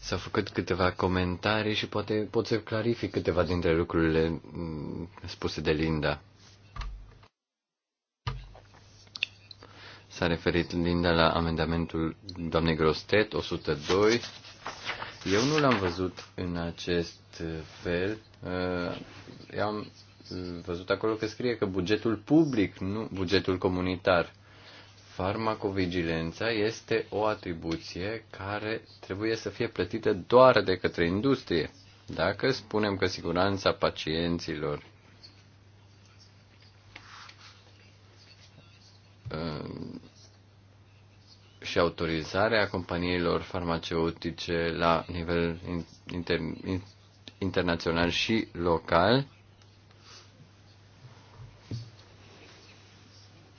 S-au făcut câteva comentarii și poate pot să clarific câteva dintre lucrurile mm, spuse de Linda. S-a referit Linda la amendamentul doamnei Grostet 102 eu nu l-am văzut în acest uh, fel. Eu uh, am uh, văzut acolo că scrie că bugetul public, nu bugetul comunitar. Farmacovigilența este o atribuție care trebuie să fie plătită doar de către industrie. Dacă spunem că siguranța pacienților și autorizarea companiilor farmaceutice la nivel inter, internațional și local.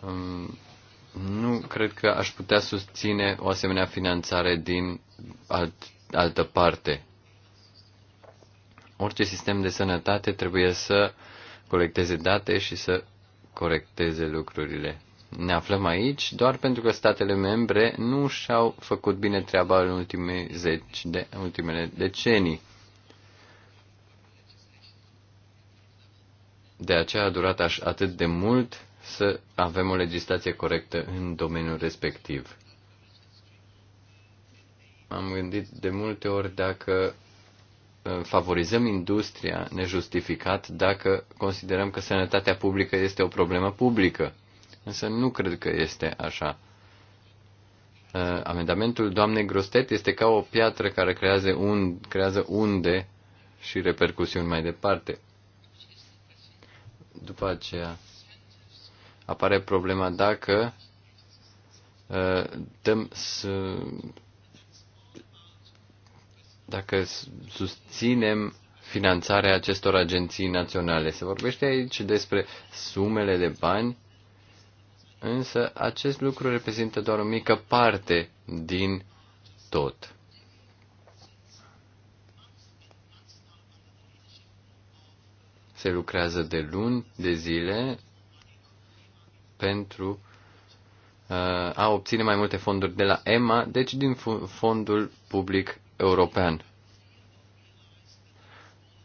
Um, nu cred că aș putea susține o asemenea finanțare din alt, altă parte. Orice sistem de sănătate trebuie să colecteze date și să corecteze lucrurile. Ne aflăm aici doar pentru că statele membre nu și-au făcut bine treaba în ultimele, zeci de, în ultimele decenii. De aceea a durat aș, atât de mult să avem o legislație corectă în domeniul respectiv. Am gândit de multe ori dacă ă, favorizăm industria nejustificat, dacă considerăm că sănătatea publică este o problemă publică însă nu cred că este așa. Uh, amendamentul doamnei Grostet este ca o piatră care creează, un, creează unde și repercusiuni mai departe. După aceea apare problema dacă uh, dăm să, dacă susținem finanțarea acestor agenții naționale. Se vorbește aici despre sumele de bani Însă acest lucru reprezintă doar o mică parte din tot. Se lucrează de luni, de zile pentru uh, a obține mai multe fonduri de la EMA, deci din fondul public european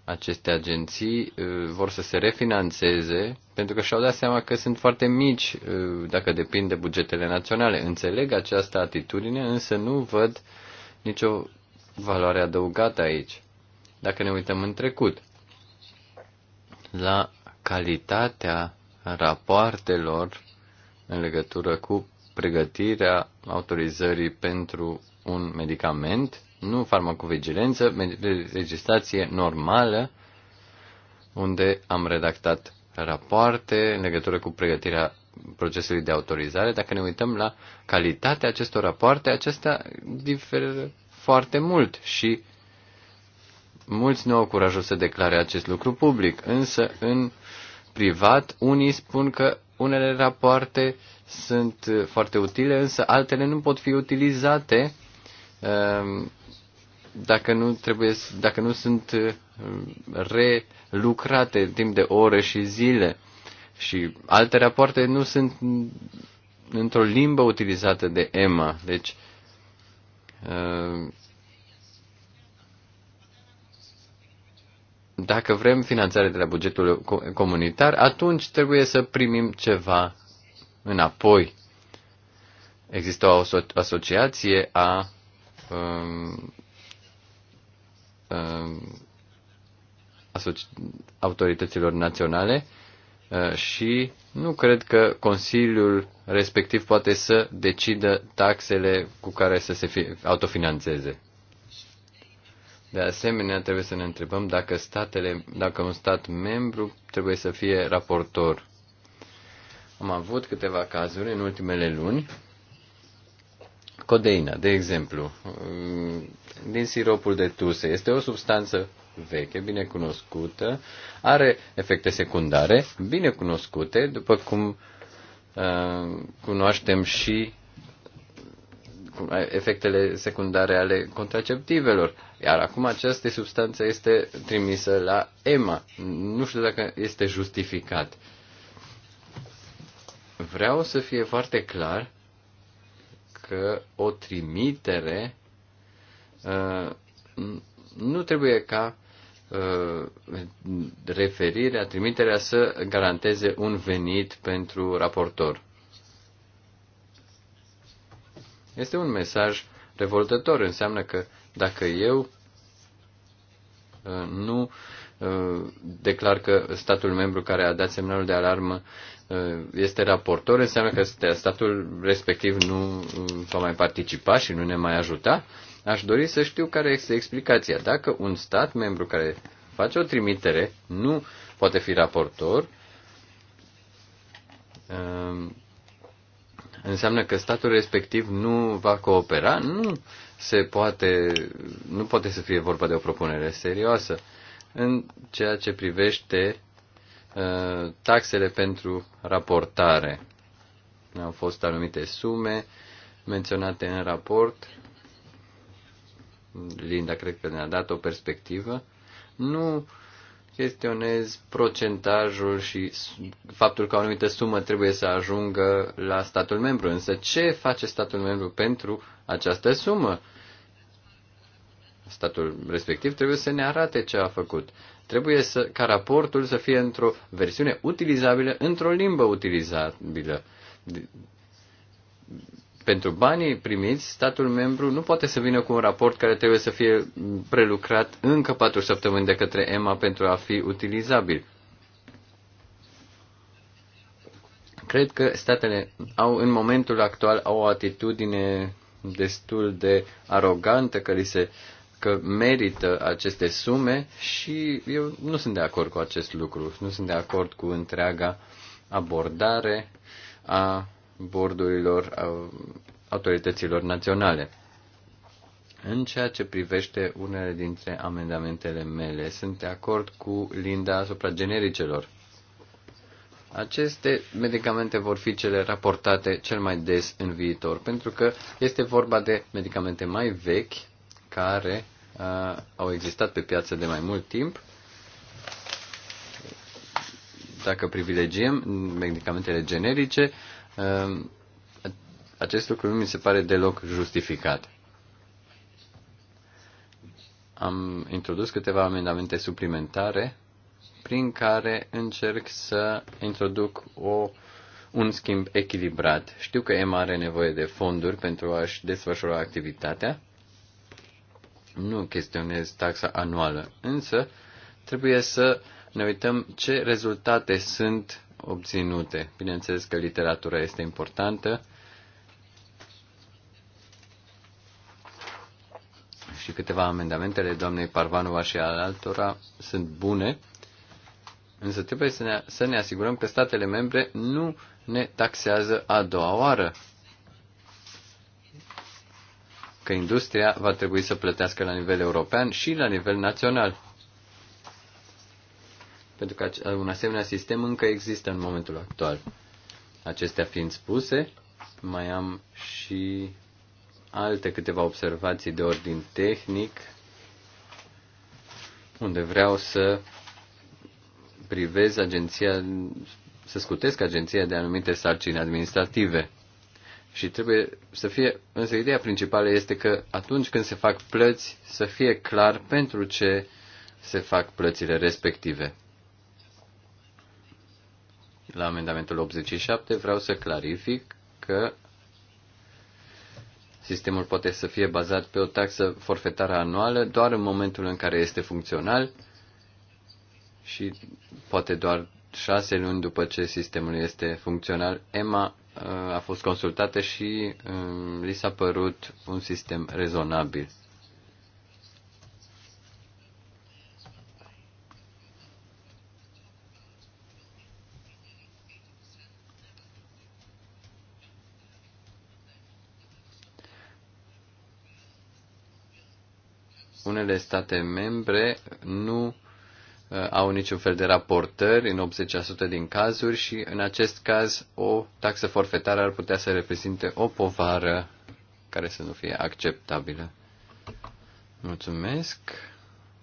aceste agenții uh, vor să se refinanțeze pentru că și-au dat seama că sunt foarte mici uh, dacă depind de bugetele naționale. Înțeleg această atitudine, însă nu văd nicio valoare adăugată aici. Dacă ne uităm în trecut, la calitatea rapoartelor în legătură cu pregătirea autorizării pentru un medicament, nu farmacovigilență, legislație normală, unde am redactat rapoarte în legătură cu pregătirea procesului de autorizare. Dacă ne uităm la calitatea acestor rapoarte, acestea diferă foarte mult și mulți nu au curajul să declare acest lucru public, însă în privat unii spun că unele rapoarte sunt foarte utile, însă altele nu pot fi utilizate ehm, dacă nu, trebuie, dacă nu sunt uh, relucrate timp de ore și zile și alte rapoarte nu sunt într-o limbă utilizată de Emma Deci, uh, dacă vrem finanțare de la bugetul comunitar, atunci trebuie să primim ceva înapoi. Există o asociație a um, Uh, autorităților naționale uh, și nu cred că Consiliul respectiv poate să decidă taxele cu care să se autofinanțeze. De asemenea, trebuie să ne întrebăm dacă, statele, dacă un stat membru trebuie să fie raportor. Am avut câteva cazuri în ultimele luni Codeină, de exemplu, mm, din siropul de tuse, este o substanță veche, bine cunoscută, are efecte secundare bine cunoscute, după cum uh, cunoaștem și uh, efectele secundare ale contraceptivelor. Iar acum această substanță este trimisă la EMA. Nu știu dacă este justificat. Vreau să fie foarte clar că o trimitere uh, nu trebuie ca uh, referirea, trimiterea să garanteze un venit pentru raportor. Este un mesaj revoltător. Înseamnă că dacă eu uh, nu uh, declar că statul membru care a dat semnalul de alarmă uh, este raportor, înseamnă că statul respectiv nu uh, va mai participa și nu ne mai ajuta. Aș dori să știu care este explicația. Dacă un stat membru care face o trimitere nu poate fi raportor, uh, înseamnă că statul respectiv nu va coopera, nu se poate, nu poate să fie vorba de o propunere serioasă în ceea ce privește uh, taxele pentru raportare. Au fost anumite sume menționate în raport. Linda cred că ne-a dat o perspectivă. Nu chestionez procentajul și faptul că o anumită sumă trebuie să ajungă la statul membru. Însă ce face statul membru pentru această sumă? statul respectiv trebuie să ne arate ce a făcut. Trebuie să, ca raportul să fie într-o versiune utilizabilă, într-o limbă utilizabilă. Pentru banii primiți, statul membru nu poate să vină cu un raport care trebuie să fie prelucrat încă patru săptămâni de către EMA pentru a fi utilizabil. Cred că statele au în momentul actual au o atitudine destul de arogantă, că li se uh, că merită aceste sume și eu nu sunt de acord cu acest lucru. Nu sunt de acord cu întreaga abordare a bordurilor a autorităților naționale. În ceea ce privește unele dintre amendamentele mele, sunt de acord cu Linda asupra genericelor. Aceste medicamente vor fi cele raportate cel mai des în viitor, pentru că este vorba de medicamente mai vechi care uh, au existat pe piață de mai mult timp. Dacă privilegiem medicamentele generice, uh, acest lucru nu mi se pare deloc justificat. Am introdus câteva amendamente suplimentare prin care încerc să introduc o, un schimb echilibrat. Știu că EMA are nevoie de fonduri pentru a-și desfășura activitatea, nu chestionez taxa anuală, însă trebuie să ne uităm ce rezultate sunt obținute. Bineînțeles că literatura este importantă și câteva amendamentele doamnei Parvanova și al altora sunt bune, însă trebuie să ne, să ne asigurăm că statele membre nu ne taxează a doua oară că industria va trebui să plătească la nivel european și la nivel național. Pentru că un asemenea sistem încă există în momentul actual. Acestea fiind spuse, mai am și alte câteva observații de ordin tehnic, unde vreau să privez agenția, să scutesc agenția de anumite sarcini administrative. Și trebuie să fie, însă ideea principală este că atunci când se fac plăți, să fie clar pentru ce se fac plățile respective. La amendamentul 87 vreau să clarific că sistemul poate să fie bazat pe o taxă forfetară anuală doar în momentul în care este funcțional și poate doar șase luni după ce sistemul este funcțional, EMA Uh, a fost consultată și um, li s-a părut un sistem rezonabil. Unele state membre nu Uh, au niciun fel de raportări în 80% din cazuri și în acest caz o taxă forfetară ar putea să reprezinte o povară care să nu fie acceptabilă. Mulțumesc.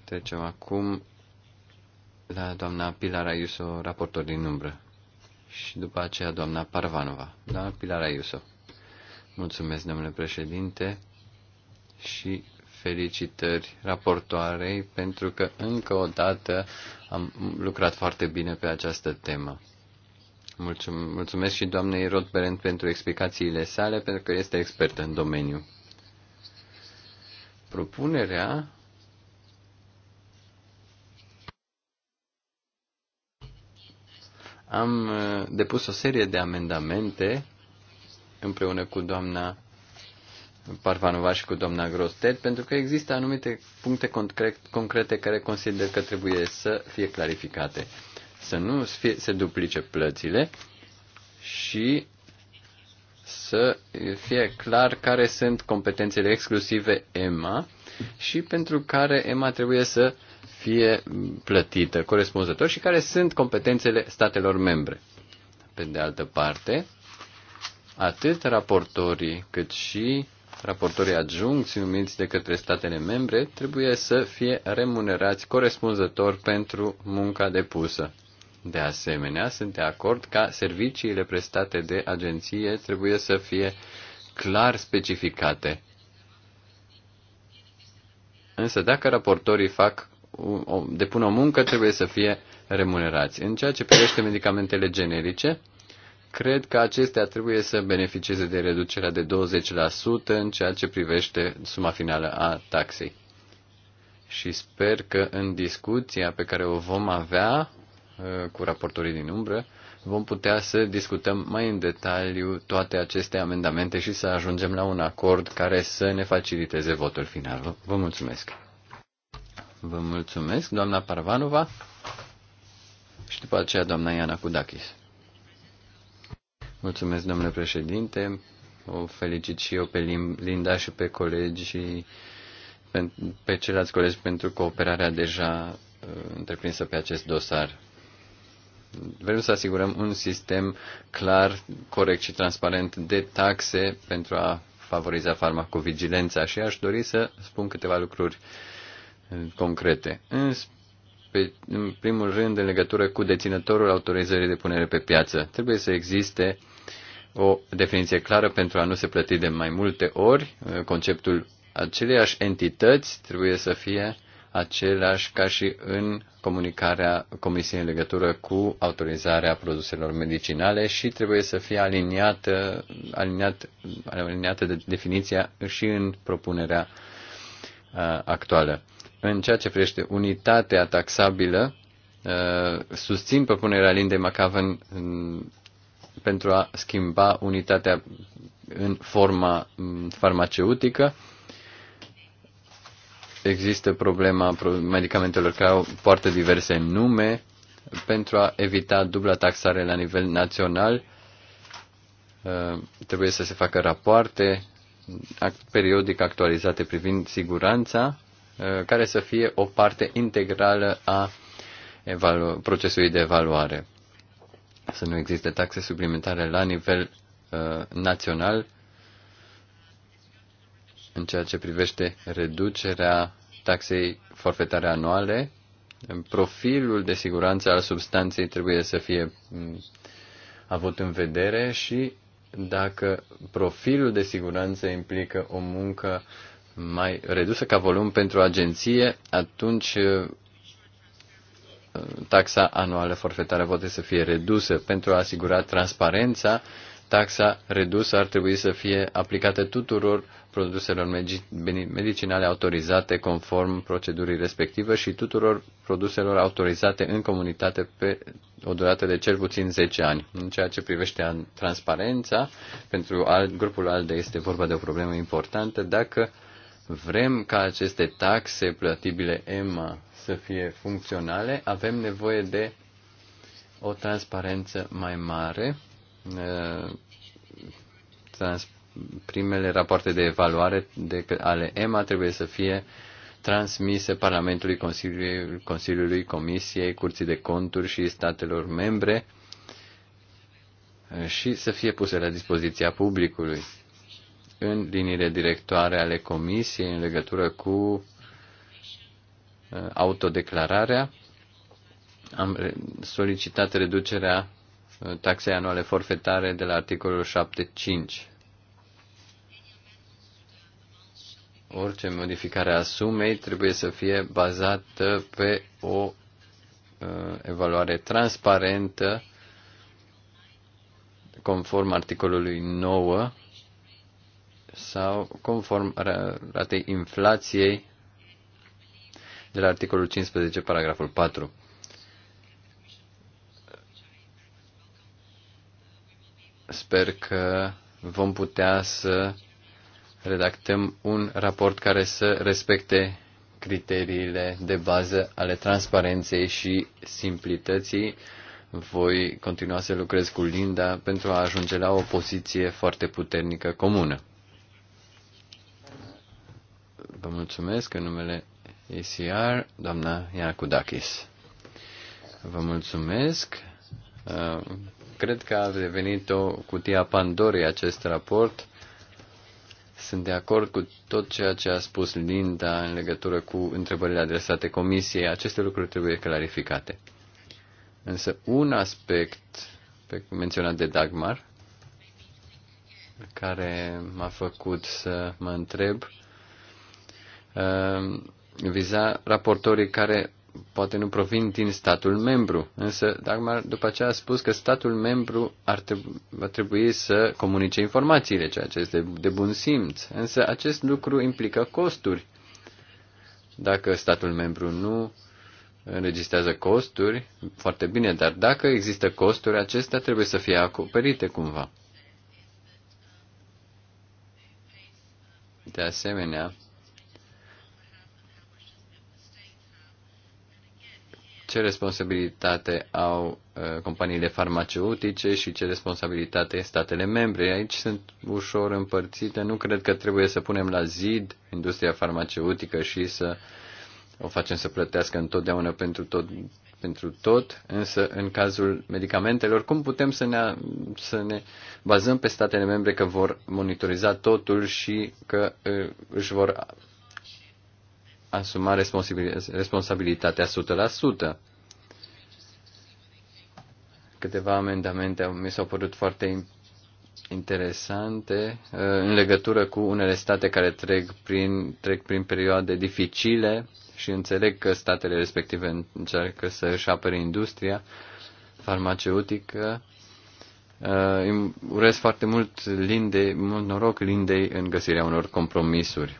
Trecem acum la doamna Pilar Ayuso, raportor din umbră. Și după aceea doamna Parvanova. Doamna Pilar Ayuso. Mulțumesc, domnule președinte, și felicitări raportoarei pentru că încă o dată am lucrat foarte bine pe această temă. Mulțumesc și doamnei Rotberent pentru explicațiile sale, pentru că este expertă în domeniu. Propunerea am eh, depus o serie de amendamente împreună cu doamna Parvanova și cu doamna Grostet, pentru că există anumite puncte concrete care consider că trebuie să fie clarificate. Să nu fie, se duplice plățile și să fie clar care sunt competențele exclusive EMA și pentru care EMA trebuie să fie plătită corespunzător și care sunt competențele statelor membre. Pe de altă parte, atât raportorii cât și raportorii adjuncți numiți de către statele membre trebuie să fie remunerați corespunzător pentru munca depusă. De asemenea, sunt de acord ca serviciile prestate de agenție trebuie să fie clar specificate. Însă dacă raportorii fac depun o muncă, trebuie să fie remunerați. În ceea ce privește medicamentele generice, Cred că acestea trebuie să beneficieze de reducerea de 20% în ceea ce privește suma finală a taxei. Și sper că în discuția pe care o vom avea uh, cu raportorii din umbră, vom putea să discutăm mai în detaliu toate aceste amendamente și să ajungem la un acord care să ne faciliteze votul final. Vă mulțumesc. Vă mulțumesc, doamna Parvanova și după aceea doamna Iana Kudakis. Mulțumesc, domnule președinte. O felicit și eu pe Linda și pe colegi și pe ceilalți colegi pentru cooperarea deja uh, întreprinsă pe acest dosar. Vrem să asigurăm un sistem clar, corect și transparent de taxe pentru a favoriza farmacovigilența și aș dori să spun câteva lucruri uh, concrete. În în primul rând în legătură cu deținătorul autorizării de punere pe piață. Trebuie să existe o definiție clară pentru a nu se plăti de mai multe ori. Conceptul aceleiași entități trebuie să fie același ca și în comunicarea Comisiei în legătură cu autorizarea produselor medicinale și trebuie să fie aliniată, aliniat, aliniată de definiția și în propunerea uh, actuală. În ceea ce privește unitatea taxabilă, uh, susțin propunerea Lindei McAven um, pentru a schimba unitatea în forma um, farmaceutică. Există problema medicamentelor care poartă diverse nume pentru a evita dubla taxare la nivel național. Uh, trebuie să se facă rapoarte periodic actualizate privind siguranța Uh, care să fie o parte integrală a procesului de evaluare. Să nu existe taxe suplimentare la nivel uh, național în ceea ce privește reducerea taxei forfetare anuale. Profilul de siguranță al substanței trebuie să fie mm, avut în vedere și dacă profilul de siguranță implică o muncă mai redusă ca volum pentru agenție, atunci uh, taxa anuală forfetară poate să fie redusă. Pentru a asigura transparența, taxa redusă ar trebui să fie aplicată tuturor produselor medicinale autorizate conform procedurii respective și tuturor produselor autorizate în comunitate pe o durată de cel puțin 10 ani. În ceea ce privește transparența, pentru alt, grupul ALDE este vorba de o problemă importantă. Dacă uh, vrem ca aceste taxe plătibile EMA să fie funcționale, avem nevoie de o transparență mai mare. Eh, trans- primele rapoarte de evaluare de, ale EMA trebuie să fie transmise Parlamentului, Consiliului, Consiliului, Comisiei, Curții de Conturi și statelor membre și să fie puse la dispoziția publicului în liniile directoare ale Comisiei în legătură cu uh, autodeclararea. Am solicitat reducerea uh, taxei anuale forfetare de la articolul 7.5. Orice modificare a sumei trebuie să fie bazată pe o uh, evaluare transparentă conform articolului 9 sau conform ratei inflației de la articolul 15, paragraful 4. Sper că vom putea să redactăm un raport care să respecte criteriile de bază ale transparenței și simplității. Voi continua să lucrez cu Linda pentru a ajunge la o poziție foarte puternică comună. Vă mulțumesc în numele ACR, doamna Iacudakis. Vă mulțumesc. Uh, cred că a devenit o cutia Pandorii acest raport. Sunt de acord cu tot ceea ce a spus Linda în legătură cu întrebările adresate comisiei. Aceste lucruri trebuie clarificate. Însă un aspect pe menționat de Dagmar, care m-a făcut să mă întreb uh, Ehm, viza raportorii care poate nu provin din statul membru. Însă Dagmar după aceea a spus că statul membru ar trebui, va trebui să comunice informațiile, ceea ce este de bun simț. Însă acest lucru implică costuri. Dacă statul membru nu înregistrează costuri, foarte bine, dar dacă există costuri, acestea trebuie să fie acoperite cumva. De asemenea, ce responsabilitate au uh, companiile farmaceutice și ce responsabilitate statele membre. Aici sunt ușor împărțite. Nu cred că trebuie să punem la zid industria farmaceutică și să o facem să plătească întotdeauna pentru tot, pentru tot, însă în cazul medicamentelor, cum putem să ne, să ne bazăm pe statele membre că vor monitoriza totul și că uh, își vor asuma responsabilitatea 100%. Câteva amendamente mi s-au părut foarte interesante uh, în legătură cu unele state care trec prin, trec prin perioade dificile și înțeleg că statele respective încearcă să își apere industria farmaceutică. Uh, îmi urez foarte mult, linde, mult noroc Lindei în găsirea unor compromisuri.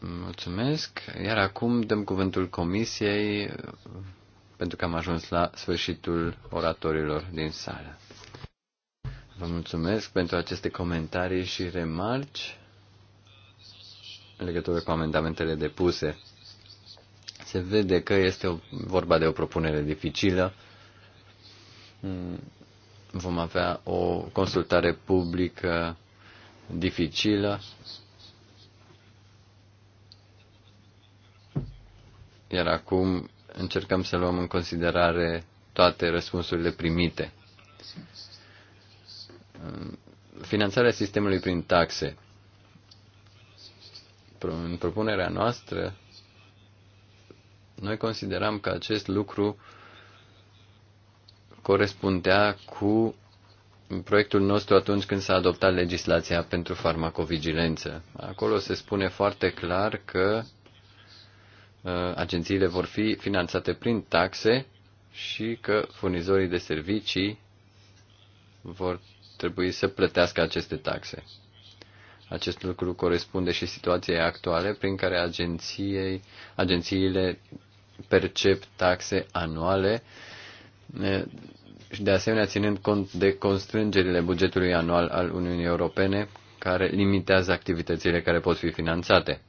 Mulțumesc. Iar acum dăm cuvântul comisiei uh, pentru că am ajuns la sfârșitul oratorilor din sală. Vă mulțumesc pentru aceste comentarii și remarci în legătură cu amendamentele depuse. Se vede că este o, vorba de o propunere dificilă. Mm, vom avea o consultare publică dificilă Iar acum încercăm să luăm în considerare toate răspunsurile primite. Finanțarea sistemului prin taxe. În propunerea noastră, noi consideram că acest lucru corespundea cu proiectul nostru atunci când s-a adoptat legislația pentru farmacovigilență. Acolo se spune foarte clar că Uh, agențiile vor fi finanțate prin taxe și că furnizorii de servicii vor trebui să plătească aceste taxe. Acest lucru corespunde și situației actuale prin care agenției, agențiile percep taxe anuale și uh, de asemenea ținând cont de constrângerile bugetului anual al Uniunii Europene care limitează activitățile care pot fi finanțate.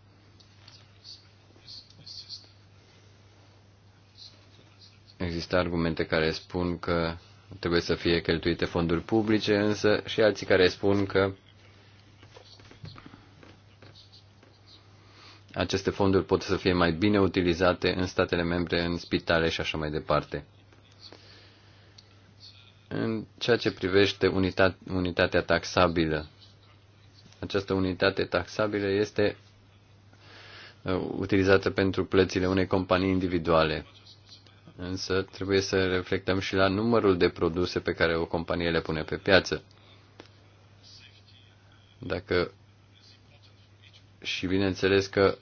Există argumente care spun că trebuie să fie cheltuite fonduri publice, însă și alții care spun că aceste fonduri pot să fie mai bine utilizate în statele membre, în spitale și așa mai departe. În ceea ce privește unitate, unitatea taxabilă, această unitate taxabilă este uh, utilizată pentru plățile unei companii individuale. Însă trebuie să reflectăm și la numărul de produse pe care o companie le pune pe piață. Dacă și bineînțeles că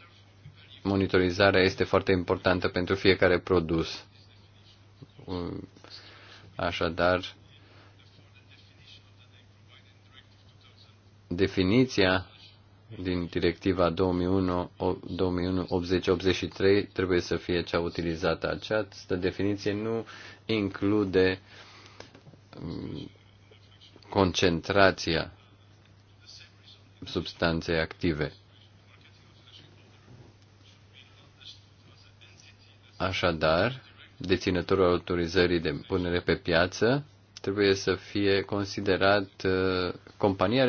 monitorizarea este foarte importantă pentru fiecare produs. Așadar, definiția din directiva 2001-80-83 trebuie să fie cea utilizată. Această definiție nu include mm, concentrația substanței active. Așadar, deținătorul autorizării de punere pe piață trebuie să fie considerat uh, compania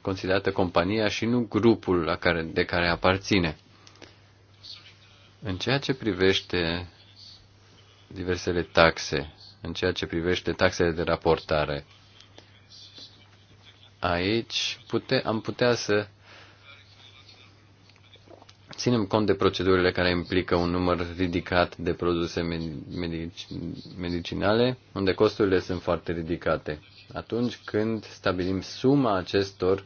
considerată compania și nu grupul la care, de care aparține. În ceea ce privește diversele taxe, în ceea ce privește taxele de raportare, aici pute, am putea să ținem cont de procedurile care implică un număr ridicat de produse medic medicinale, unde costurile sunt foarte ridicate. Atunci când stabilim suma acestor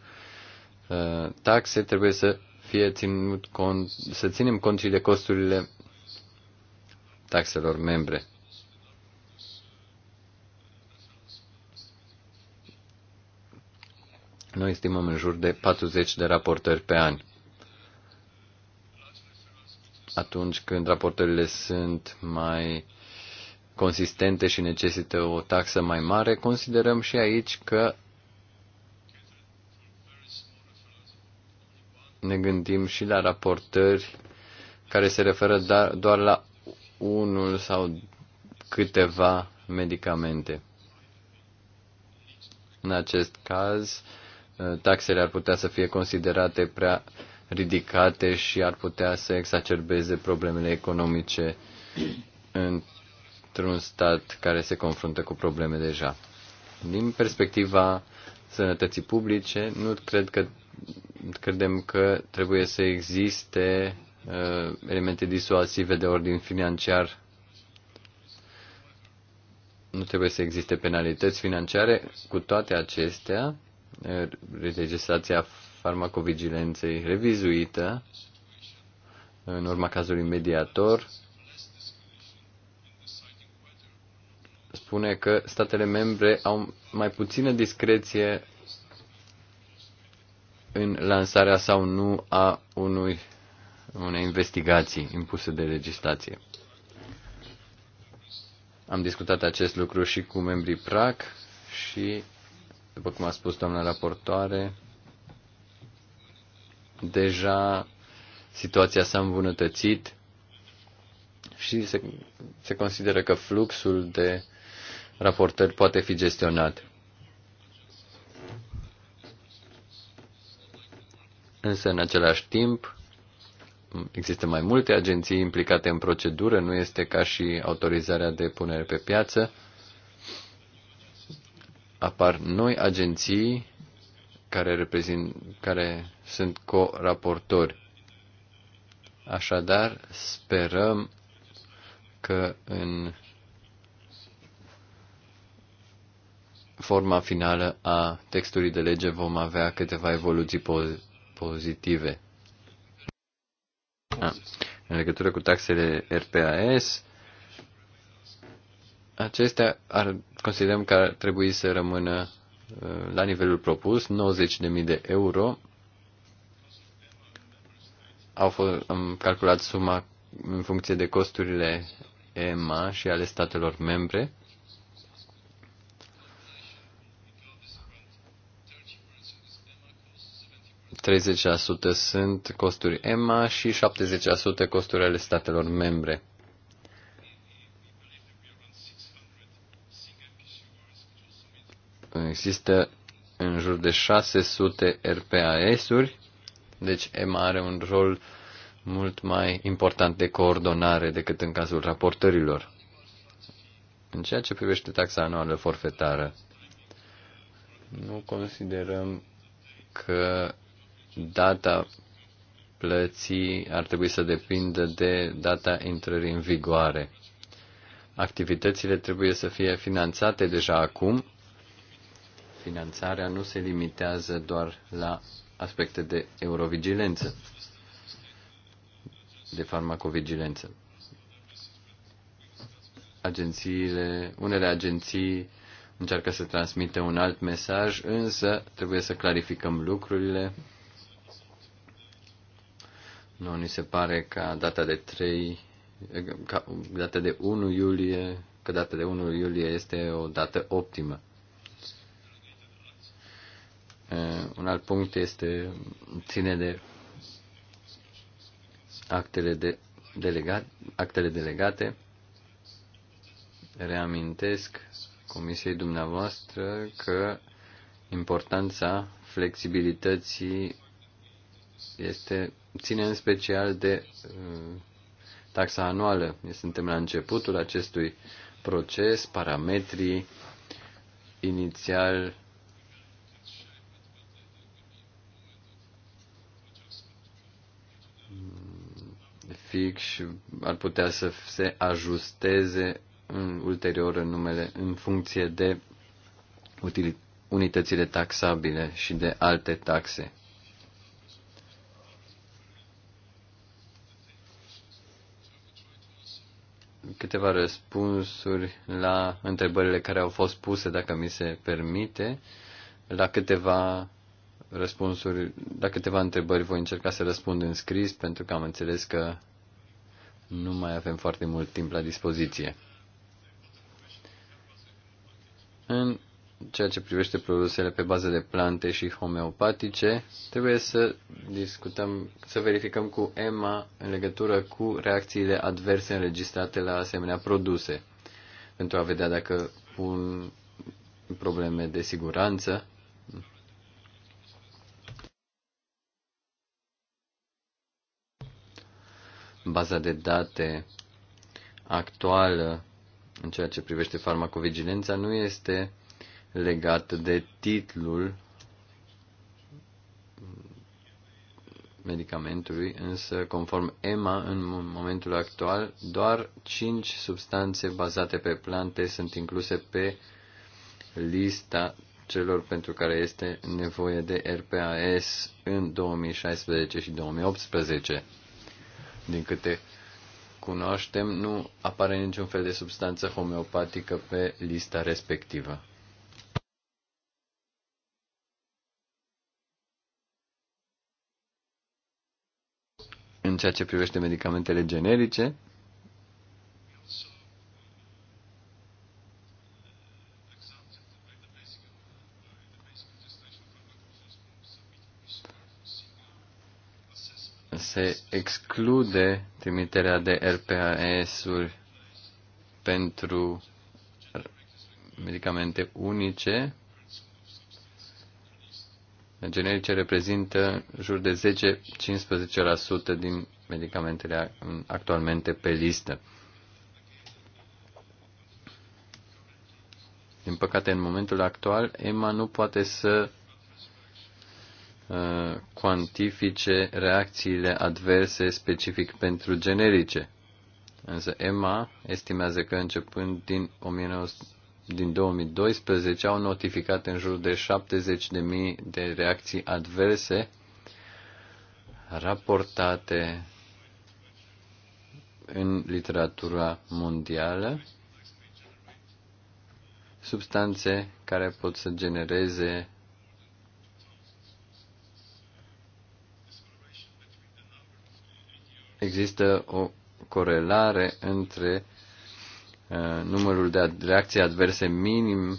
uh, taxe, trebuie să fie ținut cont, să ținem cont și de costurile taxelor membre. Noi estimăm în jur de 40 de raportări pe an atunci când raportările sunt mai consistente și necesită o taxă mai mare, considerăm și aici că ne gândim și la raportări care se referă da, doar la unul sau câteva medicamente. În acest caz, taxele ar putea să fie considerate prea ridicate și ar putea să exacerbeze problemele economice într-un stat care se confruntă cu probleme deja. Din perspectiva sănătății publice, nu cred că credem că trebuie să existe uh, elemente disuasive de ordin financiar. Nu trebuie să existe penalități financiare. Cu toate acestea, uh, legislația farmacovigilenței revizuită în urma cazului mediator spune că statele membre au mai puțină discreție în lansarea sau nu a unui, unei investigații impuse de legislație. Am discutat acest lucru și cu membrii PRAC și, după cum a spus doamna raportoare, deja situația s-a îmbunătățit și se, se consideră că fluxul de raportări poate fi gestionat. Însă, în același timp, există mai multe agenții implicate în procedură, nu este ca și autorizarea de punere pe piață. Apar noi agenții care, reprezint, care sunt co-raportori. Așadar, sperăm că în forma finală a textului de lege vom avea câteva evoluții pozitive. A, în legătură cu taxele RPAS, acestea ar, considerăm că ar trebui să rămână la nivelul propus, 90.000 de euro. Au fost, am calculat suma în funcție de costurile EMA și ale statelor membre. ...30% sunt costuri EMA și 70% costuri ale statelor membre. Există în jur de 600 RPAS-uri, deci EMA are un rol mult mai important de coordonare decât în cazul raportărilor. În ceea ce privește taxa anuală forfetară, nu considerăm că data plății ar trebui să depindă de data intrării în vigoare. Activitățile trebuie să fie finanțate deja acum finanțarea nu se limitează doar la aspecte de eurovigilență, de farmacovigilență. Agențiile, unele agenții încearcă să transmită un alt mesaj, însă trebuie să clarificăm lucrurile. Nu ni se pare ca data de 3, ca data de 1 iulie, că data de 1 iulie este o dată optimă. Eh, un alt punct este ține de actele, de, delegat, actele delegate. Reamintesc Comisiei dumneavoastră că importanța flexibilității este, ține în special de eh, taxa anuală. Suntem la începutul acestui proces, parametrii inițial trafic și ar putea să se ajusteze în ulterior în numele în funcție de unitățile taxabile și de alte taxe. Câteva răspunsuri la întrebările care au fost puse, dacă mi se permite, la câteva răspunsuri, la câteva întrebări voi încerca să răspund în scris, pentru că am înțeles că nu mai avem foarte mult timp la dispoziție. În ceea ce privește produsele pe bază de plante și homeopatice, trebuie să discutăm, să verificăm cu EMA în legătură cu reacțiile adverse înregistrate la asemenea produse, pentru a vedea dacă pun probleme de siguranță baza de date actuală în ceea ce privește farmacovigilența nu este legată de titlul medicamentului, însă, conform EMA, în momentul actual, doar 5 substanțe bazate pe plante sunt incluse pe lista celor pentru care este nevoie de RPAS în 2016 și 2018. Din câte cunoaștem, nu apare niciun fel de substanță homeopatică pe lista respectivă. În ceea ce privește medicamentele generice, se exclude trimiterea de RPAS-uri pentru medicamente unice. Generice reprezintă în jur de 10-15% din medicamentele actualmente pe listă. Din păcate, în momentul actual, EMA nu poate să Uh, cuantifice reacțiile adverse specific pentru generice. Însă EMA estimează că începând din, 19, din 2012 au notificat în jur de 70.000 de reacții adverse raportate în literatura mondială substanțe care pot să genereze există o corelare între uh, numărul de reacții adverse minim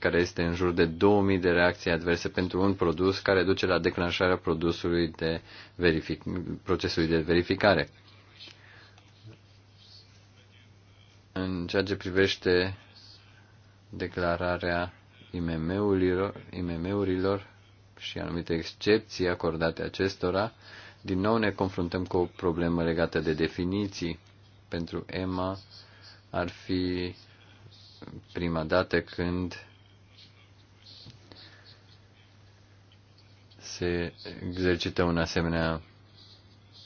care este în jur de 2000 de reacții adverse pentru un produs care duce la declanșarea produsului de verific, procesului de verificare. În ceea ce privește declararea IMM-urilor, IMM-urilor și anumite excepții acordate acestora, din nou ne confruntăm cu o problemă legată de definiții. Pentru Emma ar fi prima dată când se exercită un asemenea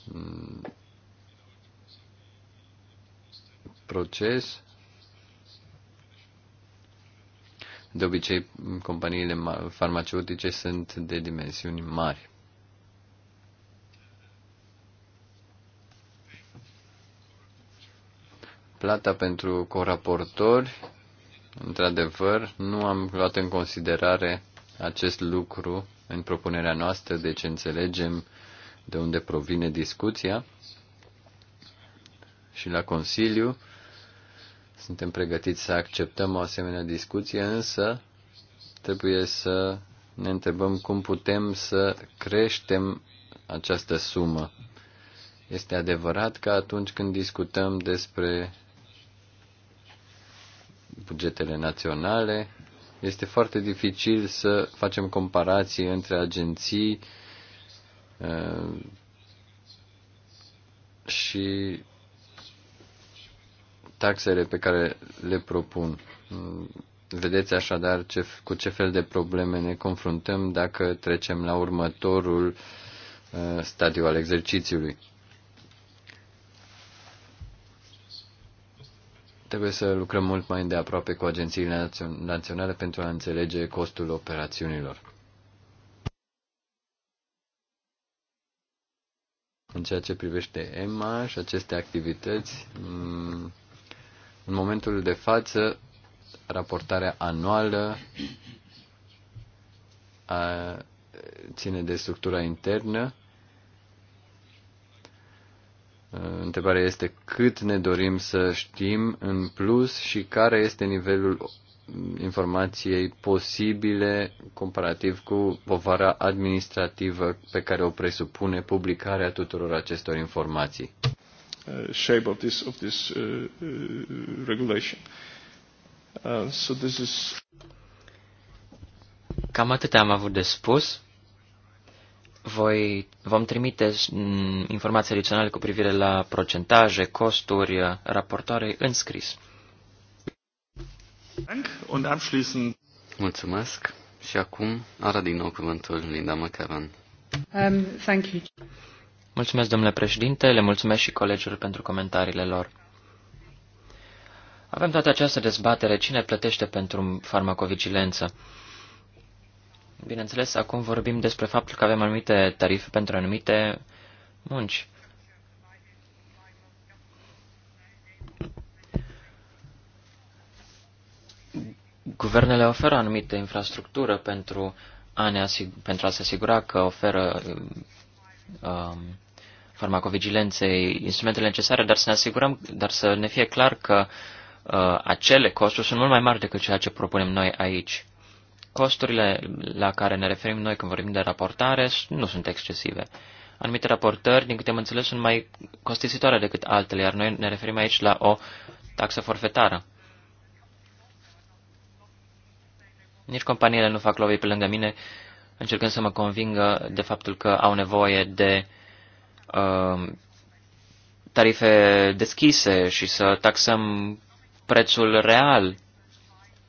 mm, proces. De obicei, companiile farmaceutice sunt de dimensiuni mari. plata pentru coraportori, într-adevăr, nu am luat în considerare acest lucru în propunerea noastră, deci înțelegem de unde provine discuția. Și la Consiliu suntem pregătiți să acceptăm o asemenea discuție, însă trebuie să ne întrebăm cum putem să creștem această sumă. Este adevărat că atunci când discutăm despre bugetele naționale, este foarte dificil să facem comparații între agenții uh, și taxele pe care le propun. Mm, vedeți așadar ce, cu ce fel de probleme ne confruntăm dacă trecem la următorul uh, stadiu al exercițiului. Trebuie să lucrăm mult mai îndeaproape cu agențiile naționale pentru a înțelege costul operațiunilor. În ceea ce privește EMA și aceste activități, mm, în momentul de față, raportarea anuală a, ține de structura internă Uh, întrebarea este cât ne dorim să știm în plus și care este nivelul informației posibile comparativ cu povara administrativă pe care o presupune publicarea tuturor acestor informații. Uh, shape of this, of this uh, uh, regulation. Uh, so this is... Cam atât am avut de spus voi, vom trimite informații adiționale cu privire la procentaje, costuri, raportoare în scris. Mulțumesc. Și acum are din nou cuvântul Linda McEvan. Um, thank you. Mulțumesc, domnule președinte, le mulțumesc și colegilor pentru comentariile lor. Avem toată această dezbatere, cine plătește pentru farmacovigilență? Bineînțeles, acum vorbim despre faptul că avem anumite tarife pentru anumite munci. Guvernele oferă anumite infrastructură pentru a, ne asig- pentru a se asigura că oferă um, farmacovigilenței instrumentele necesare, dar să ne asigurăm, dar să ne fie clar că uh, acele costuri sunt mult mai mari decât ceea ce propunem noi aici. Costurile la care ne referim noi când vorbim de raportare nu sunt excesive. Anumite raportări, din câte am înțeles, sunt mai costisitoare decât altele, iar noi ne referim aici la o taxă forfetară. Nici companiile nu fac lobby pe lângă mine, încercând să mă convingă de faptul că au nevoie de uh, tarife deschise și să taxăm prețul real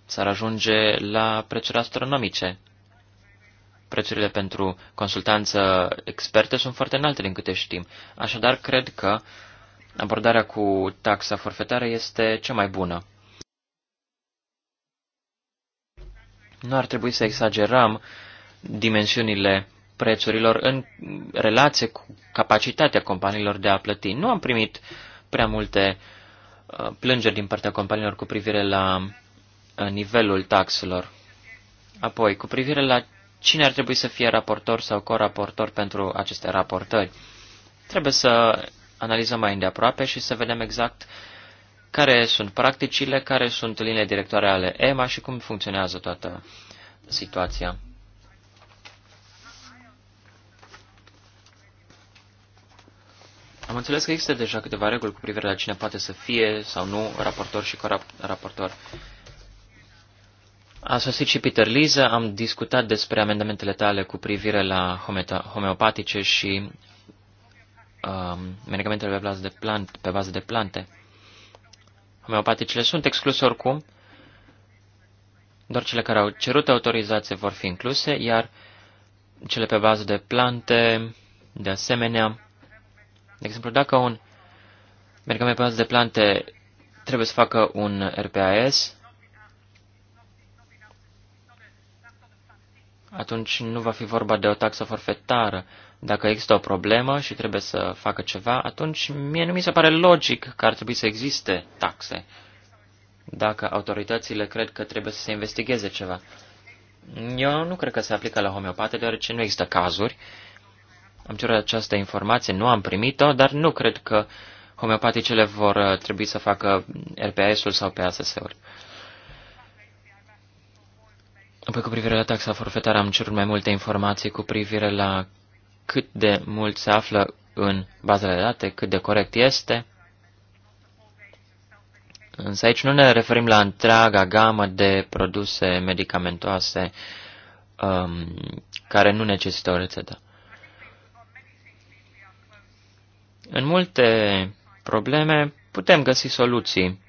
s-ar ajunge la prețuri astronomice. Prețurile pentru consultanță experte sunt foarte înalte din câte știm. Așadar, cred că abordarea cu taxa forfetară este cea mai bună. Nu ar trebui să exagerăm dimensiunile prețurilor în relație cu capacitatea companiilor de a plăti. Nu am primit prea multe uh, plângeri din partea companiilor cu privire la Uh, nivelul taxelor. Apoi, cu privire la cine ar trebui să fie raportor sau coraportor pentru aceste raportări, trebuie să analizăm mai îndeaproape și să vedem exact care sunt practicile, care sunt linile directoare ale EMA și cum funcționează toată situația. Am înțeles că există deja câteva reguli cu privire la cine poate să fie sau nu raportor și coraportor. -rap a sosit și Peter Liza, am discutat despre amendamentele tale cu privire la homeopatice și um, medicamentele pe bază, de plant, pe bază de plante. Homeopaticele sunt excluse oricum, doar cele care au cerut autorizație vor fi incluse, iar cele pe bază de plante, de asemenea, de exemplu, dacă un medicament pe bază de plante trebuie să facă un RPAS, atunci nu va fi vorba de o taxă forfetară. Dacă există o problemă și trebuie să facă ceva, atunci mie nu mi se pare logic că ar trebui să existe taxe. Dacă autoritățile cred că trebuie să se investigheze ceva. Eu nu cred că se aplică la homeopate, deoarece nu există cazuri. Am cerut această informație, nu am primit-o, dar nu cred că homeopaticele vor uh, trebui să facă RPS-ul sau PASS-uri. Apoi, cu privire la taxa forfetară, am cerut mai multe informații cu privire la cât de mult se află în bazele de date, cât de corect este. Însă aici nu ne referim la întreaga gamă de produse medicamentoase um, care nu necesită o rețetă. În multe probleme putem găsi soluții.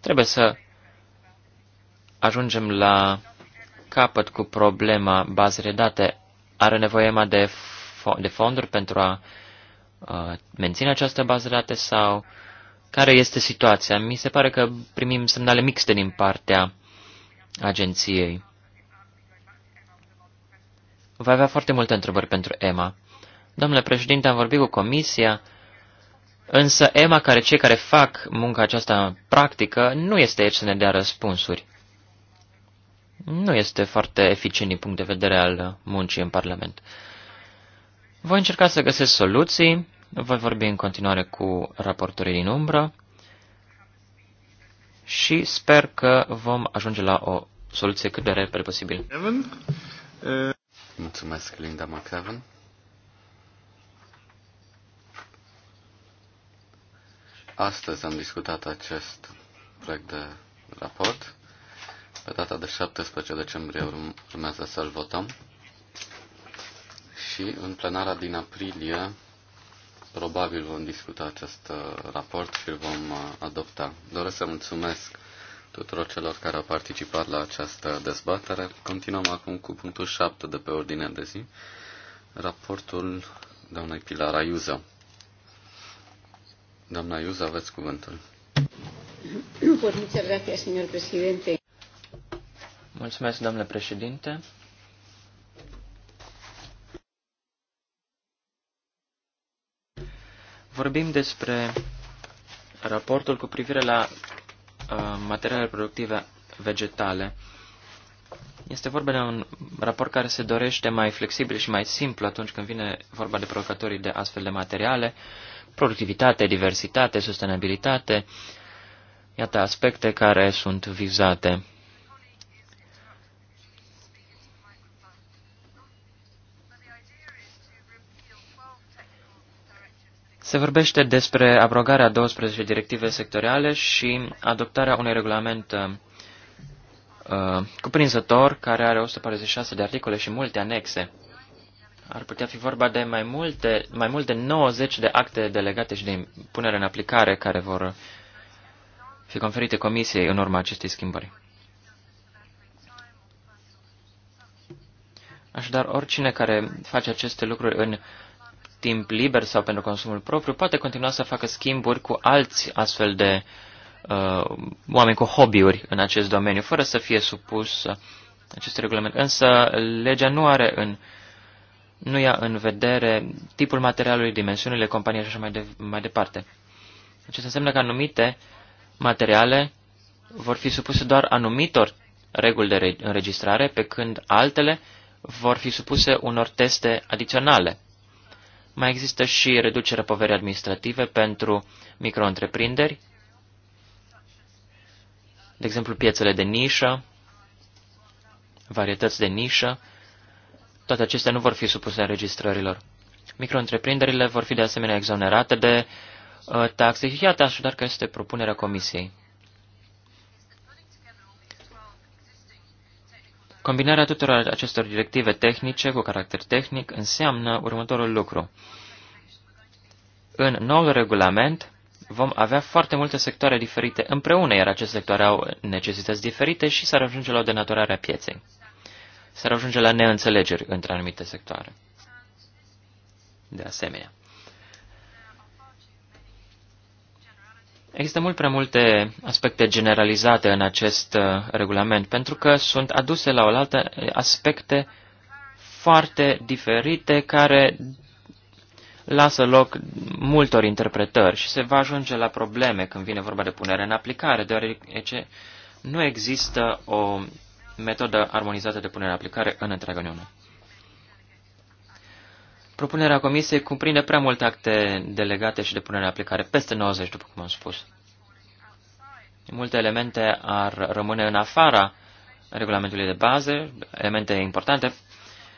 Trebuie să ajungem la capăt cu problema bazei de date. Are nevoie EMA de, fo- de fonduri pentru a uh, menține această bază de date sau care este situația? Mi se pare că primim semnale mixte din partea agenției. Va avea foarte multe întrebări pentru EMA. Domnule președinte, am vorbit cu comisia, însă EMA, care cei care fac munca aceasta practică, nu este aici să ne dea răspunsuri nu este foarte eficient din punct de vedere al muncii în Parlament. Voi încerca să găsesc soluții, voi vorbi în continuare cu raportorii din umbră și sper că vom ajunge la o soluție cât de repede posibil. Mulțumesc, Linda McEvan. Astăzi am discutat acest proiect de raport pe data de 17 decembrie urmează să-l votăm și în plenara din aprilie probabil vom discuta acest uh, raport și îl vom uh, adopta. Doresc să mulțumesc tuturor celor care au participat la această dezbatere. Continuăm acum cu punctul 7 de pe ordinea de zi, raportul doamnei Pilar Ayuza. Doamna Ayuza, aveți cuvântul. Pues muchas gracias, señor presidente. Mulțumesc, domnule președinte. Vorbim despre raportul cu privire la uh, materiale productive vegetale. Este vorba de un raport care se dorește mai flexibil și mai simplu atunci când vine vorba de producătorii de astfel de materiale, productivitate, diversitate, sustenabilitate, iată aspecte care sunt vizate. Se vorbește despre abrogarea 12 directive sectoriale și adoptarea unui regulament uh, cuprinzător care are 146 de articole și multe anexe. Ar putea fi vorba de mai multe, mai mult de 90 de acte delegate și de punere în aplicare care vor fi conferite comisiei în urma acestei schimbări. Așadar, oricine care face aceste lucruri în timp liber sau pentru consumul propriu, poate continua să facă schimburi cu alți astfel de uh, oameni cu hobby-uri în acest domeniu, fără să fie supus acestui regulament. Însă legea nu are în nu ia în vedere tipul materialului, dimensiunile companiei și așa mai, de, mai departe. Acest înseamnă că anumite materiale vor fi supuse doar anumitor reguli de înregistrare, pe când altele vor fi supuse unor teste adiționale. Mai există și reducerea poverii administrative pentru micro-întreprinderi, de exemplu piețele de nișă, varietăți de nișă, toate acestea nu vor fi supuse înregistrărilor. Micro-întreprinderile vor fi de asemenea exonerate de uh, taxe. Iată așadar că este propunerea Comisiei. Combinarea tuturor acestor directive tehnice cu caracter tehnic înseamnă următorul lucru. În noul regulament vom avea foarte multe sectoare diferite împreună, iar aceste sectoare au necesități diferite și s-ar ajunge la o denaturare a pieței. S-ar ajunge la neînțelegeri între anumite sectoare. De asemenea. Există mult prea multe aspecte generalizate în acest uh, regulament, pentru că sunt aduse la oaltă uh, aspecte foarte diferite care lasă loc multor interpretări și se va ajunge la probleme când vine vorba de punere în aplicare, deoarece nu există o metodă armonizată de punere în aplicare în întreaga Uniune. Propunerea comisiei cuprinde prea multe acte delegate și de punere în aplicare, peste 90, după cum am spus. Multe elemente ar rămâne în afara regulamentului de bază, elemente importante.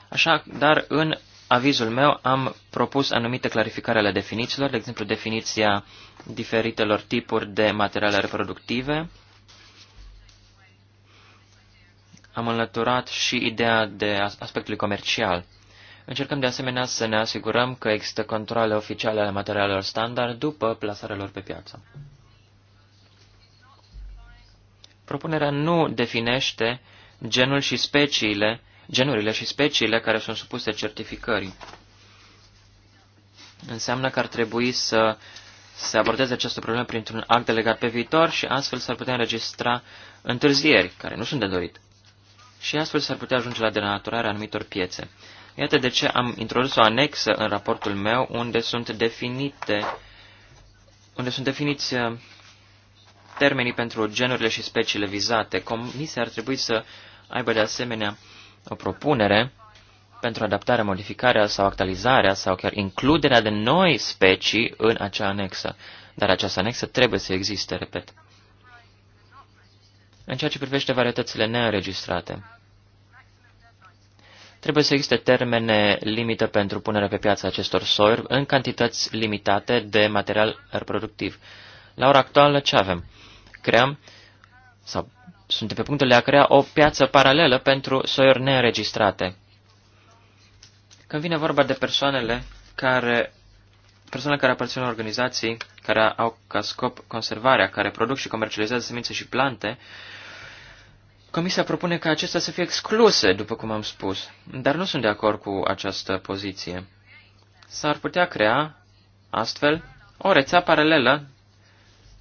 Așa, dar în avizul meu am propus anumite clarificări ale definițiilor, de exemplu definiția diferitelor tipuri de materiale reproductive. Am înlăturat și ideea de aspectului comercial. Încercăm de asemenea să ne asigurăm că există controle oficiale ale materialelor standard după plasarea lor pe piață. Propunerea nu definește genul și speciile, genurile și speciile care sunt supuse certificării. Înseamnă că ar trebui să se abordeze această problemă printr-un act delegat pe viitor și astfel s-ar putea înregistra întârzieri, care nu sunt de dorit. Și astfel s-ar putea ajunge la denaturarea anumitor piețe. Iată de ce am introdus o anexă în raportul meu unde sunt definite unde sunt definiți uh, termenii pentru genurile și speciile vizate. Comisia ar trebui să aibă de asemenea o propunere pentru adaptarea, modificarea sau actualizarea sau chiar includerea de noi specii în acea anexă. Dar această anexă trebuie să existe, repet. În ceea ce privește varietățile neînregistrate, Trebuie să existe termene limită pentru punerea pe piață acestor soiuri în cantități limitate de material reproductiv. La ora actuală ce avem? Creăm sau suntem pe punctul de a crea o piață paralelă pentru soiuri neregistrate. Când vine vorba de persoanele care persoanele care aparțin organizații care au ca scop conservarea, care produc și comercializează semințe și plante, Comisia propune ca acestea să fie excluse, după cum am spus, dar nu sunt de acord cu această poziție. S-ar putea crea, astfel, o rețea paralelă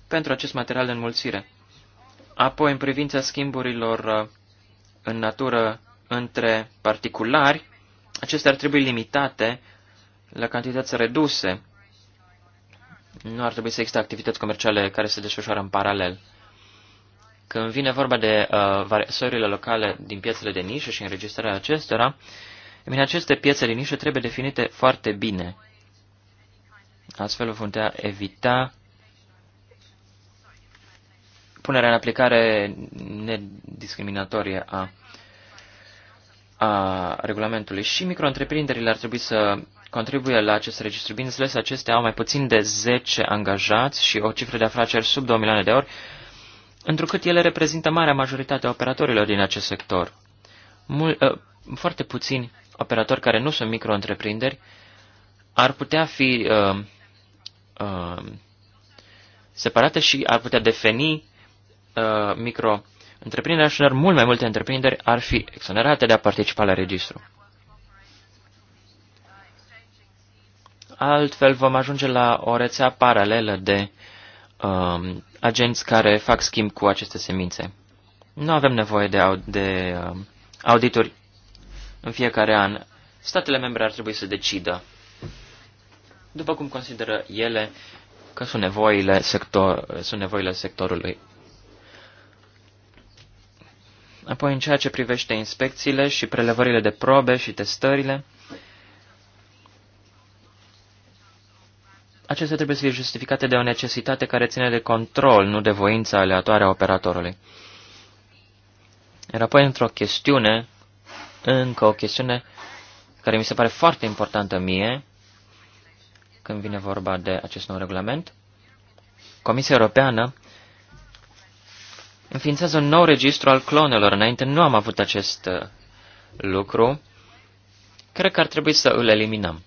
pentru acest material de înmulțire. Apoi, în privința schimburilor uh, în natură între particulari, acestea ar trebui limitate la cantități reduse. Nu ar trebui să existe activități comerciale care se desfășoară în paralel. Când vine vorba de uh, soiurile locale din piețele de nișă și înregistrarea acestora, bine, aceste piețe de nișă trebuie definite foarte bine. Astfel vom putea evita punerea în aplicare nediscriminatorie a, a regulamentului. Și micro ar trebui să contribuie la acest registru. Bineînțeles, acestea au mai puțin de 10 angajați și o cifră de afaceri sub 2 milioane de ori, întrucât ele reprezintă marea majoritate a operatorilor din acest sector. Mul, uh, foarte puțini operatori care nu sunt micro-întreprinderi ar putea fi uh, uh, separate și ar putea defini uh, micro întreprinderi și mult mai multe întreprinderi ar fi exonerate de a participa la registru. Altfel vom ajunge la o rețea paralelă de um, agenți care fac schimb cu aceste semințe. Nu avem nevoie de, au, de um, auditori în fiecare an. Statele membre ar trebui să decidă, după cum consideră ele, că sunt nevoile, sector, sunt nevoile sectorului. Apoi, în ceea ce privește inspecțiile și prelevările de probe și testările, acestea trebuie să fie justificate de o necesitate care ține de control, nu de voința aleatoare a operatorului. Iar apoi, într-o chestiune, încă o chestiune care mi se pare foarte importantă mie, când vine vorba de acest nou regulament, Comisia Europeană înființează un nou registru al clonelor. Înainte nu am avut acest uh, lucru. Cred că ar trebui să îl eliminăm.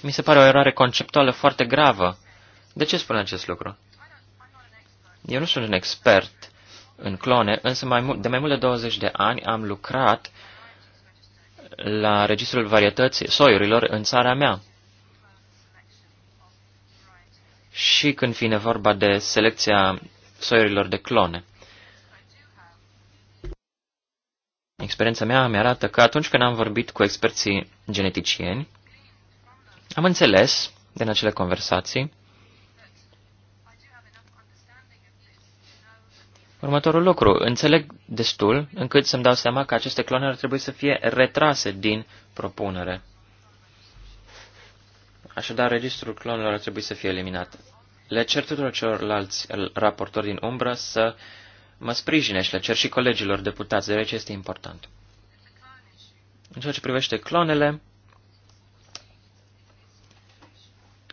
Mi se pare o eroare conceptuală foarte gravă. De ce spun acest lucru? Eu nu sunt un expert în clone, însă mai mult, de mai mult de 20 de ani am lucrat la registrul varietății soiurilor în țara mea. Și când vine vorba de selecția soiurilor de clone. Experiența mea mi arată că atunci când am vorbit cu experții geneticieni, am înțeles din acele conversații următorul lucru. Înțeleg destul încât să-mi dau seama că aceste clone ar trebui să fie retrase din propunere. Așadar, registrul clonelor ar trebui să fie eliminat. Le cer tuturor celorlalți raportori din umbră să mă sprijine și le cer și colegilor deputați, deoarece este important. În ceea ce privește clonele,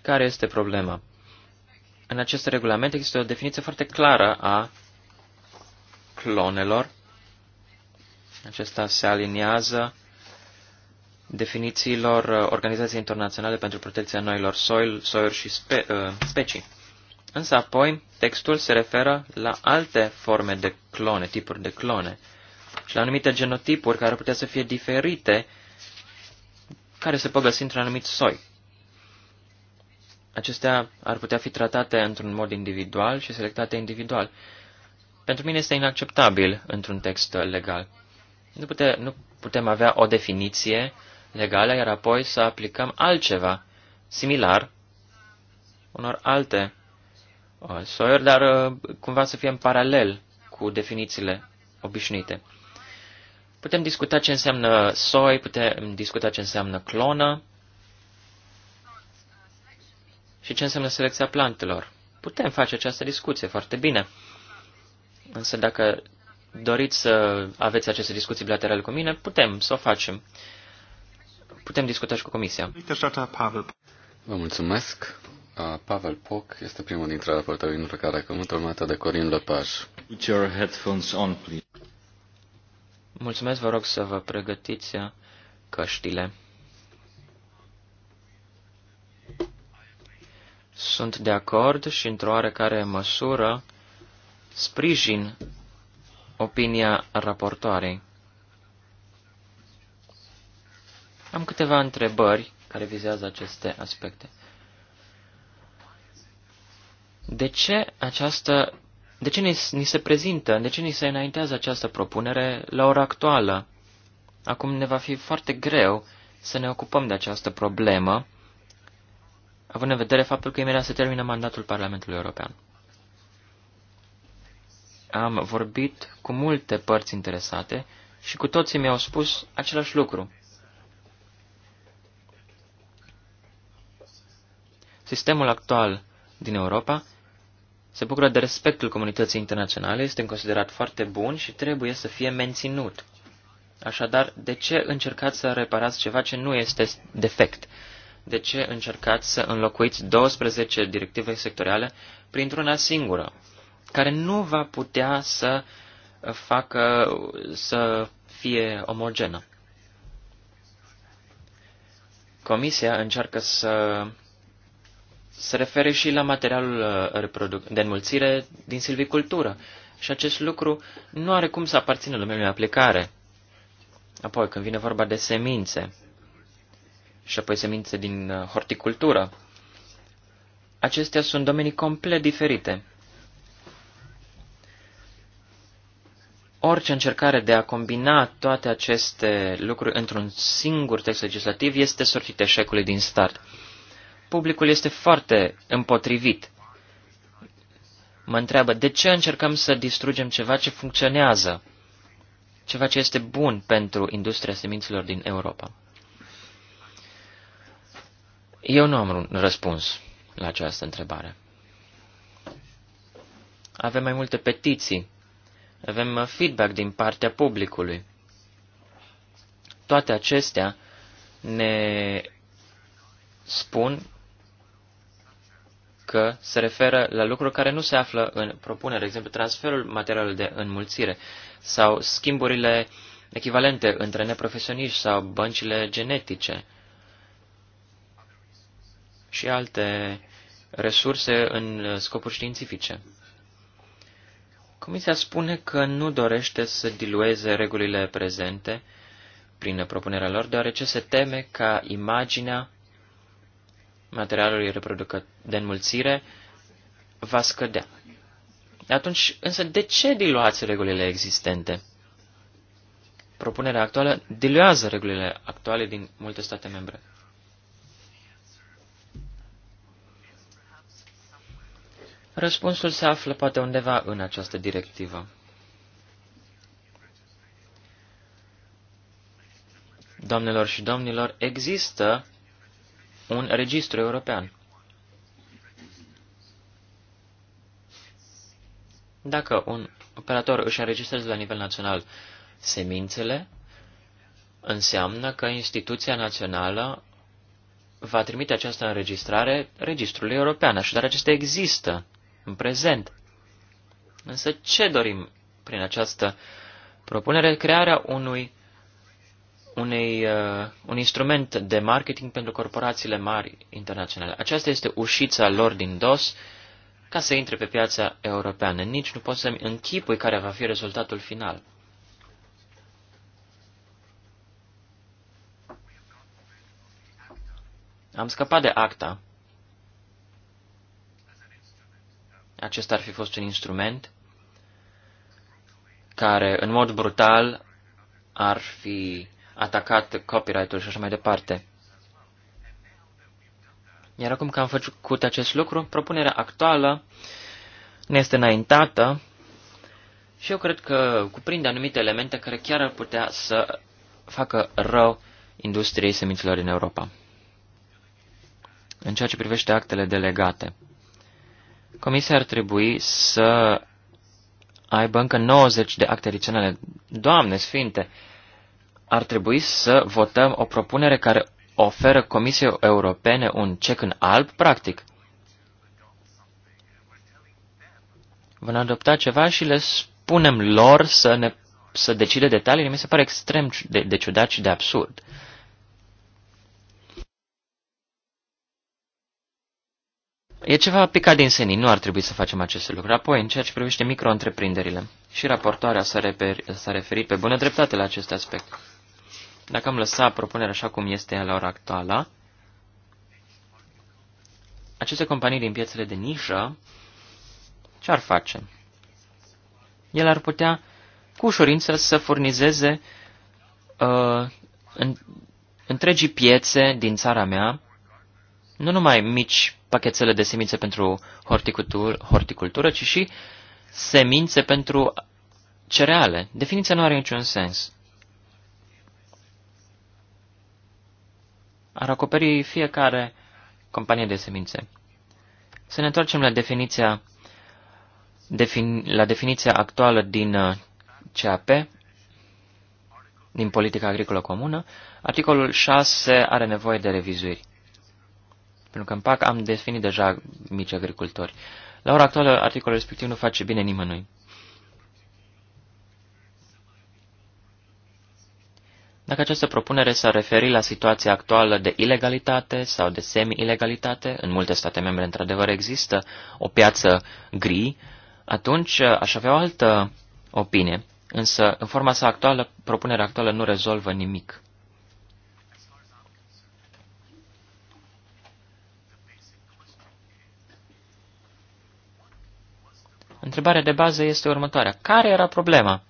Care este problema? În acest regulament există o definiție foarte clară a clonelor. Acesta se aliniază definițiilor Organizației Internaționale pentru Protecția Noilor Soil, Soiuri și spe, uh, Specii. Însă apoi, textul se referă la alte forme de clone, tipuri de clone, și la anumite genotipuri care ar putea să fie diferite, care se pot găsi într-un anumit soi acestea ar putea fi tratate într-un mod individual și selectate individual. Pentru mine este inacceptabil într-un text legal. Nu, pute, nu putem avea o definiție legală, iar apoi să aplicăm altceva similar unor alte uh, soiuri, dar uh, cumva să fie în paralel cu definițiile obișnuite. Putem discuta ce înseamnă soi, putem discuta ce înseamnă clonă, și ce înseamnă selecția plantelor. Putem face această discuție foarte bine. Însă dacă doriți să aveți aceste discuții bilaterale cu mine, putem să o facem. Putem discuta și cu Comisia. Vă mulțumesc. Pavel Poc este primul dintre raportorii dintre care acum urmată de Corin Lepaj. Mulțumesc, vă rog să vă pregătiți căștile. Sunt de acord și într-o oarecare măsură sprijin opinia raportoarei. Am câteva întrebări care vizează aceste aspecte. De ce această de ce ni, ni se prezintă, de ce ni se înaintează această propunere la ora actuală? Acum ne va fi foarte greu să ne ocupăm de această problemă având în vedere faptul că imediat se termină mandatul Parlamentului European. Am vorbit cu multe părți interesate și cu toții mi-au spus același lucru. Sistemul actual din Europa se bucură de respectul comunității internaționale, este considerat foarte bun și trebuie să fie menținut. Așadar, de ce încercați să reparați ceva ce nu este defect? de ce încercați să înlocuiți 12 directive sectoriale printr-una singură, care nu va putea să facă, să fie omogenă. Comisia încearcă să se refere și la materialul uh, de înmulțire din silvicultură și acest lucru nu are cum să aparțină domeniului aplicare. Apoi, când vine vorba de semințe, și apoi semințe din uh, horticultură. Acestea sunt domenii complet diferite. Orice încercare de a combina toate aceste lucruri într-un singur text legislativ este sortit eșecului din start. Publicul este foarte împotrivit. Mă întreabă de ce încercăm să distrugem ceva ce funcționează, ceva ce este bun pentru industria semințelor din Europa. Eu nu am răspuns la această întrebare. Avem mai multe petiții, avem feedback din partea publicului. Toate acestea ne spun că se referă la lucruri care nu se află în propunere, de exemplu transferul materialului de înmulțire sau schimburile echivalente între neprofesioniști sau băncile genetice și alte resurse în scopuri științifice. Comisia spune că nu dorește să dilueze regulile prezente prin propunerea lor, deoarece se teme ca imaginea materialului de înmulțire va scădea. Atunci, însă, de ce diluați regulile existente? Propunerea actuală diluează regulile actuale din multe state membre. Răspunsul se află poate undeva în această directivă. Doamnelor și domnilor, există un registru european. Dacă un operator își înregistrează la nivel național semințele, înseamnă că instituția națională va trimite această înregistrare registrului european, așadar acesta există în prezent. Însă ce dorim prin această propunere? Crearea unui, unei, uh, un instrument de marketing pentru corporațiile mari internaționale. Aceasta este ușița lor din DOS ca să intre pe piața europeană. Nici nu pot să-mi închipui care va fi rezultatul final. Am scăpat de acta. Acesta ar fi fost un instrument care, în mod brutal, ar fi atacat copyright-ul și așa mai departe. Iar acum că am făcut acest lucru, propunerea actuală ne este înaintată și eu cred că cuprinde anumite elemente care chiar ar putea să facă rău industriei semințelor din Europa. În ceea ce privește actele delegate. Comisia ar trebui să aibă încă 90 de acte adiționale. Doamne sfinte, ar trebui să votăm o propunere care oferă Comisiei Europene un cec în alb, practic. Vom adopta ceva și le spunem lor să, ne, să decide detaliile. Mi se pare extrem de, de ciudat și de absurd. E ceva picat din senin, nu ar trebui să facem aceste lucruri. Apoi, în ceea ce privește micro-întreprinderile, și raportoarea s-a, referit pe bună dreptate la acest aspect. Dacă am lăsat propunerea așa cum este la ora actuală, aceste companii din piețele de nișă, ce ar face? El ar putea cu ușurință să furnizeze uh, în, întregii piețe din țara mea, nu numai mici pachetele de semințe pentru horticultură, horticultură ci și semințe pentru cereale. Definiția nu are niciun sens. Ar acoperi fiecare companie de semințe. Să ne întoarcem la definiția, defini, la definiția actuală din uh, CAP, din politica agricolă comună. Articolul 6 are nevoie de revizuiri. Pentru că în PAC am definit deja mici agricultori. La ora actuală, articolul respectiv nu face bine nimănui. Dacă această propunere s-ar referi la situația actuală de ilegalitate sau de semi-ilegalitate, în multe state membre într-adevăr există o piață gri, atunci uh, aș avea o altă opinie, însă în forma sa actuală, propunerea actuală nu rezolvă nimic. Întrebarea de bază este următoarea. Care era problema?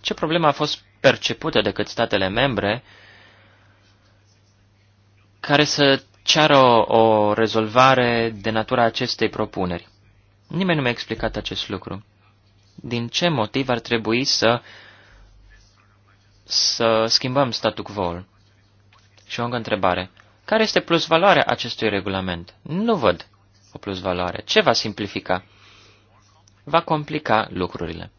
Ce problema a fost percepută de cât statele membre care să ceară o, o rezolvare de natura acestei propuneri? Nimeni nu mi-a explicat acest lucru. Din ce motiv ar trebui să, să schimbăm statul quo? Și o încă întrebare. Care este plus valoarea acestui regulament? Nu văd o plusvaloare. Ce va simplifica? Va complica lucrurile.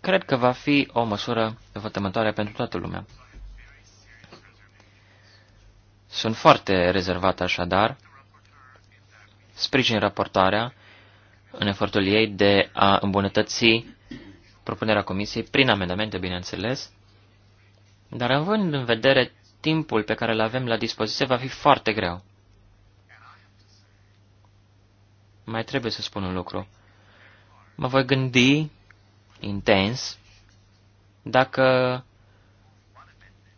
Cred că va fi o măsură vătămătoare pentru toată lumea. Sunt foarte rezervat așadar, sprijin raportarea în efortul ei de a îmbunătăți propunerea comisiei prin amendamente, bineînțeles, dar având în vedere timpul pe care îl avem la dispoziție va fi foarte greu. Mai trebuie să spun un lucru. Mă voi gândi intens dacă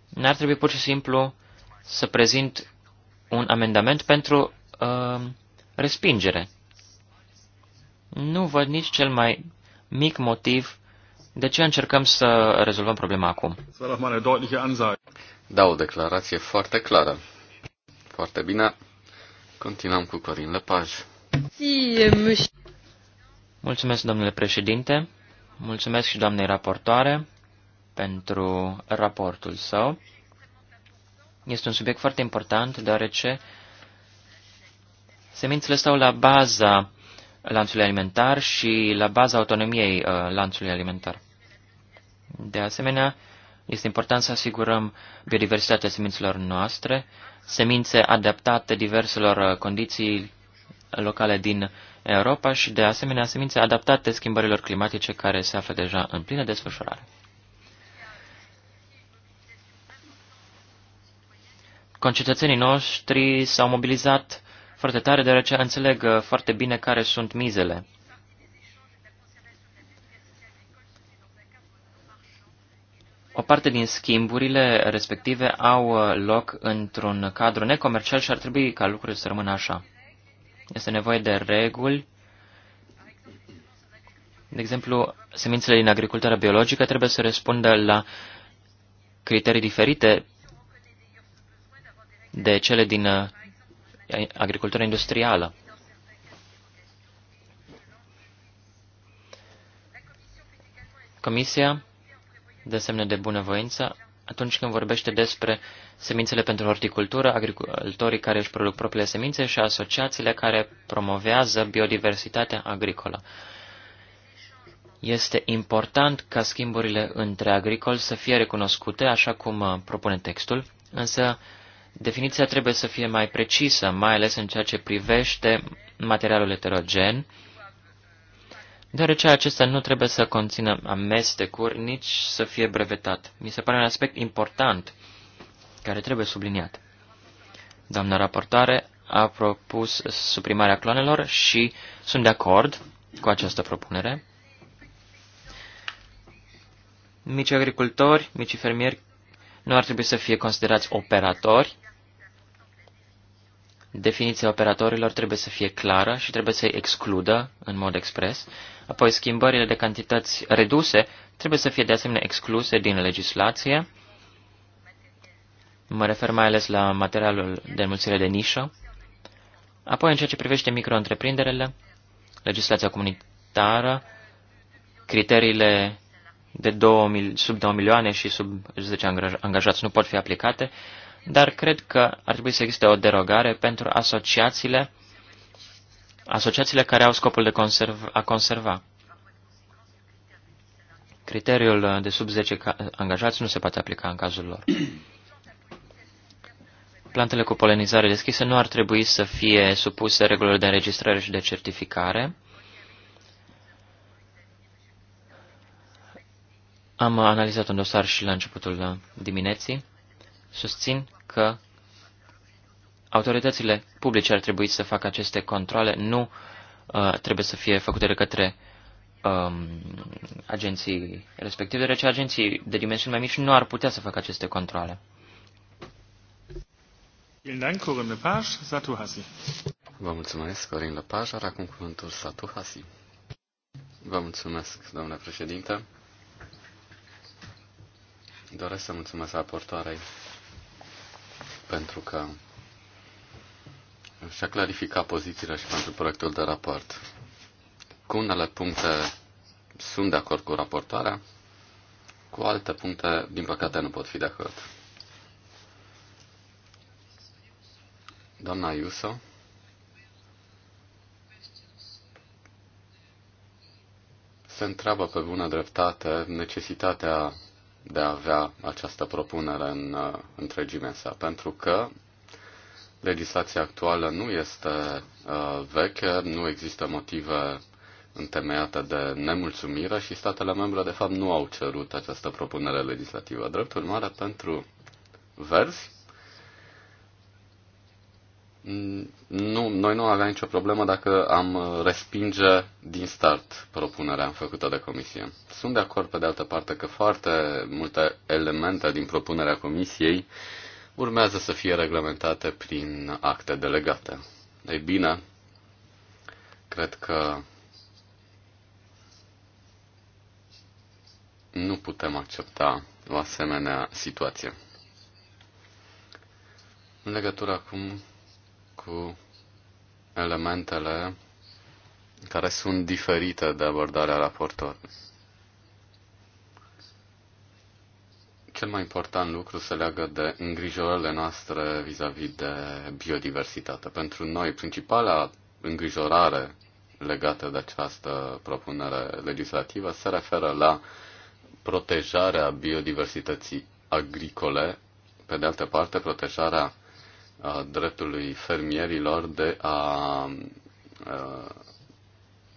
n-ar trebui pur și simplu să prezint un amendament pentru uh, respingere. Nu văd nici cel mai mic motiv de ce încercăm să rezolvăm problema acum. Da, o declarație foarte clară. Foarte bine. Continuăm cu Corin Lepaj. Mulțumesc, domnule președinte. Mulțumesc și doamnei raportoare pentru raportul său. Este un subiect foarte important, deoarece semințele stau la baza lanțului alimentar și la baza autonomiei uh, lanțului alimentar. De asemenea, este important să asigurăm biodiversitatea semințelor noastre, semințe adaptate diverselor uh, condiții locale din Europa și, de asemenea, semințe adaptate schimbărilor climatice care se află deja în plină desfășurare. Concetățenii noștri s-au mobilizat foarte tare, deoarece înțeleg uh, foarte bine care sunt mizele O parte din schimburile respective au uh, loc într-un cadru necomercial și ar trebui ca lucrurile să rămână așa. Este nevoie de reguli. De exemplu, semințele din agricultura biologică trebuie să răspundă la criterii diferite de cele din uh, agricultura industrială. Comisia de semne de bunăvoință atunci când vorbește despre semințele pentru horticultură, agricultorii care își produc propriile semințe și asociațiile care promovează biodiversitatea agricolă. Este important ca schimburile între agricol să fie recunoscute, așa cum uh, propune textul, însă definiția trebuie să fie mai precisă, mai ales în ceea ce privește materialul heterogen, deoarece acesta nu trebuie să conțină amestecuri, nici să fie brevetat. Mi se pare un aspect important care trebuie subliniat. Doamna raportare a propus suprimarea clonelor și sunt de acord cu această propunere. Mici agricultori, mici fermieri nu ar trebui să fie considerați operatori, Definiția operatorilor trebuie să fie clară și trebuie să-i excludă în mod expres. Apoi, schimbările de cantități reduse trebuie să fie de asemenea excluse din legislație. Mă refer mai ales la materialul de înmulțire de nișă. Apoi, în ceea ce privește micro legislația comunitară, criteriile de 2, sub 2 milioane și sub 10 angajați nu pot fi aplicate dar cred că ar trebui să existe o derogare pentru asociațiile, asociațiile care au scopul de conserv, a conserva. Criteriul de sub 10 angajați nu se poate aplica în cazul lor. Plantele cu polenizare deschisă nu ar trebui să fie supuse regulilor de înregistrare și de certificare. Am analizat un dosar și la începutul dimineții susțin că autoritățile publice ar trebui să facă aceste controle, nu uh, trebuie să fie făcute de către um, agenții respective, deoarece agenții de dimensiuni mai mici nu ar putea să facă aceste controle. Vă mulțumesc, Corin Lepaj, are acum cuvântul Satu Hasi. Vă mulțumesc, domnule președinte. Doresc să mulțumesc raportoarei pentru că și-a clarificat pozițiile și pentru proiectul de raport. Cu unele puncte sunt de acord cu raportoarea, cu alte puncte, din păcate, nu pot fi de acord. Doamna Iuso. se întreabă pe bună dreptate necesitatea de a avea această propunere în uh, întregimea sa, pentru că legislația actuală nu este uh, veche, nu există motive întemeiată de nemulțumire și statele membre, de fapt, nu au cerut această propunere legislativă. Drept urmare, pentru verzi, nu, noi nu aveam nicio problemă dacă am respinge din start propunerea făcută de comisie. Sunt de acord, pe de altă parte, că foarte multe elemente din propunerea comisiei urmează să fie reglementate prin acte delegate. Ei bine, cred că nu putem accepta o asemenea situație. În legătură acum cu elementele care sunt diferite de abordarea raportorului. Cel mai important lucru se leagă de îngrijorările noastre vis-a-vis -vis de biodiversitate. Pentru noi, principala îngrijorare legată de această propunere legislativă se referă la protejarea biodiversității agricole, pe de altă parte protejarea dreptului fermierilor de a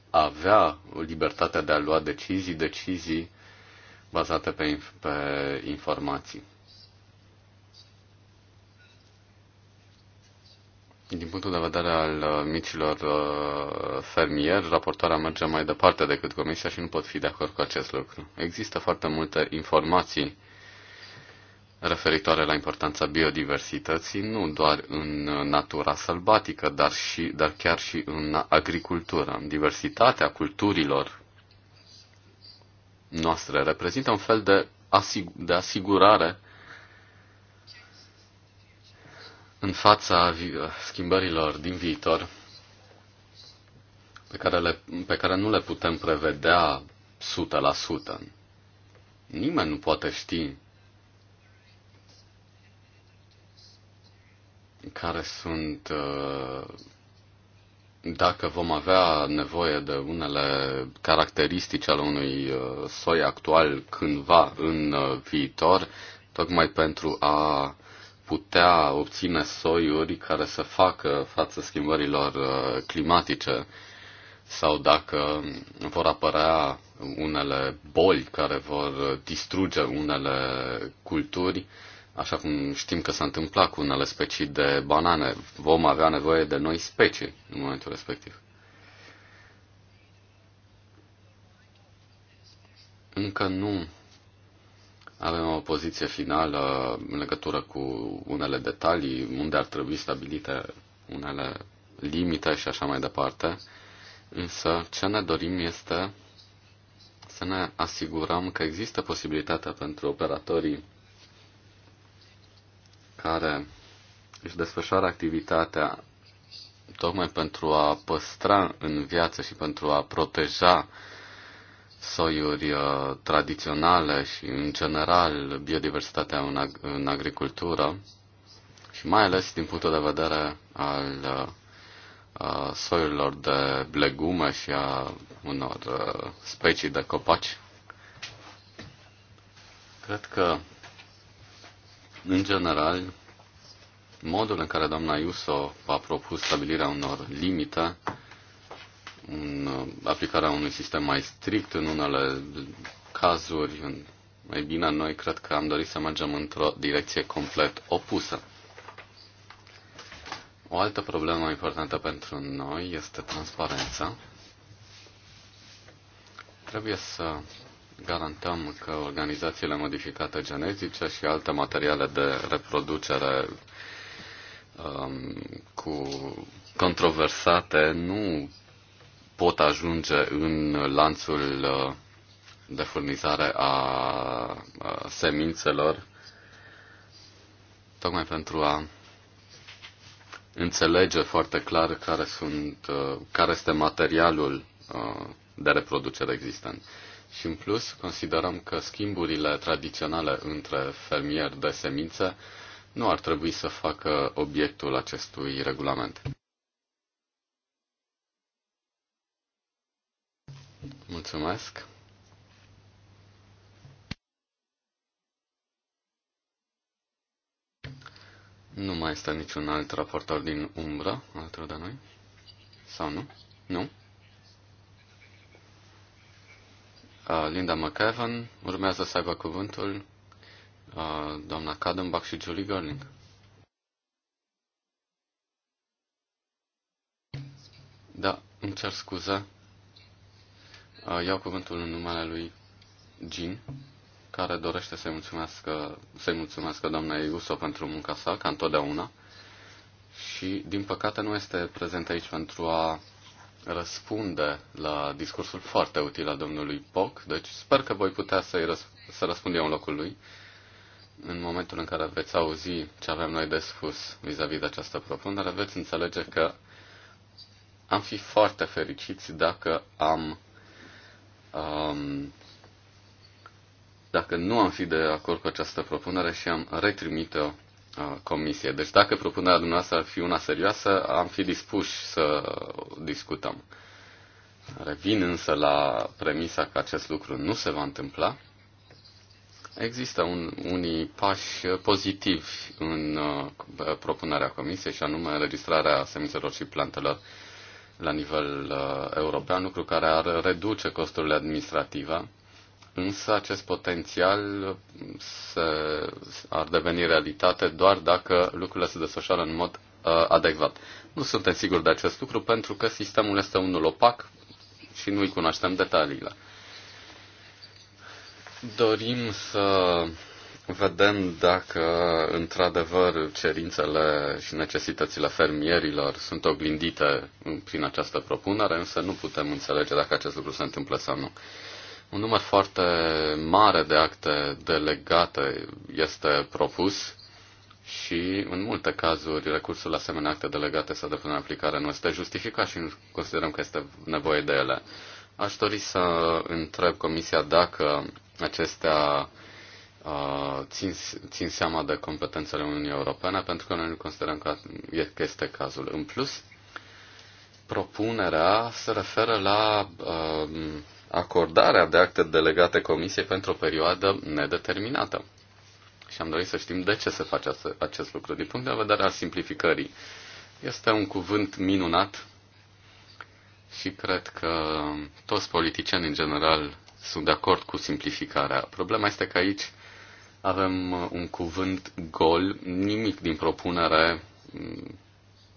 avea libertatea de a lua decizii, decizii bazate pe, pe informații. Din punctul de vedere al uh, micilor uh, fermieri, raportarea merge mai departe decât comisia și nu pot fi de acord cu acest lucru. Există foarte multe informații referitoare la importanța biodiversității, nu doar în natura sălbatică, dar, și, dar chiar și în agricultură. Diversitatea culturilor noastre reprezintă un fel de, asig- de asigurare în fața schimbărilor din viitor pe care, le, pe care nu le putem prevedea 100%. Nimeni nu poate ști care sunt uh, dacă vom avea nevoie de unele caracteristici ale unui uh, soi actual cândva în uh, viitor, tocmai pentru a putea obține soiuri care să facă față schimbărilor climatice sau dacă vor apărea unele boli care vor distruge unele culturi, așa cum știm că s-a întâmplat cu unele specii de banane, vom avea nevoie de noi specii în momentul respectiv. Încă nu avem o poziție finală în legătură cu unele detalii, unde ar trebui stabilite unele limite și așa mai departe, însă ce ne dorim este să ne asigurăm că există posibilitatea pentru operatorii care își desfășoară activitatea tocmai pentru a păstra în viață și pentru a proteja soiuri uh, tradiționale și, în general, biodiversitatea în, ag- în agricultură și mai ales din punctul de vedere al uh, soiurilor de legume și a unor uh, specii de copaci. Cred că în general, modul în care doamna Iuso a propus stabilirea unor limite, în aplicarea unui sistem mai strict în unele cazuri, în mai bine, noi cred că am dorit să mergem într-o direcție complet opusă. O altă problemă importantă pentru noi este transparența. Trebuie să garantăm că organizațiile modificate genetice și alte materiale de reproducere um, cu controversate nu pot ajunge în lanțul uh, de furnizare a semințelor tocmai pentru a înțelege foarte clar care, sunt, uh, care este materialul uh, de reproducere existent. Și în plus, considerăm că schimburile tradiționale între fermieri de semințe nu ar trebui să facă obiectul acestui regulament. Mulțumesc. Nu mai este niciun alt raportor din umbră alături de noi? Sau nu? Nu? Uh, Linda McEvan, urmează să aibă cuvântul uh, doamna Kadenbach și Julie Gerling. Da, îmi cer scuze. Uh, iau cuvântul în numele lui Jean, care dorește să-i mulțumească, să-i mulțumească doamnei Iuso pentru munca sa, ca întotdeauna, și, din păcate, nu este prezent aici pentru a răspunde la discursul foarte util al domnului Poc, deci sper că voi putea să-i răsp- să răspund eu în locul lui în momentul în care veți auzi ce avem noi de spus vis-a-vis -vis de această propunere, veți înțelege că am fi foarte fericiți dacă am um, dacă nu am fi de acord cu această propunere și am retrimit o comisie. Deci dacă propunerea dumneavoastră ar fi una serioasă, am fi dispuși să discutăm. Revin însă la premisa că acest lucru nu se va întâmpla. Există un, unii pași pozitivi în uh, propunerea comisiei și anume înregistrarea semințelor și plantelor la nivel uh, european, lucru care ar reduce costurile administrative Însă acest potențial se, ar deveni realitate doar dacă lucrurile se desfășoară în mod uh, adecvat. Nu suntem siguri de acest lucru pentru că sistemul este unul opac și nu-i cunoaștem detaliile. Dorim să vedem dacă, într-adevăr, cerințele și necesitățile fermierilor sunt oglindite prin această propunere, însă nu putem înțelege dacă acest lucru se întâmplă sau nu. Un număr foarte mare de acte delegate este propus și în multe cazuri recursul la asemenea acte delegate sau de până în aplicare nu este justificat și nu considerăm că este nevoie de ele. Aș dori să întreb Comisia dacă acestea uh, țin, țin seama de competențele Uniunii Europene, pentru că noi nu considerăm că este cazul. În plus, propunerea se referă la uh, acordarea de acte delegate Comisiei pentru o perioadă nedeterminată. Și am dorit să știm de ce se face acest lucru. Din punct de vedere al simplificării, este un cuvânt minunat și cred că toți politicienii în general sunt de acord cu simplificarea. Problema este că aici avem un cuvânt gol, nimic din propunere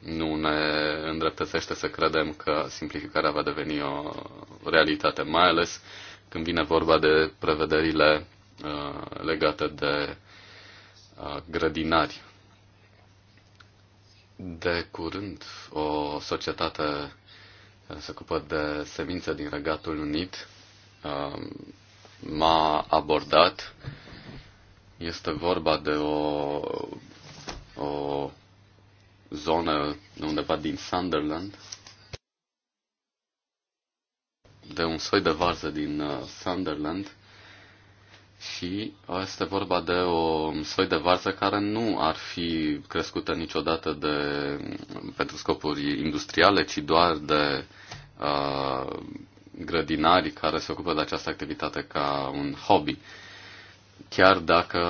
nu ne îndreptățește să credem că simplificarea va deveni o realitate, mai ales când vine vorba de prevederile uh, legate de uh, grădinari. De curând, o societate care uh, se ocupă de semințe din Regatul Unit m-a abordat. Este vorba de o, o zonă undeva din Sunderland, de un soi de varză din uh, Sunderland și este vorba de o soi de varză care nu ar fi crescută niciodată de, pentru scopuri industriale, ci doar de uh, grădinari care se ocupă de această activitate ca un hobby. Chiar dacă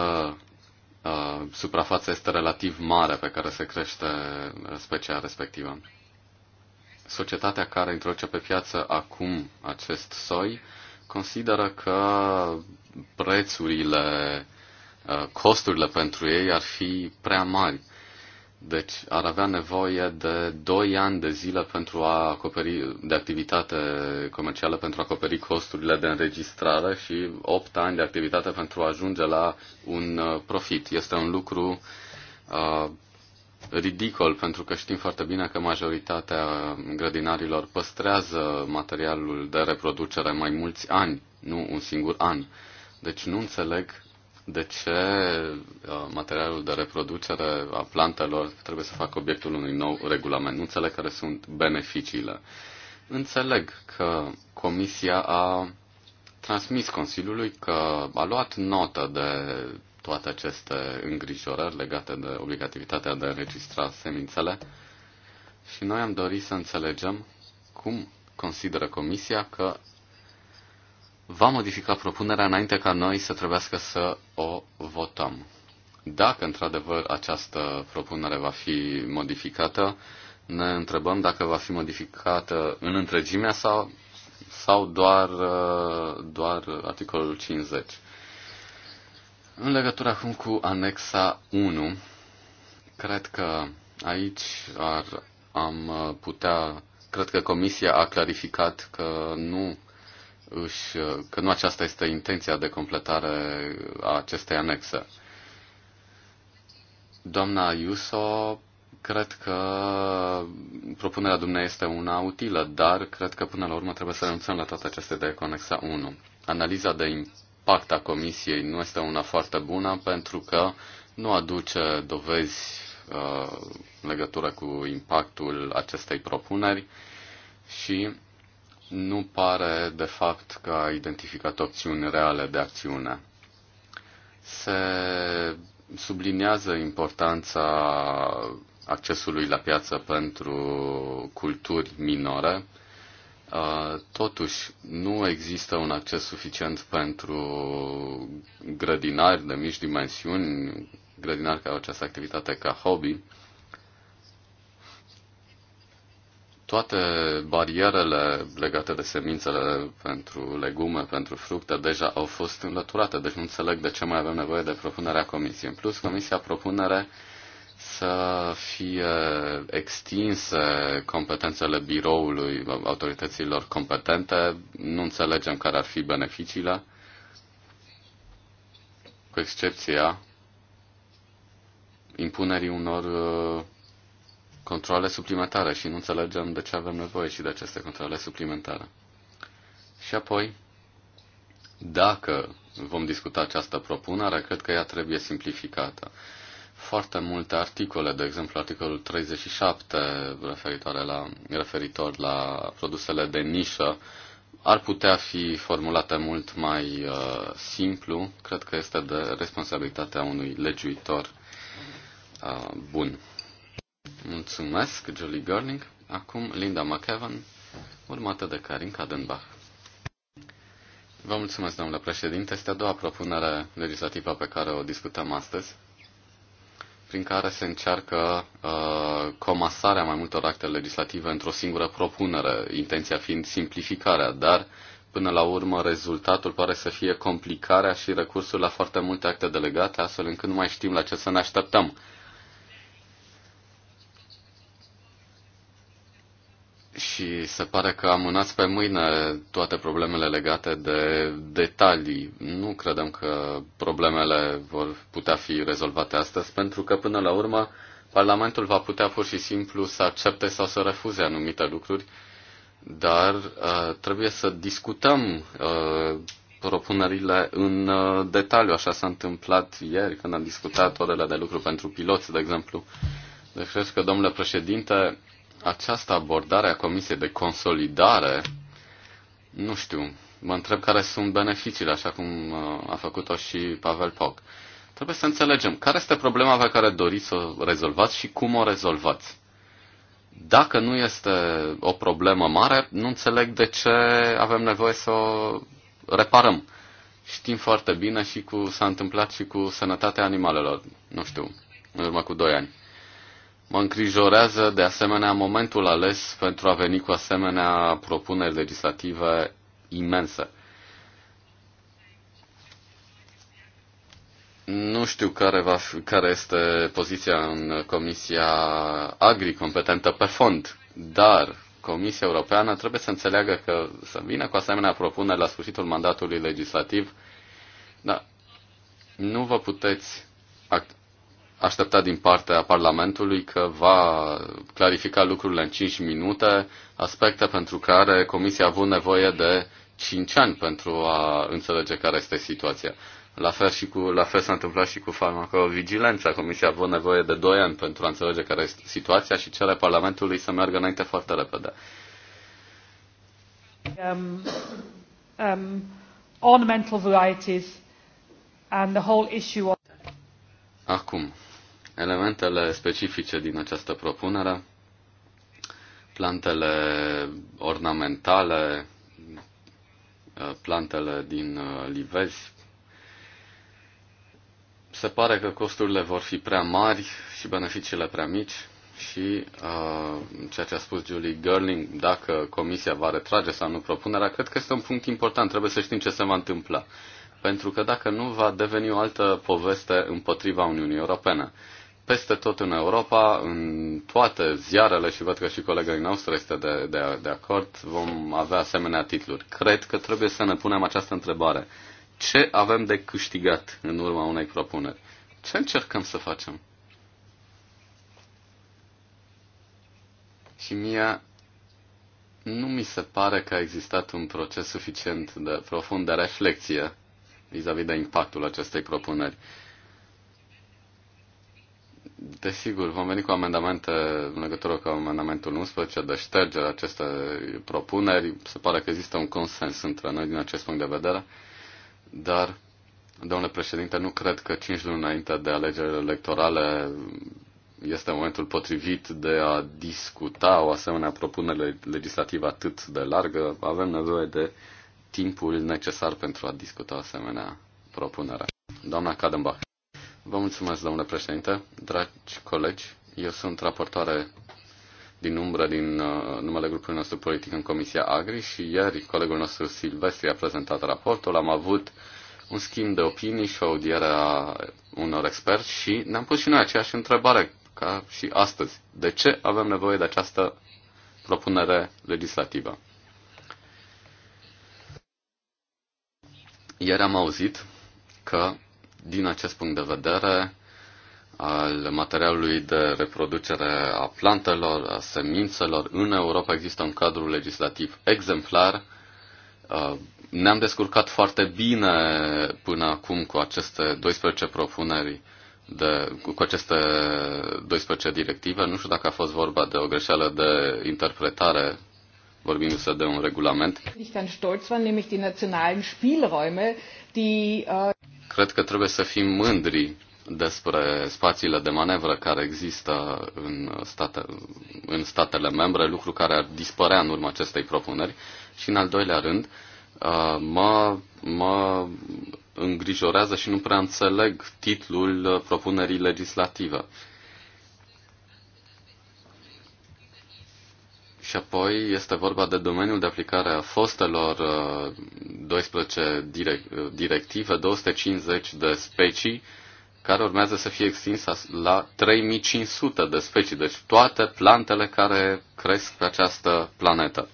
Uh, suprafața este relativ mare pe care se crește specia respectivă. Societatea care introduce pe piață acum acest soi consideră că prețurile, uh, costurile pentru ei ar fi prea mari deci ar avea nevoie de 2 ani de zile pentru a acoperi de activitate comercială pentru a acoperi costurile de înregistrare și 8 ani de activitate pentru a ajunge la un uh, profit. Este un lucru uh, ridicol pentru că știm foarte bine că majoritatea grădinarilor păstrează materialul de reproducere mai mulți ani, nu un singur an. Deci nu înțeleg de ce uh, materialul de reproducere a plantelor trebuie să facă obiectul unui nou regulament. Nu înțeleg care sunt beneficiile. Înțeleg că Comisia a transmis Consiliului că a luat notă de toate aceste îngrijorări legate de obligativitatea de a înregistra semințele și noi am dorit să înțelegem cum consideră Comisia că va modifica propunerea înainte ca noi să trebuiască să o votăm. Dacă într-adevăr această propunere va fi modificată, ne întrebăm dacă va fi modificată în întregimea sau, sau doar, uh, doar articolul 50. În legătură acum cu anexa 1, cred că aici ar, am putea, cred că Comisia a clarificat că nu își, că nu aceasta este intenția de completare a acestei anexe. Doamna Iuso, cred că propunerea dumneavoastră este una utilă, dar cred că până la urmă trebuie să renunțăm la toate aceste de conexa 1. Analiza de impact a Comisiei nu este una foarte bună pentru că nu aduce dovezi uh, în legătură cu impactul acestei propuneri și nu pare de fapt că a identificat opțiuni reale de acțiune. Se subliniază importanța accesului la piață pentru culturi minore, Totuși, nu există un acces suficient pentru grădinari de mici dimensiuni, grădinari care au această activitate ca hobby, toate barierele legate de semințele pentru legume, pentru fructe, deja au fost înlăturate, deci nu înțeleg de ce mai avem nevoie de propunerea comisiei. În plus, comisia propunere să fie extinse competențele biroului autorităților competente. Nu înțelegem care ar fi beneficiile, cu excepția impunerii unor uh, controle suplimentare și nu înțelegem de ce avem nevoie și de aceste controle suplimentare. Și apoi, dacă vom discuta această propunere, cred că ea trebuie simplificată. Foarte multe articole, de exemplu articolul 37 referitoare la, referitor la produsele de nișă, ar putea fi formulate mult mai uh, simplu. Cred că este de responsabilitatea unui legiuitor uh, bun. Mulțumesc, Julie Görling. Acum Linda McEvan, urmată de Karin Kadenbach. Vă mulțumesc, domnule președinte. Este a doua propunere legislativă pe care o discutăm astăzi, prin care se încearcă uh, comasarea mai multor acte legislative într-o singură propunere, intenția fiind simplificarea, dar până la urmă rezultatul pare să fie complicarea și recursul la foarte multe acte delegate, astfel încât nu mai știm la ce să ne așteptăm și se pare că amânați pe mâine toate problemele legate de detalii. Nu credem că problemele vor putea fi rezolvate astăzi, pentru că până la urmă Parlamentul va putea pur și simplu să accepte sau să refuze anumite lucruri, dar uh, trebuie să discutăm uh, propunerile în uh, detaliu. Așa s-a întâmplat ieri când am discutat orele de lucru pentru piloți, de exemplu. Deci cred că, domnule președinte, această abordare a Comisiei de consolidare, nu știu, mă întreb care sunt beneficiile, așa cum uh, a făcut-o și Pavel Poc. Trebuie să înțelegem care este problema pe care doriți să o rezolvați și cum o rezolvați. Dacă nu este o problemă mare, nu înțeleg de ce avem nevoie să o reparăm. Știm foarte bine și cu s-a întâmplat și cu sănătatea animalelor, nu știu, în urmă cu doi ani Mă îngrijorează de asemenea momentul ales pentru a veni cu asemenea propuneri legislative imense. Nu știu care, va fi, care este poziția în Comisia Agri competentă pe fond, dar Comisia Europeană trebuie să înțeleagă că să vină cu asemenea propuneri la sfârșitul mandatului legislativ, dar nu vă puteți aștepta din partea Parlamentului că va clarifica lucrurile în 5 minute, aspecte pentru care Comisia a avut nevoie de 5 ani pentru a înțelege care este situația. La fel, și cu, la fel s-a întâmplat și cu farmacovigilența. Comisia a avut nevoie de 2 ani pentru a înțelege care este situația și cere Parlamentului să meargă înainte foarte repede. Um, um, ornamental varieties and the whole issue of Acum, elementele specifice din această propunere, plantele ornamentale, uh, plantele din uh, livezi. Se pare că costurile vor fi prea mari și beneficiile prea mici și uh, ceea ce a spus Julie Gerling, dacă comisia va retrage sau nu propunerea, cred că este un punct important. Trebuie să știm ce se va întâmpla. Pentru că dacă nu, va deveni o altă poveste împotriva Uniunii Europene peste tot în Europa, în toate ziarele și văd că și colega noastră este de, de, de acord, vom avea asemenea titluri. Cred că trebuie să ne punem această întrebare. Ce avem de câștigat în urma unei propuneri? Ce încercăm să facem? Și mie nu mi se pare că a existat un proces suficient de profund de reflexie vis-a-vis -vis de impactul acestei propuneri. Uh, Desigur, vom veni cu amendamente în legătură cu amendamentul 11 de ștergere aceste propuneri. Se pare că există un consens între noi din acest punct de vedere, dar, domnule președinte, nu cred că 5 luni înainte de alegerile electorale este momentul potrivit de a discuta o asemenea propunere legislativă atât de largă. Avem nevoie de timpul necesar pentru a discuta o asemenea propunere. Doamna Kadenbach. Vă mulțumesc, domnule președinte, dragi colegi. Eu sunt raportoare din umbră din uh, numele grupului nostru politic în Comisia Agri și ieri colegul nostru Silvestri a prezentat raportul. Am avut un schimb de opinii și o audiere a unor experți și ne-am pus și noi aceeași întrebare ca și astăzi. De ce avem nevoie de această propunere legislativă? Ieri am auzit că din acest punct de vedere al materialului de reproducere a plantelor, a semințelor. În Europa există un cadru legislativ exemplar. Uh, ne-am descurcat foarte bine până acum cu aceste 12 propuneri de, cu aceste 12 directive. Nu știu dacă a fost vorba de o greșeală de interpretare vorbindu-se de un regulament. Ich stolz war, nämlich die nationalen Spielräume, die uh... Cred că trebuie să fim mândri despre spațiile de manevră care există în, state, în statele membre, lucru care ar dispărea în urma acestei propuneri. Și în al doilea rând, uh, mă, mă îngrijorează și nu prea înțeleg titlul propunerii legislative. Și apoi este vorba de domeniul de aplicare a fostelor 12 uh, uh, directive, 250 de specii, care urmează să fie extinsă la 3500 de specii, deci toate plantele care cresc pe această planetă.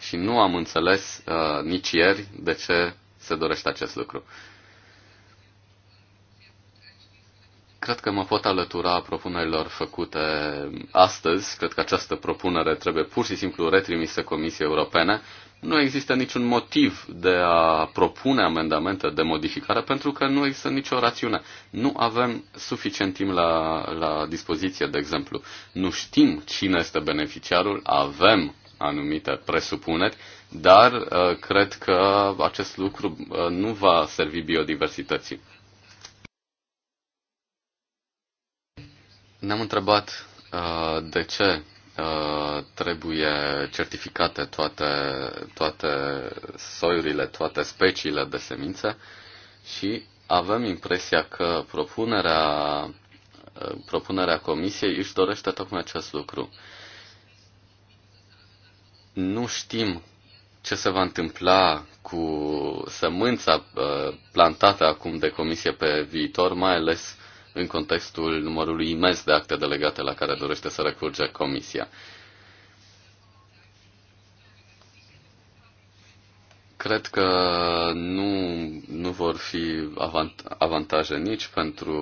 Și nu am înțeles uh, nici ieri de ce se dorește acest lucru. Cred că mă pot alătura propunerilor făcute astăzi. Cred că această propunere trebuie pur și simplu retrimisă Comisiei Europene. Nu există niciun motiv de a propune amendamente de modificare pentru că nu există nicio rațiune. Nu avem suficient timp la, la dispoziție, de exemplu. Nu știm cine este beneficiarul, avem anumite presupuneri, dar uh, cred că acest lucru uh, nu va servi biodiversității. Ne-am întrebat uh, de ce uh, trebuie certificate toate, toate soiurile, toate speciile de semințe și avem impresia că propunerea, uh, propunerea comisiei își dorește tocmai acest lucru. Nu știm ce se va întâmpla cu sămânța uh, plantată acum de comisie pe viitor, mai ales în contextul numărului imens de acte delegate la care dorește să recurge Comisia. Cred că nu, nu vor fi avant, avantaje nici pentru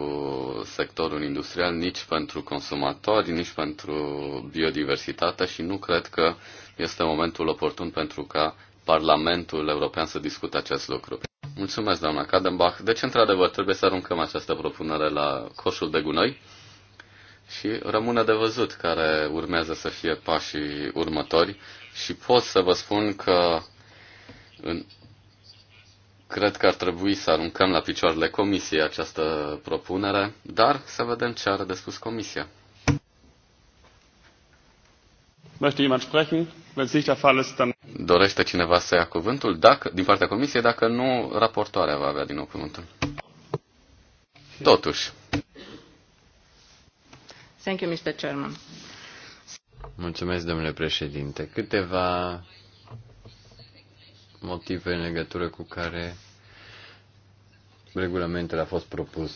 sectorul industrial, nici pentru consumatori, nici pentru biodiversitate și nu cred că este momentul oportun pentru ca Parlamentul European să discute acest lucru. Mulțumesc, doamna Kadenbach. Deci, într-adevăr, trebuie să aruncăm această propunere la coșul de gunoi și rămâne de văzut care urmează să fie pașii următori și pot să vă spun că în... cred că ar trebui să aruncăm la picioarele comisiei această propunere, dar să vedem ce are de spus comisia. Möchte jemand sprechen? Dorește cineva să ia cuvântul dacă, din partea comisiei, dacă nu, raportoarea va avea din nou cuvântul. Totuși. Thank you, Mr. Chairman. Mulțumesc, domnule președinte. Câteva motive în legătură cu care regulamentul a fost propus.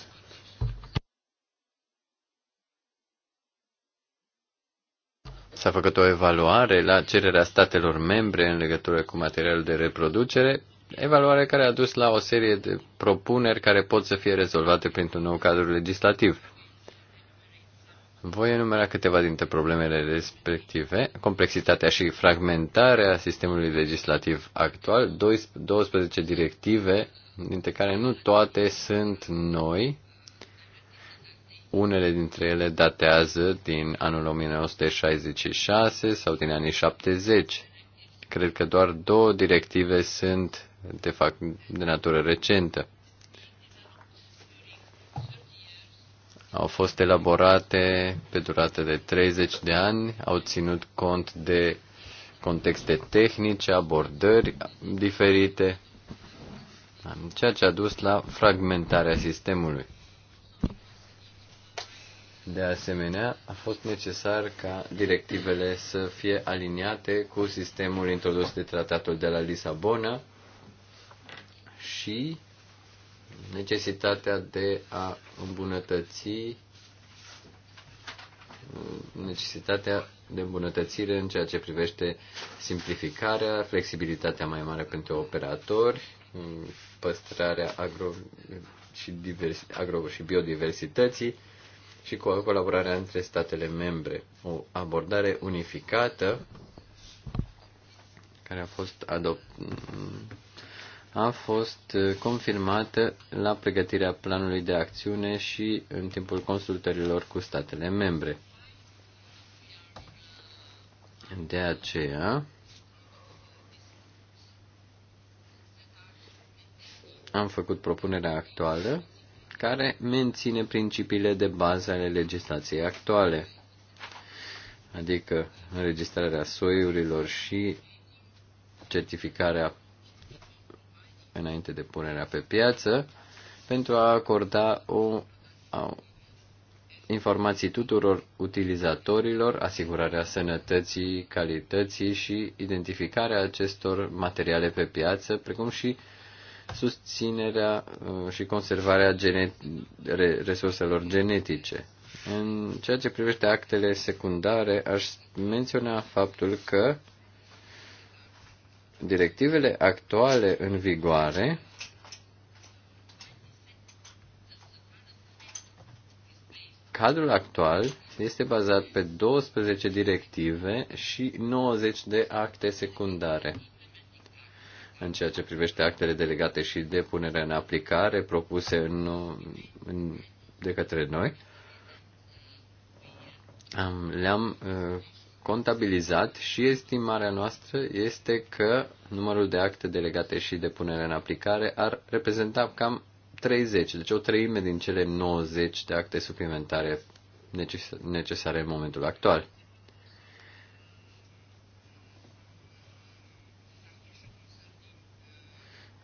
s-a făcut o evaluare la cererea statelor membre în legătură cu materialul de reproducere, evaluare care a dus la o serie de propuneri care pot să fie rezolvate printr-un nou cadru legislativ. Voi enumera câteva dintre problemele respective, complexitatea și fragmentarea sistemului legislativ actual, 12 directive, dintre care nu toate sunt noi, unele dintre ele datează din anul 1966 sau din anii 70. Cred că doar două directive sunt, de fapt, de natură recentă. Au fost elaborate pe durată de 30 de ani, au ținut cont de contexte tehnice, abordări diferite, ceea ce a dus la fragmentarea sistemului. De asemenea, a fost necesar ca directivele să fie aliniate cu sistemul introdus de tratatul de la Lisabona și necesitatea de a îmbunătăți necesitatea de îmbunătățire în ceea ce privește simplificarea, flexibilitatea mai mare pentru operatori, păstrarea agro și, divers, agro și biodiversității, și cu colaborarea între statele membre. O abordare unificată care a fost a fost uh, confirmată la pregătirea planului de acțiune și în timpul consultărilor cu statele membre. De aceea, am făcut propunerea actuală care menține principiile de bază ale legislației actuale, adică înregistrarea soiurilor și certificarea înainte de punerea pe piață, pentru a acorda o, o informații tuturor utilizatorilor, asigurarea sănătății, calității și identificarea acestor materiale pe piață, precum și susținerea uh, și conservarea genet- resurselor genetice. În ceea ce privește actele secundare, aș menționa faptul că directivele actuale în vigoare cadrul actual este bazat pe 12 directive și 90 de acte secundare în ceea ce privește actele delegate și de punere în aplicare propuse în, în, de către noi. Am, le-am uh, contabilizat și estimarea noastră este că numărul de acte delegate și de punere în aplicare ar reprezenta cam 30, deci o treime din cele 90 de acte suplimentare necesare în momentul actual.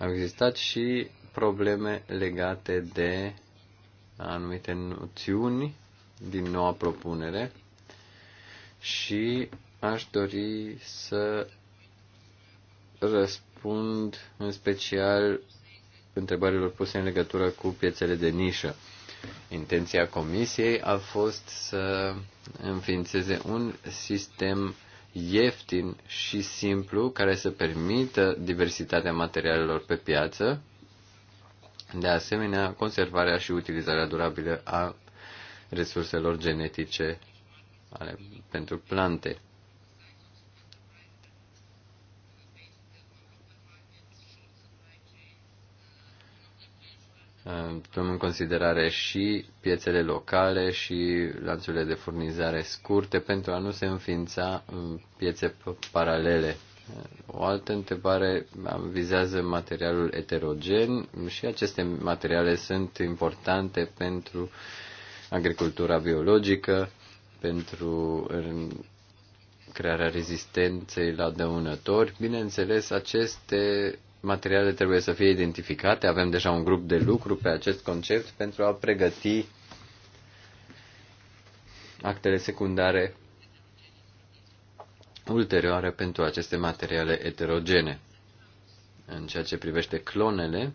Au existat și probleme legate de anumite noțiuni din noua propunere și aș dori să răspund în special întrebărilor puse în legătură cu piețele de nișă. Intenția comisiei a fost să înființeze un sistem ieftin și simplu care să permită diversitatea materialelor pe piață, de asemenea conservarea și utilizarea durabilă a resurselor genetice ale, pentru plante. Uh, luăm în considerare și piețele locale și lanțurile de furnizare scurte pentru a nu se înființa uh, piețe paralele. Uh, o altă întrebare vizează materialul eterogen și aceste materiale sunt importante pentru agricultura biologică, pentru crearea rezistenței la dăunători. Bineînțeles, aceste materialele trebuie să fie identificate. Avem deja un grup de lucru pe acest concept pentru a pregăti actele secundare ulterioare pentru aceste materiale eterogene. În ceea ce privește clonele,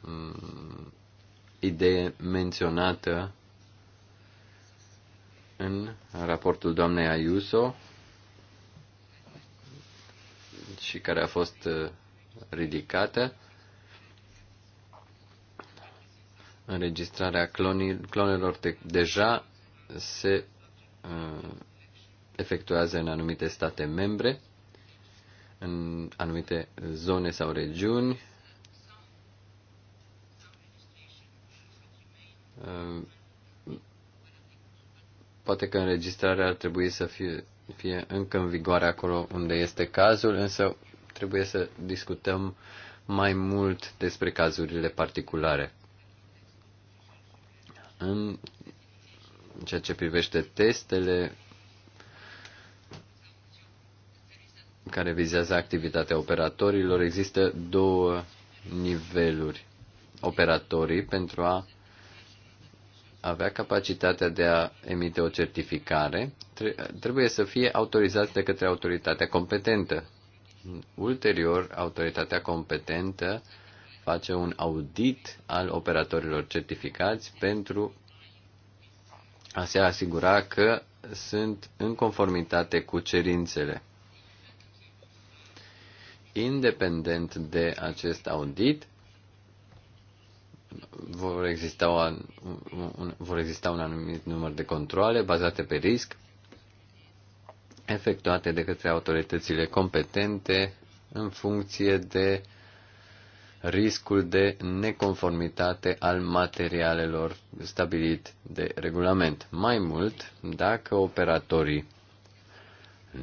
mm, idee menționată în raportul doamnei Ayuso și care a fost ridicate. Înregistrarea clonelor de, deja se uh, efectuează în anumite state membre, în anumite zone sau regiuni. Uh, poate că înregistrarea ar trebui să fie, fie încă în vigoare acolo unde este cazul, însă trebuie să discutăm mai mult despre cazurile particulare. În ceea ce privește testele care vizează activitatea operatorilor, există două niveluri. Operatorii pentru a avea capacitatea de a emite o certificare trebuie să fie autorizați de către autoritatea competentă. Ulterior, autoritatea competentă face un audit al operatorilor certificați pentru a se asigura că sunt în conformitate cu cerințele. Independent de acest audit, vor exista, o, un, vor exista un anumit număr de controle bazate pe risc efectuate de către autoritățile competente în funcție de riscul de neconformitate al materialelor stabilit de regulament. Mai mult, dacă operatorii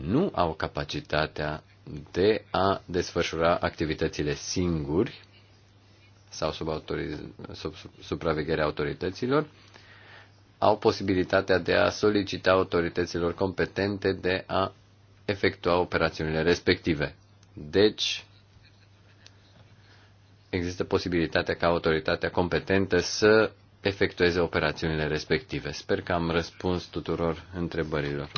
nu au capacitatea de a desfășura activitățile singuri sau sub, autoriz- sub, sub supravegherea autorităților, au posibilitatea de a solicita autorităților competente de a efectua operațiunile respective. Deci, există posibilitatea ca autoritatea competentă să efectueze operațiunile respective. Sper că am răspuns tuturor întrebărilor.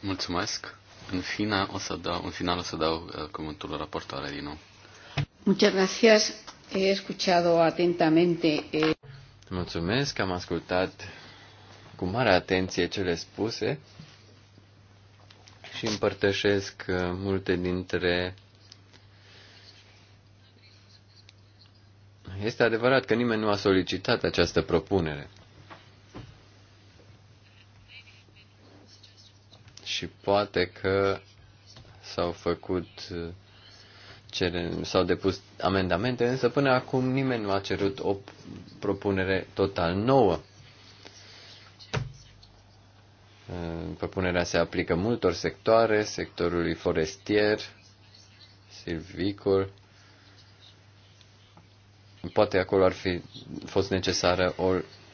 Mulțumesc. În, fine, o să dau, în final o să dau uh, cuvântul raportoare din nou. Muchas gracias. He escuchado atentamente. Eh, Mulțumesc, am ascultat cu mare atenție cele spuse și împărtășesc uh, multe dintre. Este adevărat că nimeni nu a solicitat această propunere. Și poate că s-au făcut uh, s-au depus amendamente, însă până acum nimeni nu a cerut o propunere total nouă. Uh, propunerea se aplică multor sectoare, sectorului forestier, silvicul. Poate acolo ar fi fost necesară o,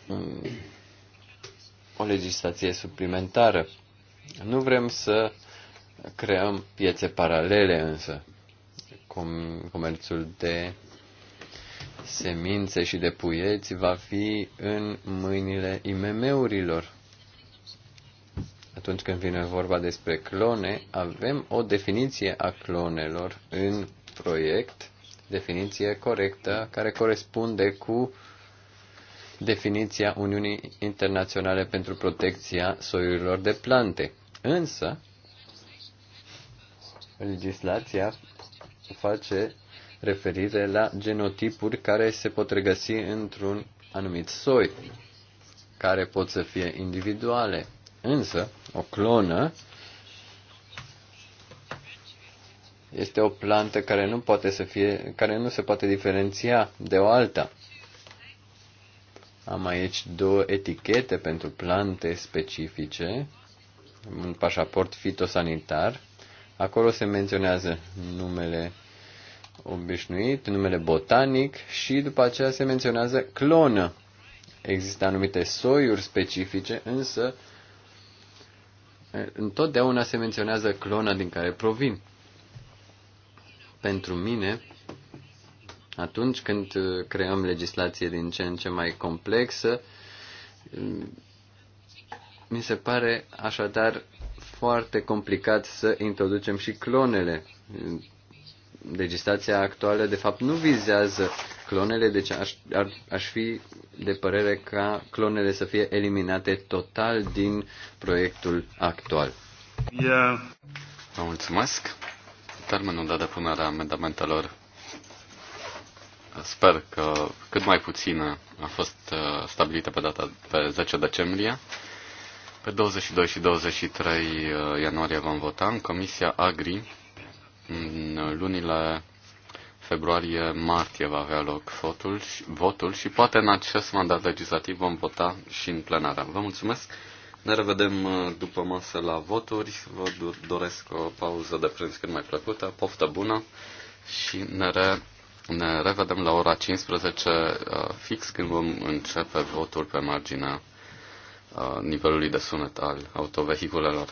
um, o legislație suplimentară. Nu vrem să creăm piețe paralele însă comerțul de semințe și de puieți va fi în mâinile IMM-urilor. Atunci când vine vorba despre clone, avem o definiție a clonelor în proiect, definiție corectă, care corespunde cu definiția Uniunii Internaționale pentru Protecția Soiurilor de Plante. Însă, legislația face referire la genotipuri care se pot regăsi într-un anumit soi, care pot să fie individuale. Însă, o clonă este o plantă care nu, poate să fie, care nu se poate diferenția de o alta. Am aici două etichete pentru plante specifice, un pașaport fitosanitar Acolo se menționează numele obișnuit, numele botanic și după aceea se menționează clonă. Există anumite soiuri specifice, însă întotdeauna se menționează clona din care provin. Pentru mine, atunci când uh, creăm legislație din ce în ce mai complexă, uh, mi se pare așadar foarte complicat să introducem și clonele. Legislația actuală, de fapt, nu vizează clonele, deci aș, ar, aș fi de părere ca clonele să fie eliminate total din proiectul actual. Yeah. Vă mulțumesc. Termenul de depunere a amendamentelor sper că cât mai puțină a fost uh, stabilită pe data pe 10 decembrie. Pe 22 și 23 uh, ianuarie vom vota în Comisia Agri. În uh, lunile februarie-martie va avea loc votul și, votul și poate în acest mandat legislativ vom vota și în plenară. Vă mulțumesc! Ne revedem uh, după masă la voturi. Vă doresc o pauză de prânz cât mai plăcută, poftă bună și ne, re, ne revedem la ora 15 fix când vom începe votul pe marginea nivelului de sunet al autovehiculelor.